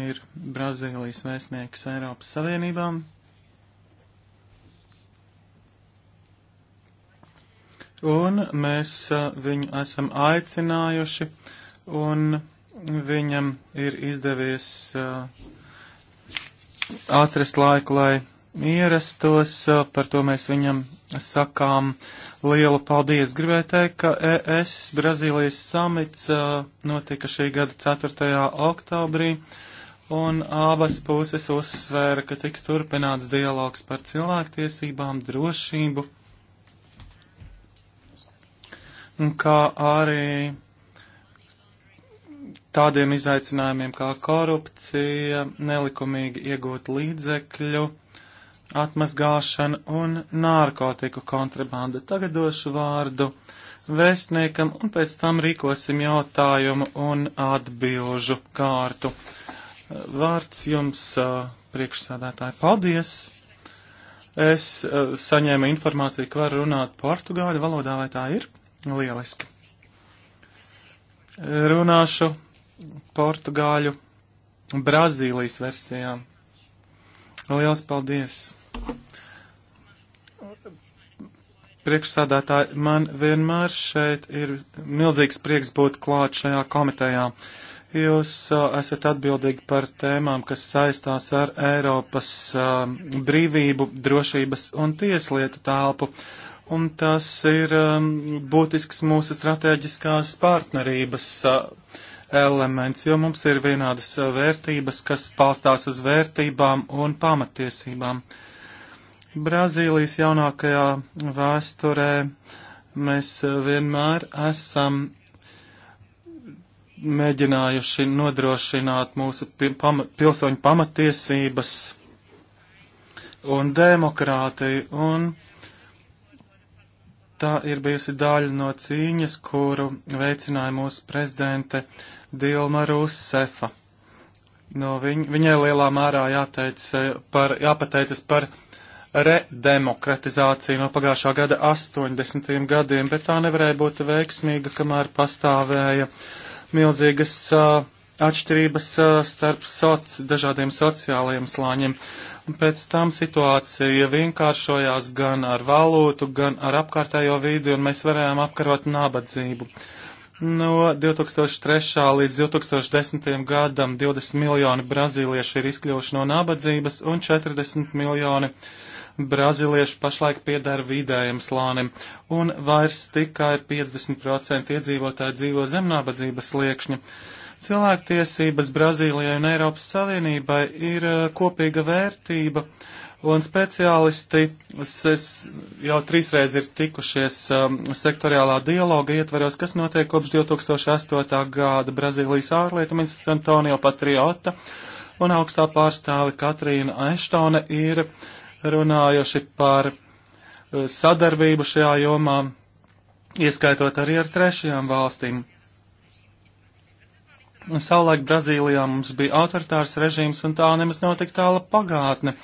ir Brazīlijas vēstnieks Eiropas Savienībām. un mēs viņu esam aicinājuši, un viņam ir izdevies atrast laiku, lai ierastos, par to mēs viņam sakām lielu paldies. Gribēju teikt, ka ES Brazīlijas samits notika šī gada 4. oktobrī, un abas puses uzsvēra, ka tiks turpināts dialogs par cilvēktiesībām, drošību kā arī tādiem izaicinājumiem kā korupcija, nelikumīgi iegūt līdzekļu, atmazgāšana un narkotiku kontrabanda. Tagad došu vārdu vēstniekam un pēc tam rīkosim jautājumu un atbilžu kārtu. Vārds jums, priekšsādātāji, paldies! Es saņēmu informāciju, ka varu runāt portugāļu valodā, vai tā ir? Lieliski. Runāšu portugāļu Brazīlijas versijām. Liels paldies! Priekšsādātāji, man vienmēr šeit ir milzīgs prieks būt klāt šajā komitejā. Jūs uh, esat atbildīgi par tēmām, kas saistās ar Eiropas uh, brīvību, drošības un tieslietu telpu. Uh, un tas ir um, būtisks mūsu strateģiskās partnerības uh, elements, jo mums ir vienādas uh, vērtības, kas palstās uz vērtībām un pamatiesībām. Brazīlijas jaunākajā vēsturē mēs uh, vienmēr esam mēģinājuši nodrošināt mūsu pama, pilsoņu pamatiesības un demokrātiju, un tā ir bijusi daļa no cīņas, kuru veicināja mūsu prezidente Dilma Rusefa. No viņ, viņai lielā mērā jāteic eh, par, jāpateicas par redemokratizāciju no pagājušā gada 80. gadiem, bet tā nevarēja būt veiksmīga, kamēr pastāvēja milzīgas uh, atšķirības uh, starp soc, dažādiem sociālajiem slāņiem. Uh, Pēc tam situācija vienkāršojās gan ar valūtu, gan ar apkārtējo vidi, un mēs varējām apkarot nabadzību. No 2003. līdz 2010. gadam 20 miljoni brazīlieši ir izkļuvuši no nabadzības, un 40 miljoni brazīlieši pašlaik piedara vidējiem slānim, un vairs tikai 50% iedzīvotāji dzīvo zem nabadzības sliekšņa. Cilvēktiesības Brazīlijai un Eiropas Savienībai ir eh, kopīga vērtība, un speciālisti es, jau trīsreiz ir tikušies um, sektoriālā dialoga ietvaros, kas notiek kopš 2008. gada Brazīlijas ārlietu ministrs Antonio Patriota un augstā pārstāve Katrīna Eštone ir runājuši par eh, sadarbību šajā jomā, ieskaitot arī ar trešajām valstīm. Savulaik Brazīlijā mums bija autoritārs režīms, un tā nemaz nav tik tāla pagātne.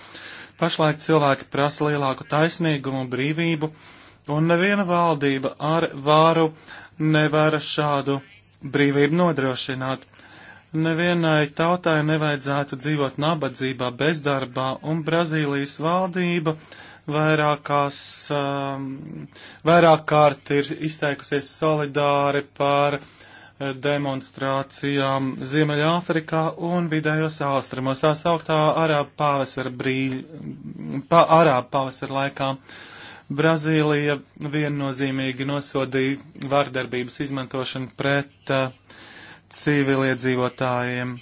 Pašlaik cilvēki prasa lielāku taisnīgumu un brīvību, un neviena valdība ar vāru nevar šādu brīvību nodrošināt. Nevienai tautai nevajadzētu dzīvot nabadzībā, bezdarbā, un Brazīlijas valdība vairākās, um, vairāk kārt ir izteikusies solidāri par uh, demonstrācijām Ziemeļāfrikā un vidējos austrumos, tā sauktā arābu pavasara brīļ, pa, arābu pavasara laikā. Brazīlija viennozīmīgi nosodīja vārdarbības izmantošanu pret uh, civiliedzīvotājiem.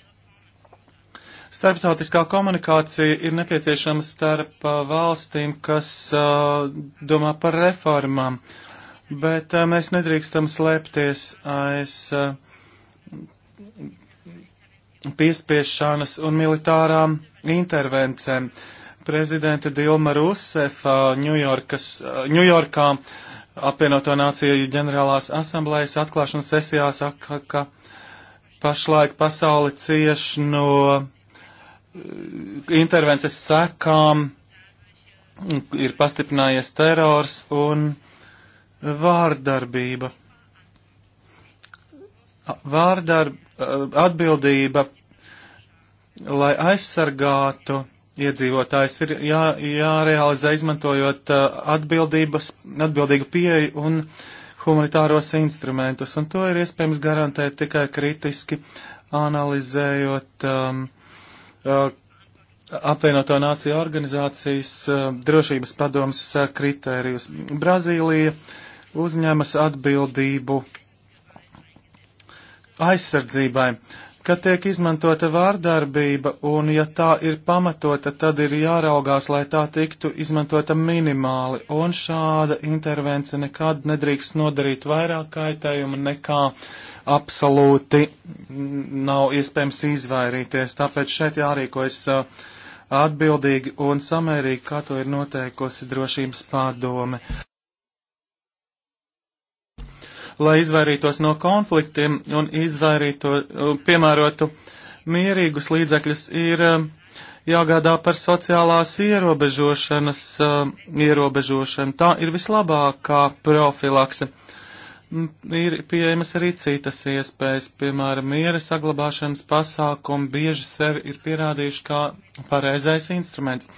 Starptautiskā komunikācija ir nepieciešama starp uh, valstīm, kas uh, domā par reformām. Uh, Bet uh, mēs nedrīkstam slēpties aiz uh, piespiešanas un militārām intervencēm. Prezidenta Dilma Rusefa Ņujorkā uh, apvienoto nāciju ģenerālās asamblējas atklāšanas sesijā saka, ka pašlaik pasauli cieš no intervences sekām, ir pastiprinājies terors un Vārdarbība. Vārdarb, atbildība, lai aizsargātu iedzīvotājs, ir jā, jārealizē izmantojot atbildības, atbildīgu pieeju un humanitāros instrumentus, un to ir iespējams garantēt tikai kritiski analizējot um, uh, apvienoto nāciju organizācijas uh, drošības padomas uh, kritērijus. Brazīlija uh, uzņemas atbildību aizsardzībai, ka tiek izmantota vārdarbība, un ja tā ir pamatota, tad ir jāraugās, lai tā tiktu izmantota minimāli, un šāda intervence nekad nedrīkst nodarīt vairāk kaitējumu nekā absolūti nav iespējams izvairīties, tāpēc šeit jārīkojas uh, atbildīgi un samērīgi, kā to ir noteikusi drošības pārdome lai izvairītos no konfliktiem un izvairīto, uh, piemērotu mierīgus līdzekļus, ir uh, jāgādā par sociālās ierobežošanas uh, ierobežošanu. Tā ir vislabākā profilakse ir pieejamas arī citas iespējas, piemēram, miera saglabāšanas pasākumi bieži sevi ir pierādījuši kā pareizais instruments.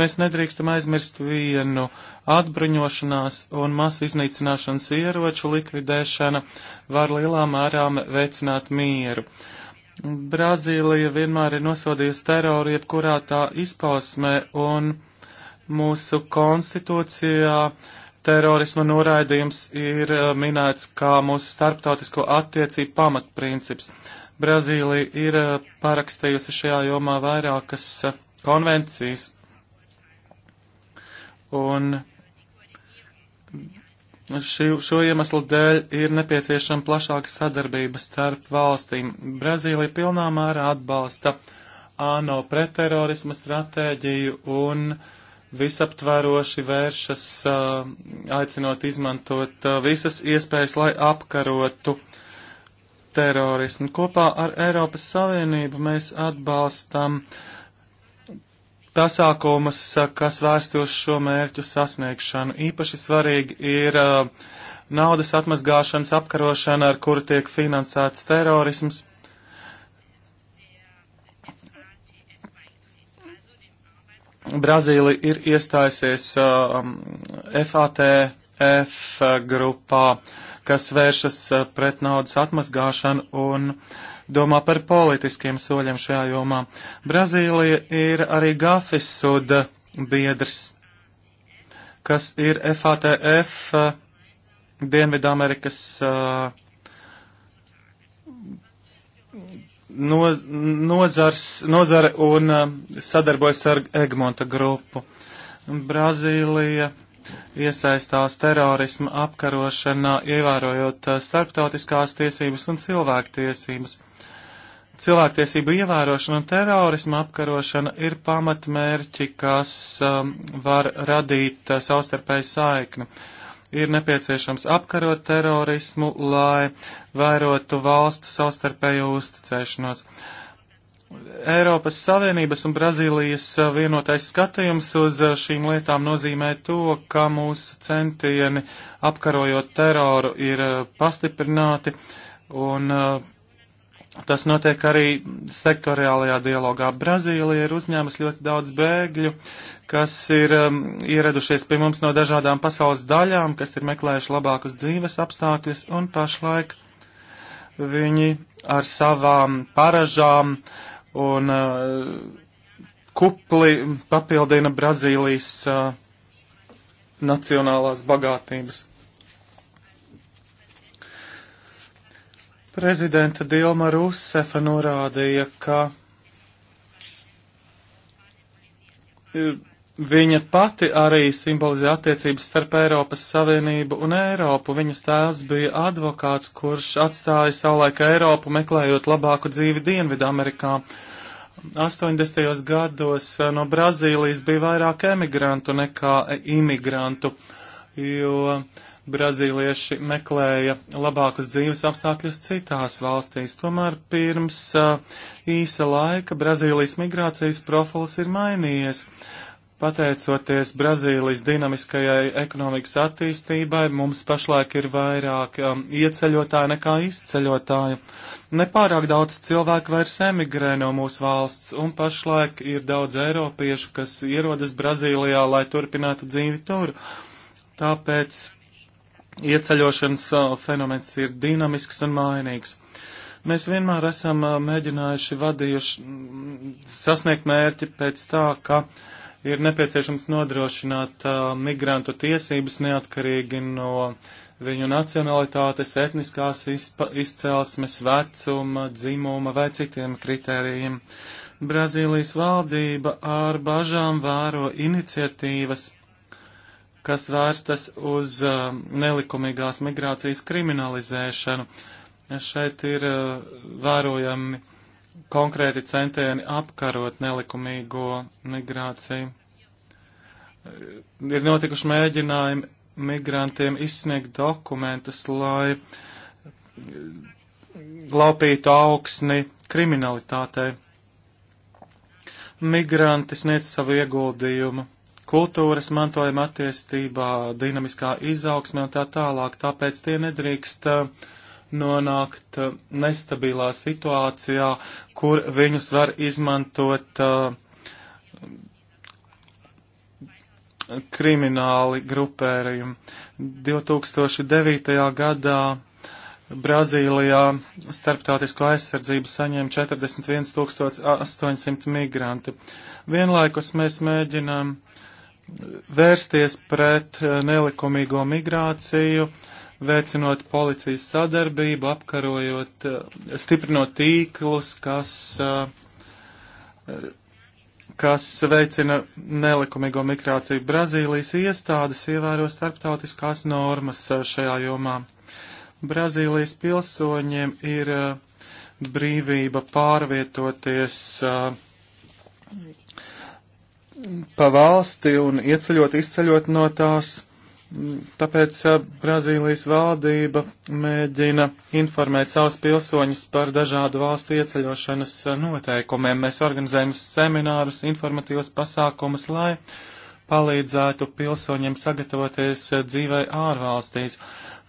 Mēs nedrīkstam aizmirst vienu atbruņošanās un masu iznīcināšanas ieroču likvidēšana var lielā mērā veicināt mieru. Brazīlija vienmēr ir nosodījusi teroru jebkurā tā izpausmē un mūsu konstitūcijā uh, Terorisma noraidījums ir eh, minēts kā mūsu starptautisko attiecību pamatprincips. Brazīlija ir eh, parakstījusi šajā jomā vairākas eh, konvencijas. Un šī, šo iemeslu dēļ ir nepieciešama plašāka sadarbība starp valstīm. Brazīlija pilnā mērā atbalsta ANO pretterorisma stratēģiju un uh, visaptvaroši vēršas, aicinot izmantot visas iespējas, lai apkarotu terorismu. Kopā ar Eiropas Savienību mēs atbalstam pasākumus, kas vērstos šo mērķu sasniegšanu. Īpaši svarīgi ir naudas atmazgāšanas apkarošana, ar kuru tiek finansēts terorisms Brazīlija ir iestājusies um, FATF grupā, kas vēršas uh, pret naudas atmazgāšanu un domā par politiskiem soļiem šajā jomā. Brazīlija ir arī Gafis suda biedrs, kas ir FATF uh, Dienvidamerikas uh, no, nozars, nozare un um, sadarbojas ar Egmonta grupu. Brazīlija iesaistās terorisma apkarošanā, ievērojot uh, starptautiskās tiesības un cilvēktiesības. Cilvēktiesību ievērošana un terorisma apkarošana ir pamatmērķi, kas um, var radīt uh, savstarpēju saikni. Uh, ir nepieciešams apkarot terorismu, lai vērotu valstu savstarpēju uzticēšanos. Eiropas Savienības un Brazīlijas vienotais skatījums uz šīm lietām nozīmē to, ka mūsu centieni apkarojot teroru ir pastiprināti un uh, Tas notiek arī sektoriālajā dialogā. Brazīlija ir uzņēmusi ļoti daudz bēgļu, kas ir um, ieradušies pie mums no dažādām pasaules daļām, kas ir meklējuši labākus dzīves apstākļus, un pašlaik viņi ar savām paražām un uh, kupli papildina Brazīlijas uh, nacionālās bagātības. Prezidenta Dilma Rusefa norādīja, ka e, viņa pati arī simbolizē attiecības starp Eiropas Savienību un Eiropu. Viņas tēvs bija advokāts, kurš atstāja savulaik Eiropu, meklējot labāku dzīvi Dienvidu Amerikā. 80. gados e, no Brazīlijas bija vairāk emigrantu nekā imigrantu, jo uh, brazīlieši meklēja labākus dzīves apstākļus citās valstīs. Tomēr pirms uh, īsa laika Brazīlijas migrācijas profils ir mainījies. Pateicoties Brazīlijas dinamiskajai ekonomikas attīstībai, mums pašlaik ir vairāk um, ieceļotāju nekā izceļotāju. Nepārāk daudz cilvēku vairs emigrē no mūsu valsts, un pašlaik ir daudz eiropiešu, kas ierodas Brazīlijā, lai turpinātu dzīvi tur. Tāpēc Ieceļošanas fenomens ir dinamisks un mainīgs. Mēs vienmēr esam mēģinājuši vadījuši, sasniegt mērķi pēc tā, ka ir nepieciešams nodrošināt migrantu tiesības neatkarīgi no viņu nacionalitātes, etniskās izcelsmes, vecuma, dzimuma vai citiem kritērijiem. Brazīlijas valdība ar bažām vēro iniciatīvas kas vērstas uz uh, nelikumīgās migrācijas kriminalizēšanu. Šeit ir uh, vērojami konkrēti centieni apkarot nelikumīgo migrāciju. Ir notikuši mēģinājumi migrantiem izsniegt dokumentus, lai laupītu augsni kriminalitātei. Migranti sniedz savu ieguldījumu kultūras mantojuma attīstībā, dinamiskā izaugsme un tā tālāk. Tāpēc tie nedrīkst uh, nonākt uh, nestabilā situācijā, kur viņus var izmantot uh, krimināli grupējumi. 2009. gadā Brazīlijā starptautisko aizsardzību saņēma 41 800 migranti. Vienlaikus mēs mēģinām uh, vērsties pret eh, nelikumīgo migrāciju, veicinot policijas sadarbību, apkarojot, eh, stiprinot tīklus, kas, eh, kas veicina nelikumīgo migrāciju. Brazīlijas iestādes ievēro starptautiskās normas šajā jomā. Brazīlijas pilsoņiem ir brīvība pārvietoties pa valsti un ieceļot, izceļot no tās. Tāpēc Brazīlijas valdība mēģina informēt savus pilsoņus par dažādu valstu ieceļošanas noteikumiem. Mēs organizējam seminārus, informatīvas pasākumus, lai palīdzētu pilsoņiem sagatavoties dzīvai ārvalstīs.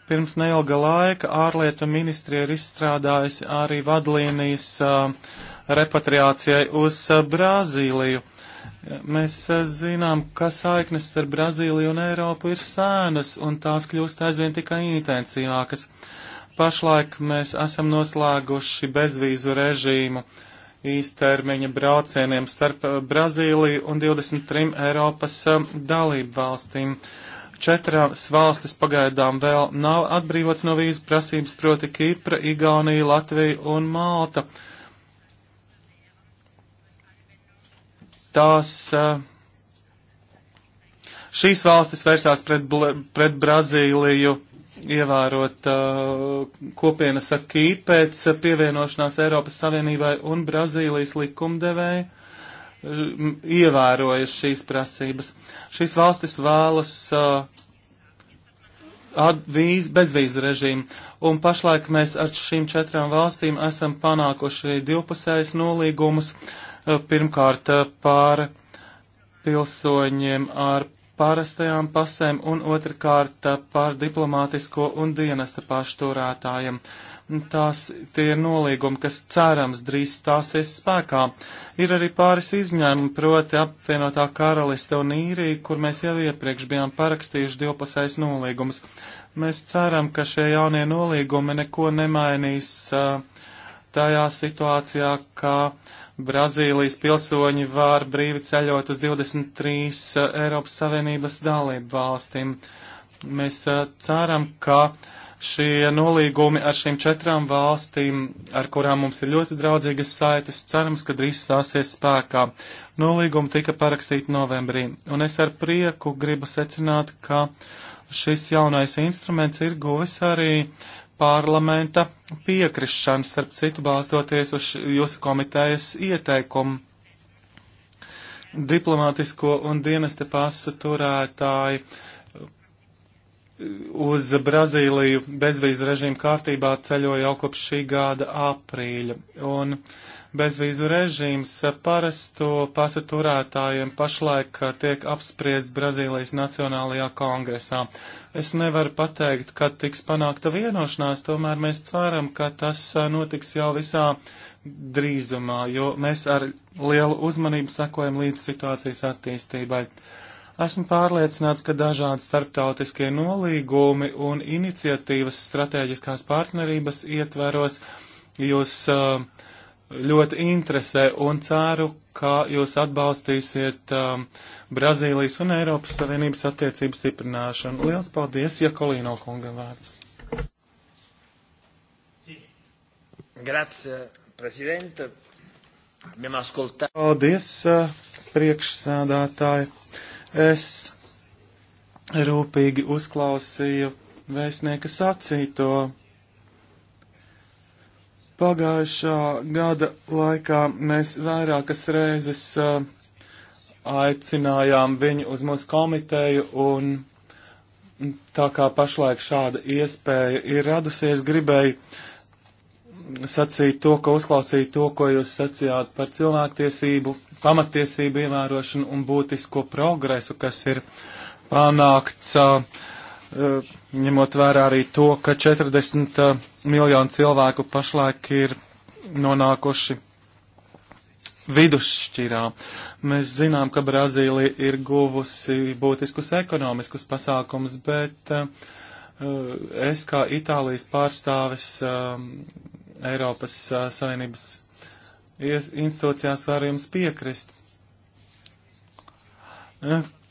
Pirms neilga laika ārlietu ministri ir izstrādājusi arī vadlīnijas uh, repatriācijai uz uh, Brazīliju Mēs eh, zinām, ka saiknes starp Brazīliju un Eiropu ir sēnas, un tās kļūst aizvien tikai intensīvākas. Pašlaik mēs esam noslēguši bezvīzu režīmu īstermiņa braucieniem starp eh, Brazīliju un 23 Eiropas eh, dalību valstīm. Četrās valstis pagaidām vēl nav atbrīvots no vīzu prasības, proti Kipra, Igaunija, Latvija un Malta. Uh, tās, eh, šīs valstis vērsās pret, pret Brazīliju ievērot eh, kopienas akī pēc pievienošanās Eiropas Savienībai un Brazīlijas likumdevēja eh, ievēroja šīs prasības. Šīs valstis vēlas vīz, bezvīzu režīmu, un pašlaik mēs ar šīm četrām valstīm esam panākuši divpusējas nolīgumus. Uh, Pirmkārt, eh, par pilsoņiem ar parastajām pasēm un otrkārt eh, par diplomātisko un dienesta pašturētājiem. Tās tie ir nolīgumi, kas cerams drīz stāsies spēkā. Ir arī pāris izņēmumi, proti apvienotā karaliste un īrija, kur mēs jau iepriekš bijām parakstījuši divpusējs nolīgumus. Mēs ceram, ka šie jaunie nolīgumi neko nemainīs uh, tajā situācijā, ka Brazīlijas pilsoņi var brīvi ceļot uz 23 eh, Eiropas Savienības dalību valstīm. Mēs eh, ceram, ka šie nolīgumi ar šīm četrām valstīm, ar kurām mums ir ļoti draudzīgas saites, cerams, ka drīz stāsies spēkā. Nolīgumi tika parakstīti novembrī, un es ar prieku gribu secināt, ka šis jaunais instruments ir guvis arī parlamenta piekrišanu, starp citu balstoties uz jūsu komitejas ieteikumu. Diplomātisko un dienesta pasa turētāji uz Brazīliju bezvīzu režīmu kārtībā ceļoja jau kopš šī gada aprīļa. Un Bezvīzu režīms parasto pasa turētājiem pašlaik tiek apspriests Brazīlijas Nacionālajā kongresā. Es nevaru pateikt, kad tiks panākta vienošanās, tomēr mēs ceram, ka tas notiks jau visā drīzumā, jo mēs ar lielu uzmanību sekojam līdz situācijas attīstībai. Esmu pārliecināts, ka dažādi starptautiskie nolīgumi un iniciatīvas stratēģiskās partnerības ietveros jūs uh, ļoti interesē un ceru, ka jūs atbalstīsiet um, Brazīlijas un Eiropas Savienības attiecību stiprināšanu. Liels paldies, Jakolīno kungam vārds. Grazie, prezidente. Paldies, uh, priekšsādātāji. Es rūpīgi uzklausīju vēstnieka sacīto Pagājušā gada laikā mēs vairākas reizes uh, aicinājām viņu uz mūsu komiteju un tā kā pašlaik šāda iespēja ir radusies, gribēju sacīt to, ko uzklausīju to, ko jūs sacījāt par cilvēktiesību, pamatiesību ievērošanu un būtisko progresu, kas ir panākts uh, uh ņemot vērā arī to, ka 40 eh, miljonu cilvēku pašlaik ir nonākuši vidusšķirā. Mēs zinām, ka Brazīlija ir guvusi būtiskus ekonomiskus pasākumus, bet uh, es kā Itālijas pārstāvis uh, Eiropas uh, Savienības institūcijās varu jums piekrist.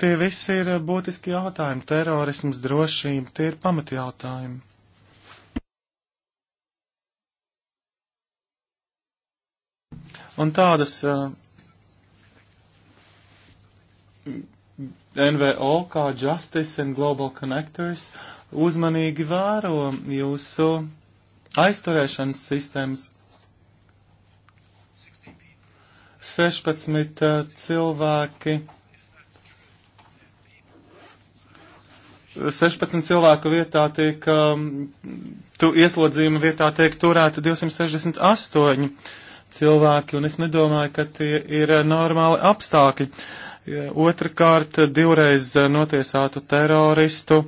Tie visi ir būtiski jautājumi. Terorisms, drošība, tie ir pamati jautājumi. Un tādas uh, eh, NVO kā Justice and Global Connectors uzmanīgi vēro jūsu aizturēšanas sistēmas. 16 uh, eh, cilvēki 16 cilvēku vietā tiek, um, tu ieslodzījuma vietā tiek turēta 268 cilvēki, un es nedomāju, ka tie ir uh, normāli apstākļi. Otrakārt, divreiz uh, notiesātu teroristu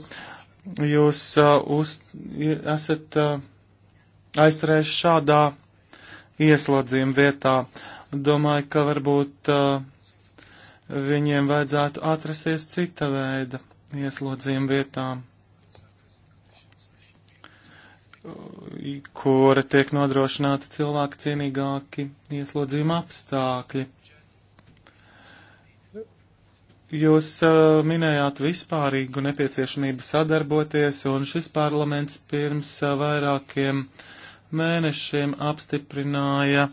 jūs uh, uz, esat uh, aizturējuši šādā ieslodzījuma vietā. Domāju, ka varbūt uh, viņiem vajadzētu atrasties cita veida ieslodzījuma vietām, kura tiek nodrošināta cilvēku cienīgāki ieslodzījuma apstākļi. Jūs uh, minējāt vispārīgu nepieciešamību sadarboties, un šis parlaments pirms uh, vairākiem mēnešiem apstiprināja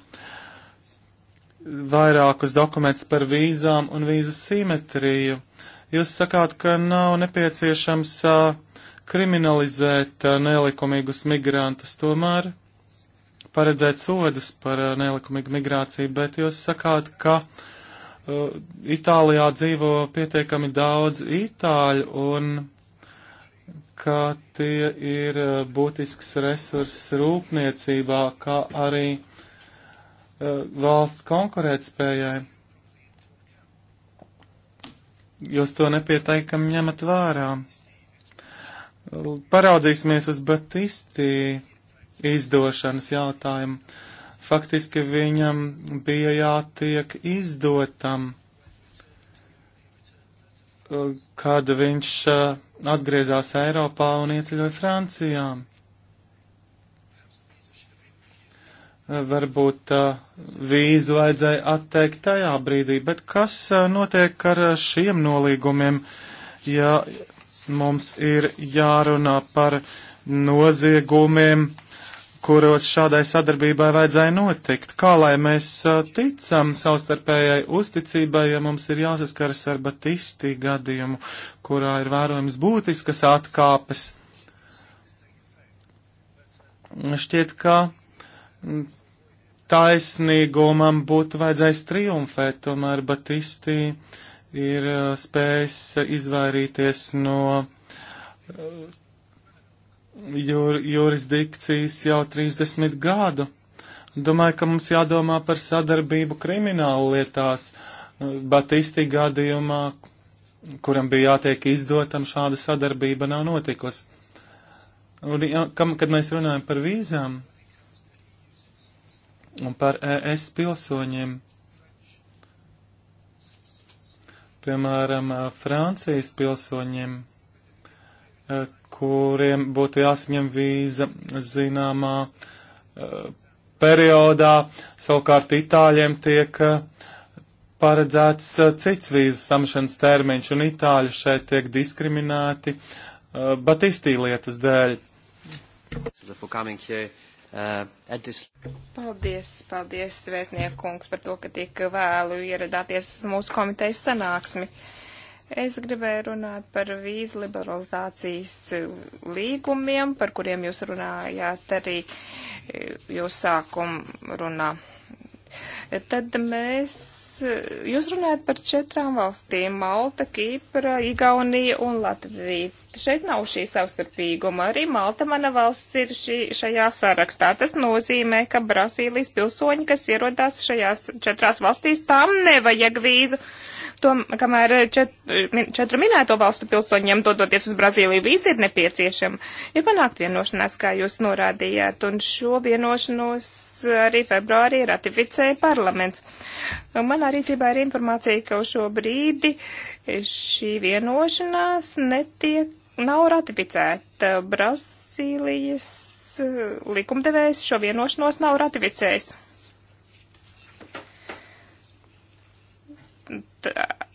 vairākus dokumentus par vīzām un vīzu simetriju. Jūs sakāt, ka nav nepieciešams uh, kriminalizēt uh, nelikumīgus migrantus, tomēr paredzēt sodus par uh, nelikumīgu migrāciju, bet jūs sakāt, ka uh, Itālijā dzīvo pietiekami daudz itāļu un ka tie ir būtisks resurss rūpniecībā, kā arī valsts konkurētspējai jūs to nepieteikami ņemat vērā. Paraudzīsimies uz Batistī izdošanas jautājumu. Faktiski viņam bija jātiek izdotam, kad viņš eh, atgriezās Eiropā un ieceļoja Francijām. varbūt vīzu vajadzēja atteikt tajā brīdī, bet kas notiek ar šiem nolīgumiem, ja mums ir jārunā par noziegumiem, kuros šādai sadarbībai vajadzēja notikt? Kā lai mēs ticam savstarpējai uzticībai, ja mums ir jāsaskaras ar Batistī gadījumu, kurā ir vērojams būtiskas atkāpes? Šķiet, ka taisnīgumam būtu vajadzējis triumfēt, tomēr Batistī ir uh, spējis izvairīties no uh, jur, jurisdikcijas jau 30 gadu. Domāju, ka mums jādomā par sadarbību krimināla lietās, uh, Batistī gadījumā, kuram bija jātiek izdotam, šāda sadarbība nav notikusi. Un, ja, kam, kad mēs runājam par vīzām, un par ES pilsoņiem. Piemēram, Francijas pilsoņiem, kuriem būtu jāsaņem vīza zināmā periodā, savukārt Itāļiem tiek paredzēts cits vīzu samšanas termiņš, un Itāļi šeit tiek diskriminēti Batistī lietas dēļ. So Uh, this... Paldies, paldies, vēstniekungs, par to, ka tik vēlu ieradāties uz mūsu komitejas sanāksmi. Es gribēju runāt par vīzu liberalizācijas līgumiem, par kuriem jūs runājāt arī eh, jūs sākuma runā. Tad mēs jūs runājat par četrām valstīm - Malta, Kīpra, Igaunija un Latvija. Šeit nav šī savstarpīguma. Arī Malta mana valsts ir šī, šajā sarakstā. Tas nozīmē, ka Brazīlijas pilsoņi, kas ierodās šajās četrās valstīs, tam nevajag vīzu. Uh, tom, kamēr čet, četru minēto valstu pilsoņiem dodoties uz Brazīliju vīzi ir nepieciešama, ir panākt vienošanās, kā jūs norādījāt, un šo vienošanos arī februārī ratificēja parlaments. Un manā rīcībā ir informācija, ka uz šo brīdi šī vienošanās netiek, nav ratificēta. Brazīlijas eh, likumdevējs šo vienošanos nav ratificējis.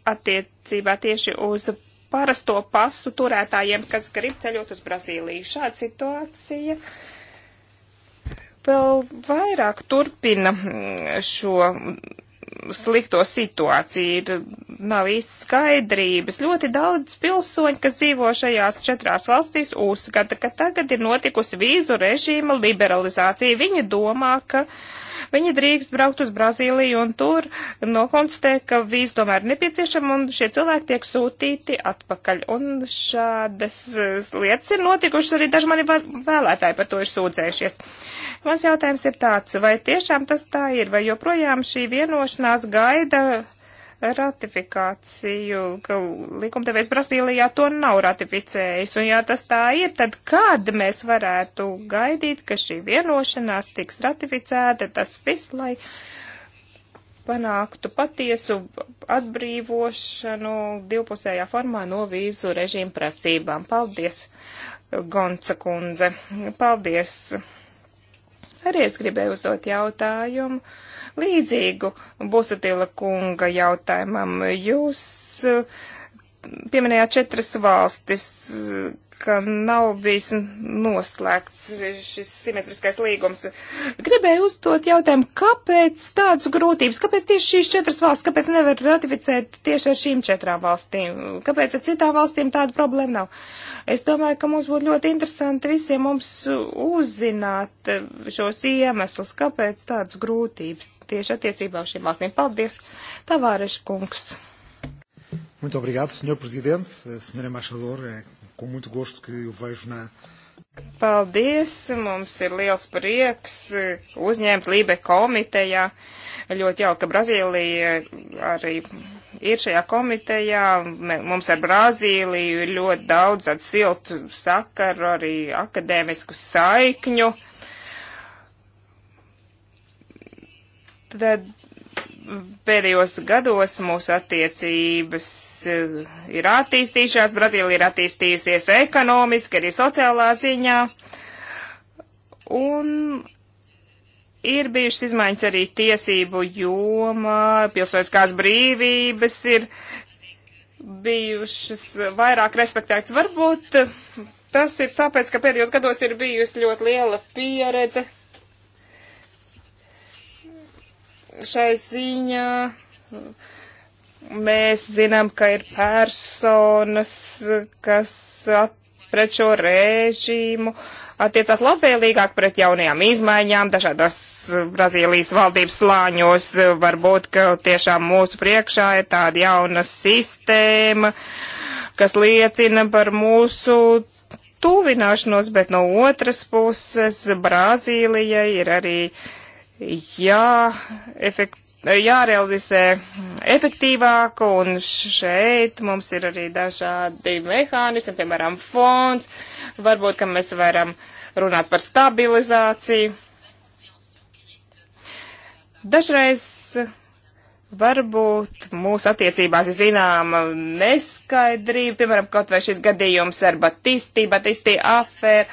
attiecībā tieši uz parasto pasu turētājiem, kas grib ceļot uz Brazīliju. Šāda situācija vēl vairāk turpina mm, šo slikto situāciju, ir, nav īsti skaidrības. Ļoti daudz pilsoņu, kas dzīvo šajās četrās valstīs, uzskata, ka tagad ir notikusi vīzu režīma liberalizācija. Viņi domā, ka uh, viņi drīkst braukt uz Brazīliju un tur nokonstatē, ka vīz tomēr ir nepieciešama un šie cilvēki tiek sūtīti atpakaļ. Un šādas lietas ir notikušas arī daži mani vēlētāji par to ir sūdzējušies. Mans jautājums ir tāds, vai tiešām tas tā ir, vai joprojām šī vienošanās gaida ratifikāciju, ka likumdevējs Brazīlijā to nav ratificējis. Un ja tas tā ir, tad kad mēs varētu gaidīt, ka šī vienošanās tiks ratificēta, tas viss, lai panāktu patiesu atbrīvošanu divpusējā formā no vīzu režīmu prasībām. Paldies, Gonca kundze. Paldies. Arī es gribēju uzdot jautājumu līdzīgu Busutila kunga jautājumam. Jūs eh, pieminējāt četras valstis ka nav bijis noslēgts šis simetriskais līgums. Gribēju uzdot jautājumu, kāpēc tādas grūtības, kāpēc tieši šīs četras valsts, kāpēc nevar ratificēt tieši ar šīm četrām valstīm, kāpēc ar citām valstīm tāda problēma nav. Es domāju, ka mums būtu ļoti interesanti visiem mums uzzināt šos iemeslus, kāpēc tādas grūtības tieši attiecībā uz šīm valstīm. Paldies, Tavāreša kungs! Muito obrigado, Sr. Presidente, Sr. Embaixador, com muito gosto que eu vejo na. Paldies! Mums ir liels prieks uzņemt Lībe komitejā. Ļoti jauka, ka Brazīlija arī ir šajā komitejā. Mums ar Brazīliju ir ļoti daudz tādu siltu sakaru, arī akadēmisku saikņu. Tad pēdējos gados mūsu attiecības eh, ir attīstījušās, Brazīlija ir attīstījusies ekonomiski, arī sociālā ziņā, un ir bijušas izmaiņas arī tiesību jomā, pilsoniskās brīvības ir bijušas vairāk respektētas. Varbūt tas ir tāpēc, ka pēdējos gados ir bijusi ļoti liela pieredze šai ziņā. Mēs zinām, ka ir personas, kas pret šo režīmu attiecās labvēlīgāk pret jaunajām izmaiņām dažādās Brazīlijas valdības slāņos. Varbūt, ka tiešām mūsu priekšā ir tāda jauna sistēma, kas liecina par mūsu tuvināšanos, bet no otras puses Brazīlijai ir arī jā, efekt, jārealizē efektīvāk, un šeit mums ir arī dažādi mehānismi, piemēram, fonds, varbūt, ka mēs varam runāt par stabilizāciju. Dažreiz varbūt mūsu attiecībās ir zināma neskaidrība, piemēram, kaut vai šis gadījums ar Batisti, Batisti afēru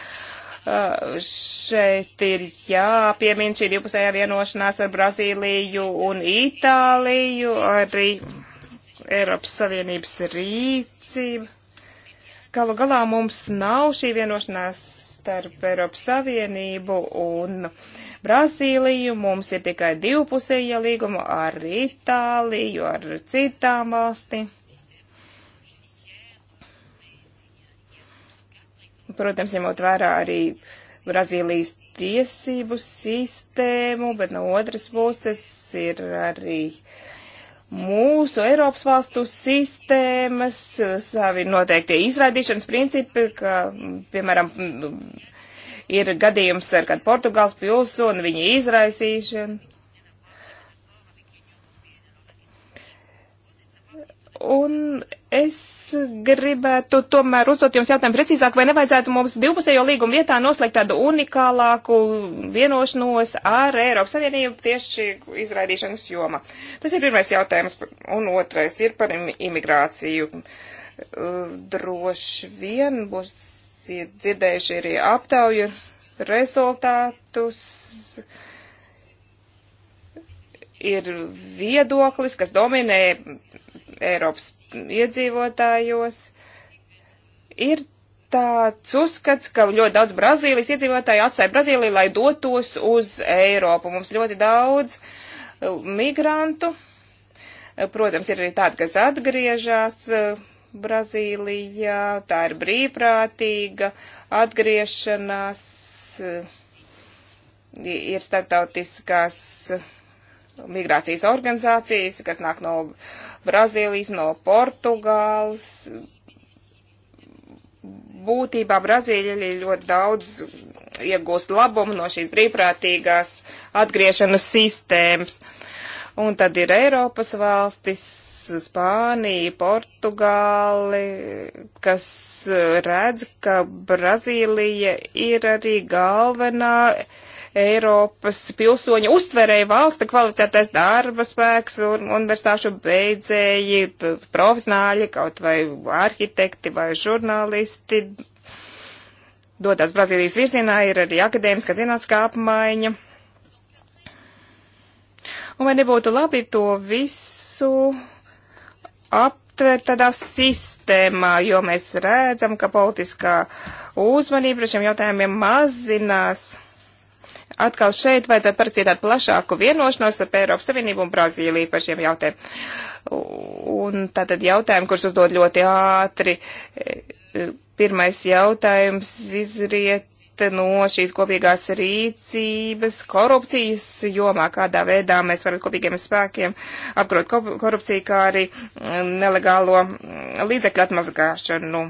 Eh, šeit ir jāpiemina šī divpusējā vienošanās ar Brazīliju un Itāliju, arī Eiropas Savienības rīcība. Galu galā mums nav šī vienošanās starp Eiropas Savienību un Brazīliju. Mums ir tikai divpusēja līguma ar Itāliju, ar citām valstīm protams, ņemot vērā arī Brazīlijas tiesību sistēmu, bet no otras puses ir arī mūsu Eiropas valstu sistēmas, savi noteiktie izraidīšanas principi, ka, piemēram, ir gadījums ar kādu Portugāls pilsoni, viņa izraisīšanu. Un es gribētu tomēr uzdot jums jautājumu precīzāk, vai nevajadzētu mums divpusējo līgumu vietā noslēgt tādu unikālāku vienošanos ar Eiropas Savienību tieši izraidīšanas jomā. Tas ir pirmais jautājums, un otrais ir par imigrāciju. Uh, droši vien būs dzirdējuši arī aptauju rezultātus ir viedoklis, kas dominē Eiropas iedzīvotājos ir tāds uzskats, ka ļoti daudz Brazīlijas iedzīvotāju atstāja Brazīliju, lai dotos uz Eiropu. Mums ļoti daudz uh, migrantu. Uh, protams, ir arī tādi, kas atgriežas uh, Brazīlijā. Tā ir brīvprātīga atgriešanās. Ir starptautiskās migrācijas organizācijas, kas nāk no Brazīlijas, no Portugāles. Būtībā Brazīļi ļoti daudz iegūst labumu no šīs brīvprātīgās atgriešanas sistēmas. Un tad ir Eiropas valstis, Spānija, Portugāli, kas uh, redz, ka Brazīlija ir arī galvenā uh, Eiropas pilsoņa uztverēja valsta kvalificētais darba spēks un universitāšu beidzēji, profesionāļi, kaut vai arhitekti vai žurnālisti. Dodās Brazīlijas virzienā ir arī akadēmiska zinātniskā apmaiņa. Un vai nebūtu labi to visu ap ietver tādā sistēmā, jo mēs redzam, ka politiskā uzmanība par šiem jautājumiem mazinās atkal šeit vajadzētu parakstīt tādu plašāku vienošanos ar Eiropas Savienību un Brazīliju par šiem jautājumiem. Un tātad jautājumi, kurus uzdod ļoti ātri. E, pirmais jautājums izriet no šīs kopīgās rīcības korupcijas jomā, kādā veidā mēs varam kopīgiem spēkiem apkarot korupciju, kā arī nelegālo līdzekļu atmazgāšanu.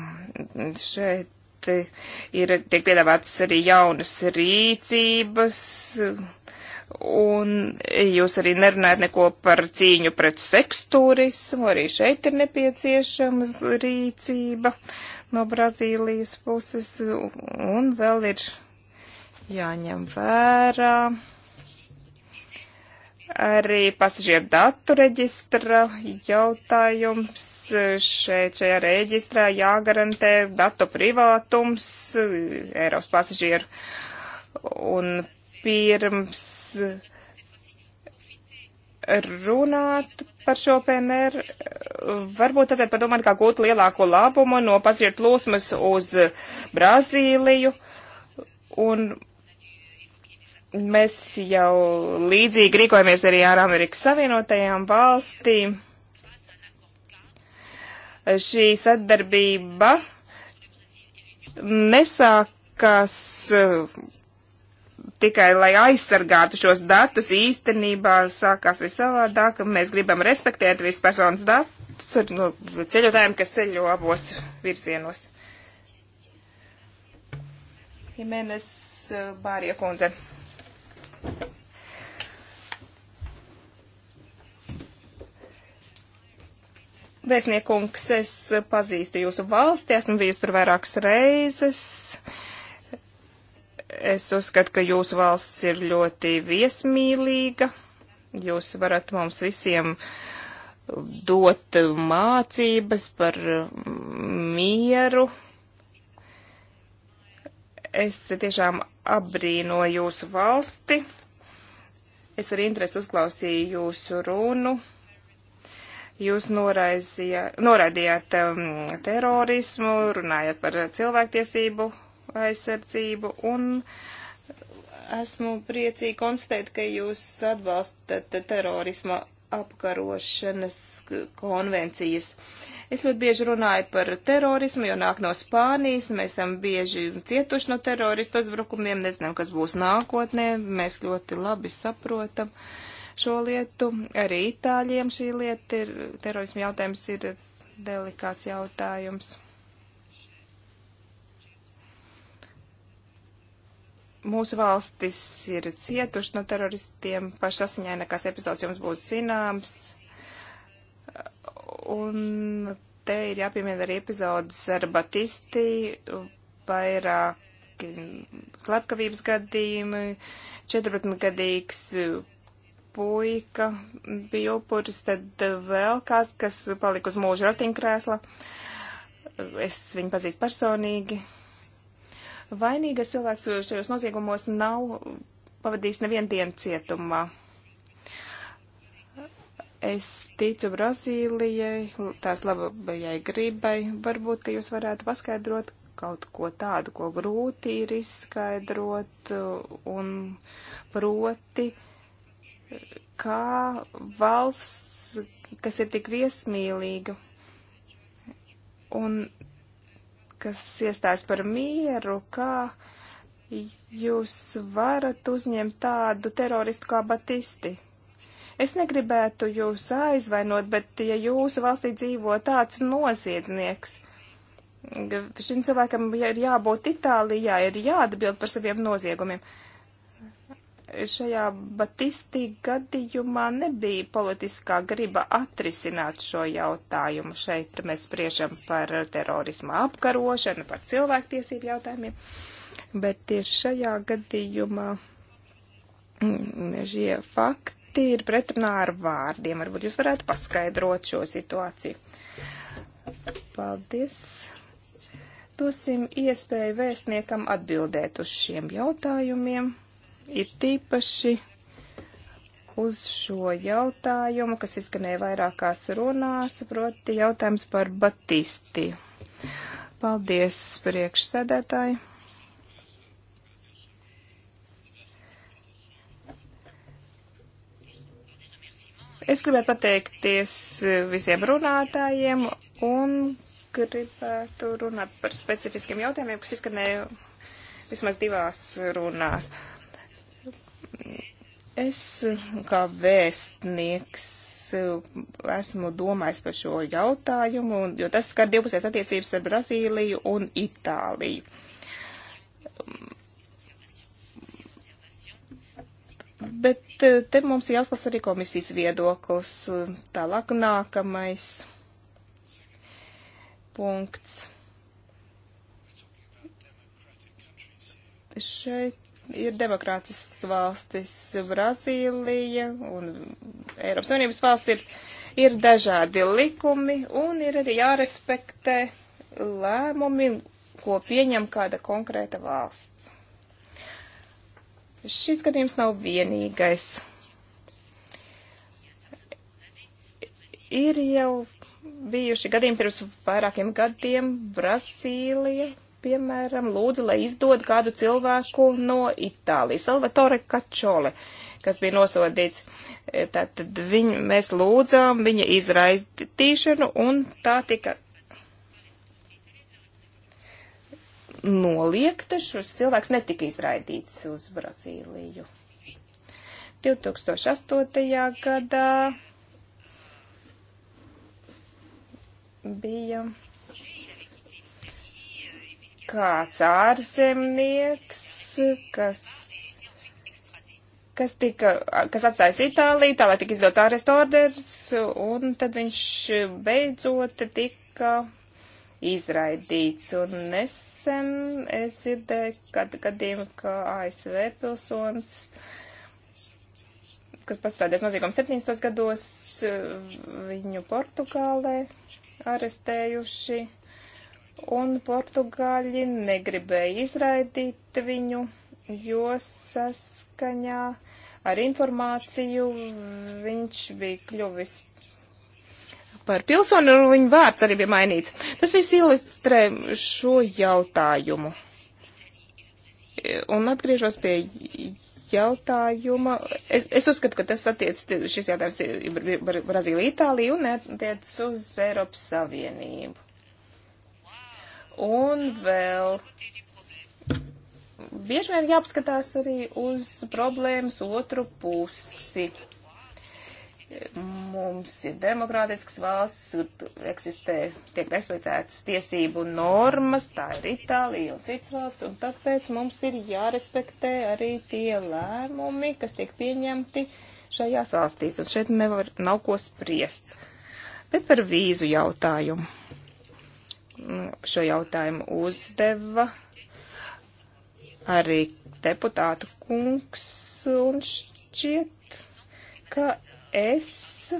Šeit ir, tiek piedāvātas arī jaunas rīcības, un jūs arī nerunājat neko par cīņu pret seksturismu, arī šeit ir nepieciešama rīcība no Brazīlijas puses, un vēl ir jāņem vērā. Arī pasažieru datu reģistra jautājums. Šeit šajā reģistrā jāgarantē datu privātums Eiropas pasažieru. Un pirms runāt par šo PMR, varbūt tad padomāt, kā gūt lielāko labumu no pasažieru plūsmas uz Brazīliju. Un Mēs jau līdzīgi rīkojamies arī ar Amerikas Savienotajām valstīm. Šī sadarbība nesākās eh, tikai lai aizsargātu šos datus, īstenībā sākās visavādāk. Mēs gribam respektēt visus personas datus nu, ceļotājiem, kas ceļo abos virzienos. Jimenez eh, Bārija kundze. Vēstniekungs, es pazīstu jūsu valsti, esmu bijusi tur vairākas reizes. Es uzskatu, ka jūsu valsts ir ļoti viesmīlīga. Jūs varat mums visiem dot mācības par mieru, Es tiešām apbrīnoju jūsu valsti. Es ar interesi uzklausīju jūsu runu. Jūs noraidījāt um, terorismu, runājāt par cilvēktiesību aizsardzību un esmu priecīgi konstatēt, ka jūs atbalstat terorisma apkarošanas konvencijas. Uh, Es ļoti bieži runāju par terorismu, jo nāk no Spānijas, mēs esam bieži cietuši no teroristu uzbrukumiem, nezinām, kas būs nākotnē, mēs ļoti labi saprotam šo lietu. Arī Itāļiem šī lieta ir, terorismu jautājums ir delikāts jautājums. mūsu valstis ir cietuši no teroristiem. Pašsaziņā nekas epizods jums būs zināms. Un te ir jāpiemina arī epizodes ar Batisti, vairāk slepkavības gadījumi, 14-gadīgs puika bija upuris, tad vēl kāds, kas palika uz mūža ratiņkrēsla. Es viņu pazīstu personīgi. Vainīgas cilvēks šajos noziegumos nav pavadījis nevienu dienu cietumā. Es ticu Brazīlijai, tās labajai gribai. Varbūt, ka jūs varētu paskaidrot kaut ko tādu, ko grūti ir izskaidrot, un proti, kā valsts, kas ir tik viesmīlīga un kas iestājas par mieru, kā jūs varat uzņemt tādu teroristu kā Batisti? Es negribētu jūs aizvainot, bet ja jūsu valstī dzīvo tāds noziedznieks, šim cilvēkam ir jābūt Itālijā, ir jāatbild par saviem noziegumiem. Šajā Batistī gadījumā nebija politiskā griba atrisināt šo jautājumu. Šeit mēs spriežam par terorismu apkarošanu, par cilvēktiesību jautājumiem, bet tieši šajā gadījumā mm, šie fakti ir pretrunā ar vārdiem. Varbūt jūs varētu paskaidrot šo situāciju. Paldies. Dosim iespēju vēstniekam atbildēt uz šiem jautājumiem. Ir tīpaši uz šo jautājumu, kas izskanēja vairākās runās, proti jautājums par Batisti. Paldies, priekšsēdētāji! Es gribētu pateikties visiem runātājiem un gribētu runāt par specifiskiem jautājumiem, kas izskanēja vismaz divās runās. Es kā vēstnieks esmu domājis par šo jautājumu, jo tas skar divpusējas attiecības ar Brazīliju un Itāliju. Bet eh, te mums jāskatās arī komisijas viedoklis. Tālāk nākamais punkts. Šeit ir demokrātiskas valstis Brazīlija un Eiropas Savienības valsts ir, ir dažādi likumi un ir arī jārespektē lēmumi, ko pieņem kāda konkrēta valsts. Šis gadījums nav vienīgais. Ir jau bijuši gadījumi pirms vairākiem gadiem Brazīlija, piemēram, lūdza, lai izdod kādu cilvēku no Itālijas, Salvatore Kačole, kas bija nosodīts. Tātad viņu, mēs lūdzām viņa izraistīšanu, un tā tika noliekta, šis cilvēks netika izraidīts uz Brazīliju. 2008. gadā bija kāds ārzemnieks, kas, kas, tika, kas atstājas Itāliju, tālāk tika izdots ārestu orders, un tad viņš beidzot tika izraidīts. Un nesen es dzirdēju kādu gadījumu, ka ASV pilsonis, kas pastrādājis noziegums 17 gados, viņu Portugālē arestējuši, un Portugāļi negribēja izraidīt viņu, jo saskaņā ar informāciju viņš bija kļuvis par pilsoni, un viņa vārds arī bija mainīts. Tas viss ilustrē šo jautājumu. Un atgriežos pie jautājuma. Es, es uzskatu, ka tas attiec, šis jautājums ir Brazīlija, Itālija un attiec uz Eiropas Savienību. Un vēl bieži vien jāpaskatās arī uz problēmas otru pusi. Mums ir demokrātisks valsts, eksistē, tiek respektētas tiesību normas, tā ir Itālija un cits valsts, un tāpēc mums ir jārespektē arī tie lēmumi, kas tiek pieņemti šajās valstīs, un šeit nevar, nav ko spriest. Bet par vīzu jautājumu. Šo jautājumu uzdeva arī deputātu kungs, un šķiet, ka Es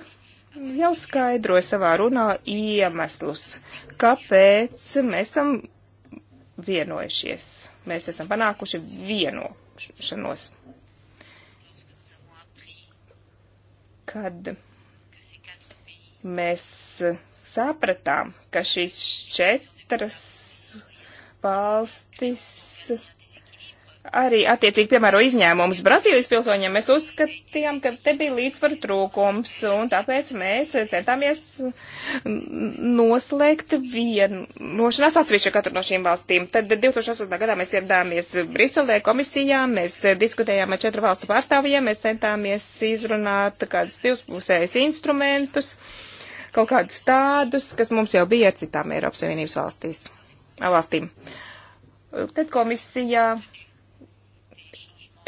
jau skaidroju savā runā iemeslus, kāpēc mēs esam vienojušies. Mēs esam panākuši vienošanos. Kad mēs sapratām, ka šīs četras valstis arī attiecīgi piemēro izņēmumus Brazīlijas pilsoņiem, mēs uzskatījām, ka te bija līdzsvaru trūkums, un tāpēc mēs centāmies noslēgt vienošanās atsevišķi katru no šīm valstīm. Tad 2008. gadā mēs ieradāmies Briselē komisijā, mēs diskutējām ar četru valstu pārstāvjiem, mēs centāmies izrunāt kādus divpusējus instrumentus, kaut kādus tādus, kas mums jau bija ar citām Eiropas Savienības valstīs, valstīm. Tad komisijā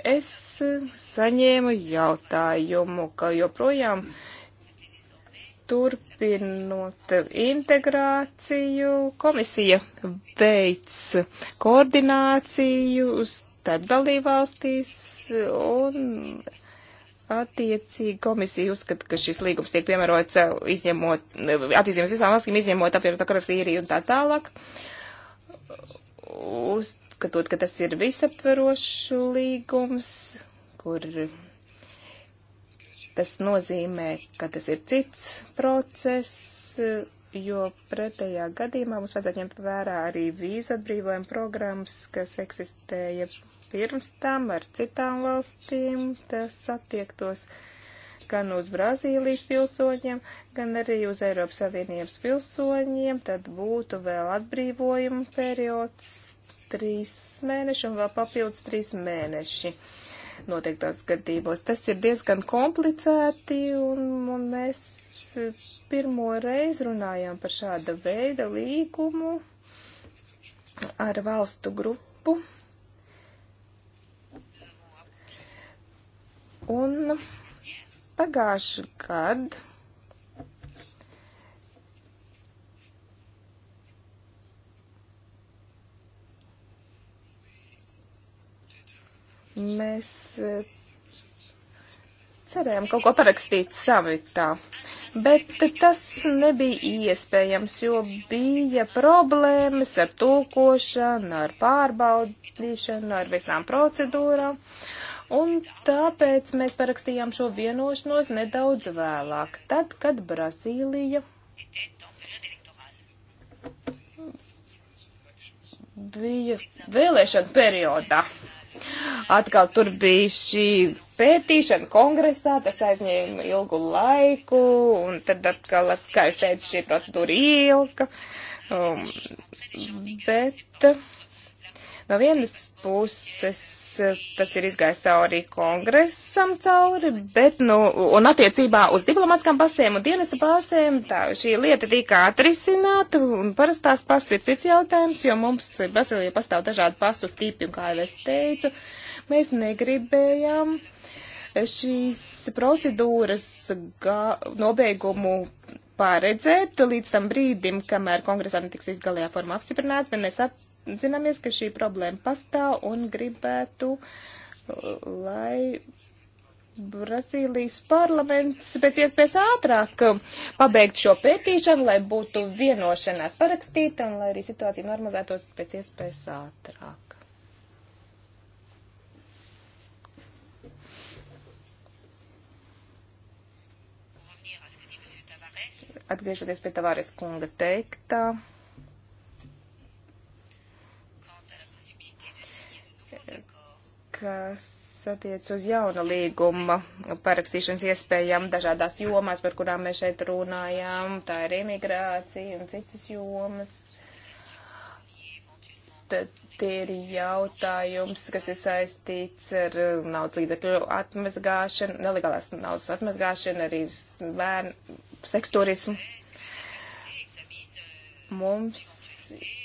es saņēmu jautājumu, ka joprojām turpinot integrāciju, komisija veic koordināciju starp dalībvalstīs un attiecīgi komisija uzskata, ka šis līgums tiek piemērots izņemot, attiecībās visām valstīm izņemot apvienotā karasīriju un tā tālāk. Uz uzskatot, ka tas ir visaptverošs līgums, kur tas nozīmē, ka tas ir cits process, jo pretējā gadījumā mums vajadzētu ņemt vērā arī vīzu atbrīvojuma programmas, kas eksistēja pirms tam ar citām valstīm. Tas attiektos gan uz Brazīlijas pilsoņiem, gan arī uz Eiropas Savienības pilsoņiem, tad būtu vēl atbrīvojuma periods trīs mēneši un vēl papildus trīs mēneši noteiktās gadījumos. Tas ir diezgan komplicēti un, un mēs pirmo reizi runājām par šāda veida līgumu ar valstu grupu. Un pagājuši gadu Mēs eh, cerējām kaut ko parakstīt samitā, bet tas nebija iespējams, jo bija problēmas ar tūkošanu, ar pārbaudīšanu, ar visām procedūrām. Un tāpēc mēs parakstījām šo vienošanos nedaudz vēlāk, tad, kad Brazīlija bija vēlēšana periodā. Atkal tur bija šī pētīšana kongresā, tas aizņēma ilgu laiku, un tad atkal, kā es teicu, šī procedūra ilga. Um, bet no vienas puses tas ir izgājis cauri kongresam cauri, bet, nu, un attiecībā uz diplomatiskām pasēm un dienesta pasēm, tā, šī lieta tika atrisināta, un parastās pas ir cits jautājums, jo mums Brazīlijā pastāv dažādi pasu tipi, un kā jau es teicu, mēs negribējām šīs procedūras ga, nobeigumu paredzēt līdz tam brīdim, kamēr kongresā netiks līdz galējā forma apstiprināts, bet mēs at, Zināmies, ka šī problēma pastāv un gribētu, lai Brazīlijas parlaments pēc iespējas ātrāk pabeigt šo pētīšanu, lai būtu vienošanās parakstīta un lai arī situācija normalizētos pēc iespējas ātrāk. Atgriežoties pie Tavāres kunga teiktā. kas attiec uz jauna līguma parakstīšanas iespējām dažādās jomās, par kurām mēs šeit runājām. Tā ir imigrācija un citas jomas. Tad tie ir jautājums, kas ir saistīts ar um, naudas līdzekļu atmazgāšanu, nelegālās naudas atmazgāšanu, arī bērnu seksturismu. Mums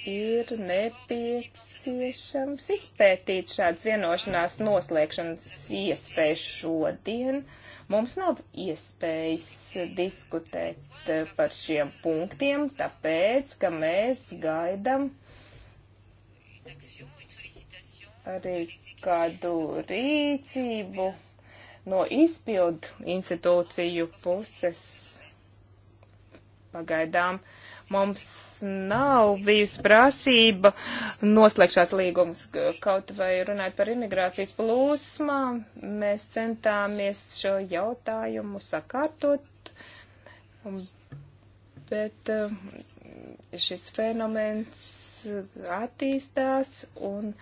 ir nepieciešams izpētīt šādas vienošanās noslēgšanas iespējas šodien. Mums nav iespējas diskutēt eh, par šiem punktiem, tāpēc, ka mēs gaidam arī kādu rīcību no izpildu institūciju puses. Pagaidām mums nav bijusi prasība noslēgt šās līgumus. Kaut vai runājot par imigrācijas plūsmām, mēs centāmies šo jautājumu sakārtot, bet eh, šis fenomens attīstās un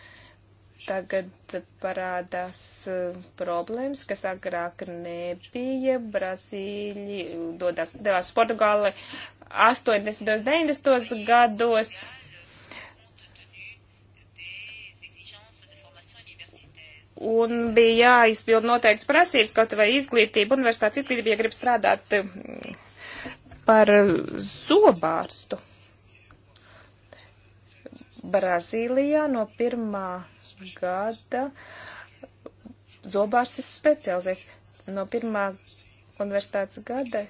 tagad parādās eh, problēmas, kas agrāk nebija. Brazīļi dodas, devās Portugāli, 80. un 90. gados. Un bija jāizpild noteikts prasības, kaut vai izglītība, universitātes izglītība, ja grib strādāt mm, par zobārstu. Brazīlijā no pirmā gada zobārsts specializēs. No pirmā universitātes gada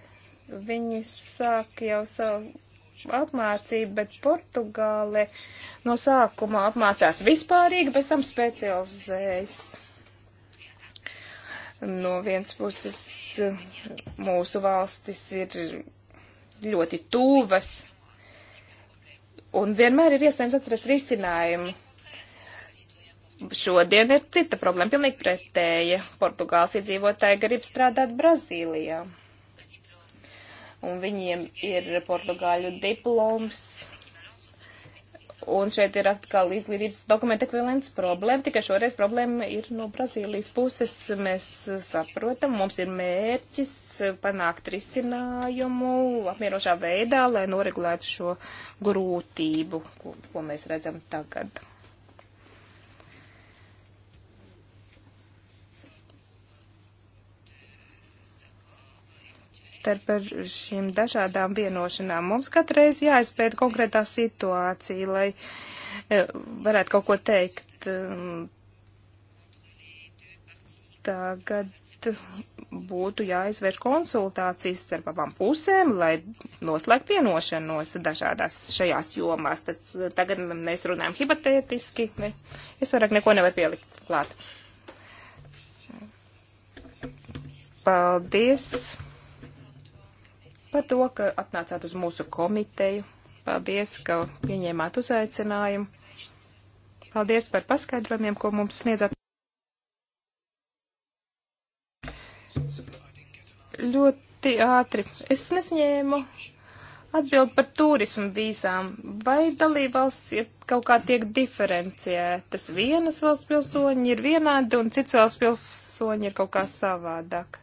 Viņi sāk jau savu apmācību, bet Portugāle no sākuma apmācās vispārīgi, pēc tam specializējas. No vienas puses mūsu valstis ir ļoti tuvas, un vienmēr ir iespējams atrast risinājumu. Šodien ir cita problēma, pilnīgi pretēja. Portugāls iedzīvotāji grib strādāt Brazīlijā un viņiem ir portugāļu diploms. Un šeit ir atkal izglītības dokumenta ekvivalents problēma, tikai šoreiz problēma ir no Brazīlijas puses. Mēs saprotam, mums ir mērķis panākt risinājumu apmierošā veidā, lai noregulētu šo grūtību, ko, ko mēs redzam tagad. starp šīm dažādām vienošanām. Mums katru reizi jāizpēta konkrētā situācija, lai e, varētu kaut ko teikt. Um, tagad būtu jāizvērš konsultācijas starp abām pusēm, lai noslēgtu vienošanos dažādās šajās jomās. Tas tagad mēs runājam hipotētiski. Ne? Es vairāk neko nevaru pielikt klāt. Paldies! par to, ka atnācāt uz mūsu komiteju. Paldies, ka pieņēmāt uzaicinājumu. Paldies par paskaidrojumiem, ko mums sniedzat. Ļoti ātri. Es nesņēmu atbildi par turismu vīzām. Vai dalībvalsts ja kaut kā tiek diferenciētas? Vienas valsts pilsoņi ir vienādi un cits valsts pilsoņi ir kaut kā savādāk.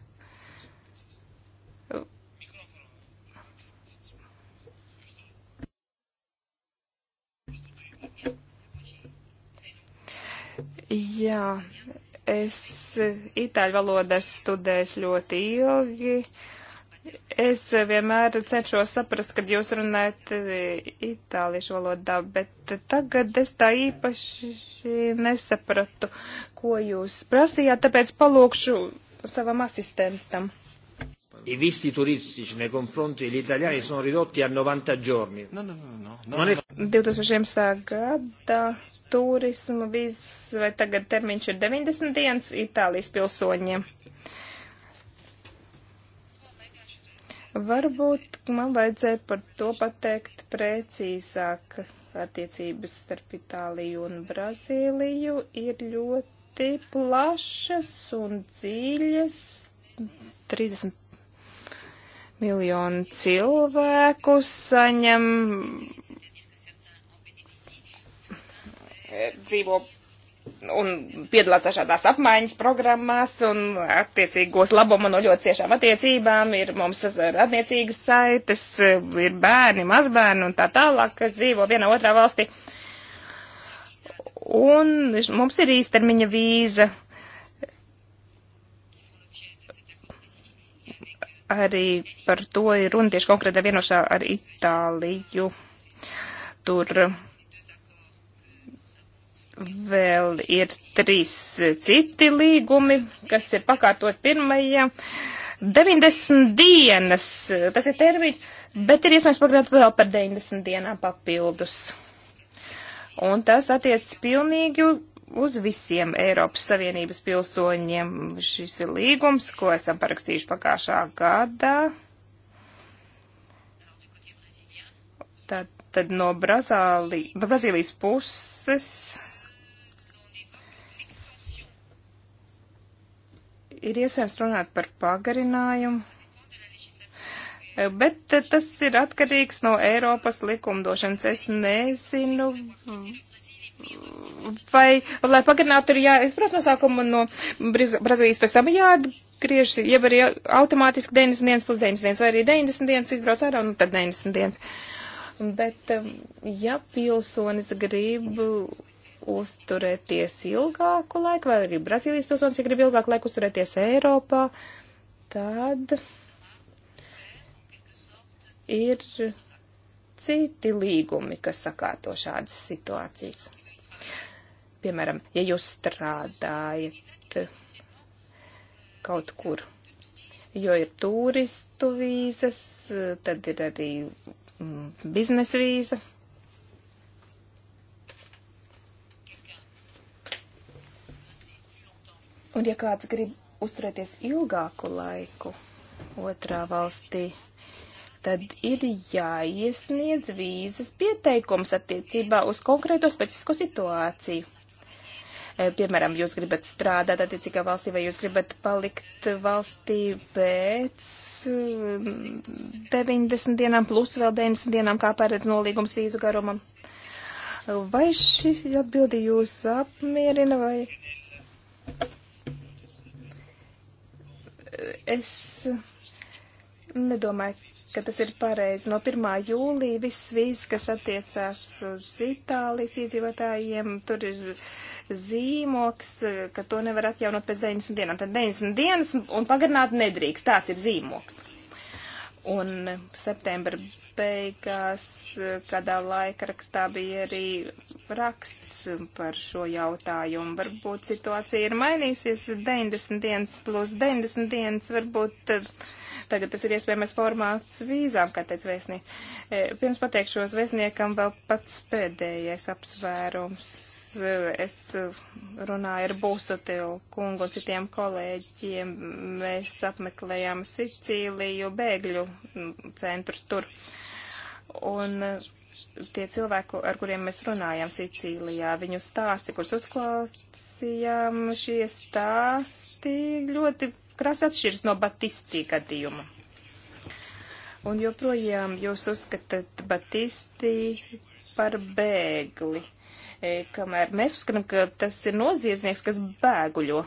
Jā, es itāļu valodā studēju ļoti ilgi. Es vienmēr cenšos saprast, kad jūs runājat itāliešu valodā, bet tagad es tā īpaši nesapratu, ko jūs prasījāt, tāpēc palūkšu savam asistentam i visti turistici nei confronti degli italiani sono ridotti a 90 giorni. No, no, no, no, no, no. 2006. gada turismu vīzes vai tagad termiņš ir 90 dienas Itālijas pilsoņiem. Varbūt man vajadzēja par to pateikt precīzāk. Attiecības starp Itāliju un Brazīliju ir ļoti plašas un dziļas. 30 miljonu cilvēku saņem dzīvo un piedalās dažādās apmaiņas programmās un attiecīgos labumu no ļoti ciešām attiecībām, ir mums radniecīgas saites, ir bērni, mazbērni un tā tālāk, kas dzīvo vienā otrā valstī. Un mums ir īstermiņa vīza arī par to ir runa tieši konkrētā vienošā ar Itāliju. Tur vēl ir trīs citi līgumi, kas ir pakārtot pirmajā. 90 dienas, tas ir termiņš, bet ir iespējams pagarināt vēl par 90 dienām papildus. Un tas attiec pilnīgi uz visiem Eiropas Savienības pilsoņiem. Šis ir līgums, ko esam parakstījuši pagājušā gadā. Tad, tad no Brazāli, Brazīlijas puses ir iespējams runāt par pagarinājumu, bet tas ir atkarīgs no Eiropas likumdošanas. Es nezinu, vai, lai pagarinātu, ir jāizbrauc no sākuma no Brazīlijas, pēc tam jāatgriež, ja var automātiski 90 dienas plus 90 dienas, vai arī 90 dienas izbrauc ārā, un nu, tad 90 dienas. Bet, um, ja pilsonis grib uzturēties ilgāku laiku, vai arī Brazīlijas pilsonis, ja grib ilgāku laiku uzturēties Eiropā, tad ir citi līgumi, kas sakārto šādas situācijas. Piemēram, ja jūs strādājat kaut kur, jo ir turistu vīzas, tad ir arī mm, biznesa vīza. Un ja kāds grib uzturēties ilgāku laiku otrā valstī, tad ir jāiesniedz vīzas pieteikums attiecībā uz konkrēto specifisko situāciju. Eh, piemēram, jūs gribat strādāt attiecīgā valstī vai jūs gribat palikt valstī pēc 90 mm, dienām plus vēl 90 dienām, kā paredz nolīgums vīzu garumam. Vai šī atbildi jūs apmierina vai? Es nedomāju, ka tas ir pareizi. No 1. jūlija viss vīzis, kas attiecās uz Itālijas iedzīvotājiem, tur ir zīmoks, ka to nevar atjaunot pēc 90 dienām. Tad 90 dienas un pagarināt nedrīkst. Tāds ir zīmoks. Un septembra beigās kādā laikrakstā bija arī raksts par šo jautājumu. Varbūt situācija ir mainīsies 90 dienas plus 90 dienas, varbūt eh, tagad tas ir iespējams formāts vīzām, kā teica vēstnieks. Eh, pirms pateikšos vēstniekam vēl pats pēdējais apsvērums es runāju ar Būsutilu kungu un citiem kolēģiem. Mēs apmeklējām Sicīliju, bēgļu centrus tur. Un tie cilvēki, ar kuriem mēs runājām Sicīlijā, viņu stāsti, kurus uzklausījām, šie stāsti ļoti krasi atšķiras no Batistī gadījuma. Un joprojām jūs uzskatāt Batistī par bēgli. E, kamēr mēs uzskatām, ka tas ir noziedznieks, kas bēguļo.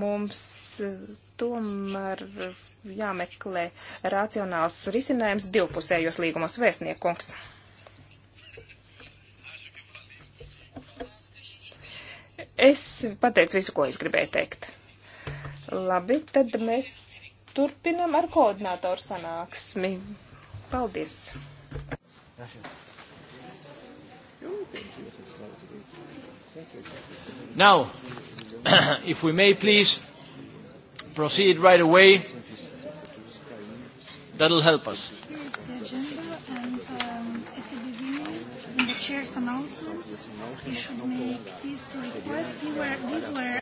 Mums e, tomēr jāmeklē racionāls risinājums divpusējos līgumos vēstniekungs. Es pateicu visu, ko es gribēju teikt. Labi, tad mēs turpinam ar koordinātoru sanāksmi. Paldies! Gracias. Now, if we may please proceed right away, that'll help us. Here is the agenda, and um, at the beginning, in the chair's announcement, you should make these two requests. These were, these were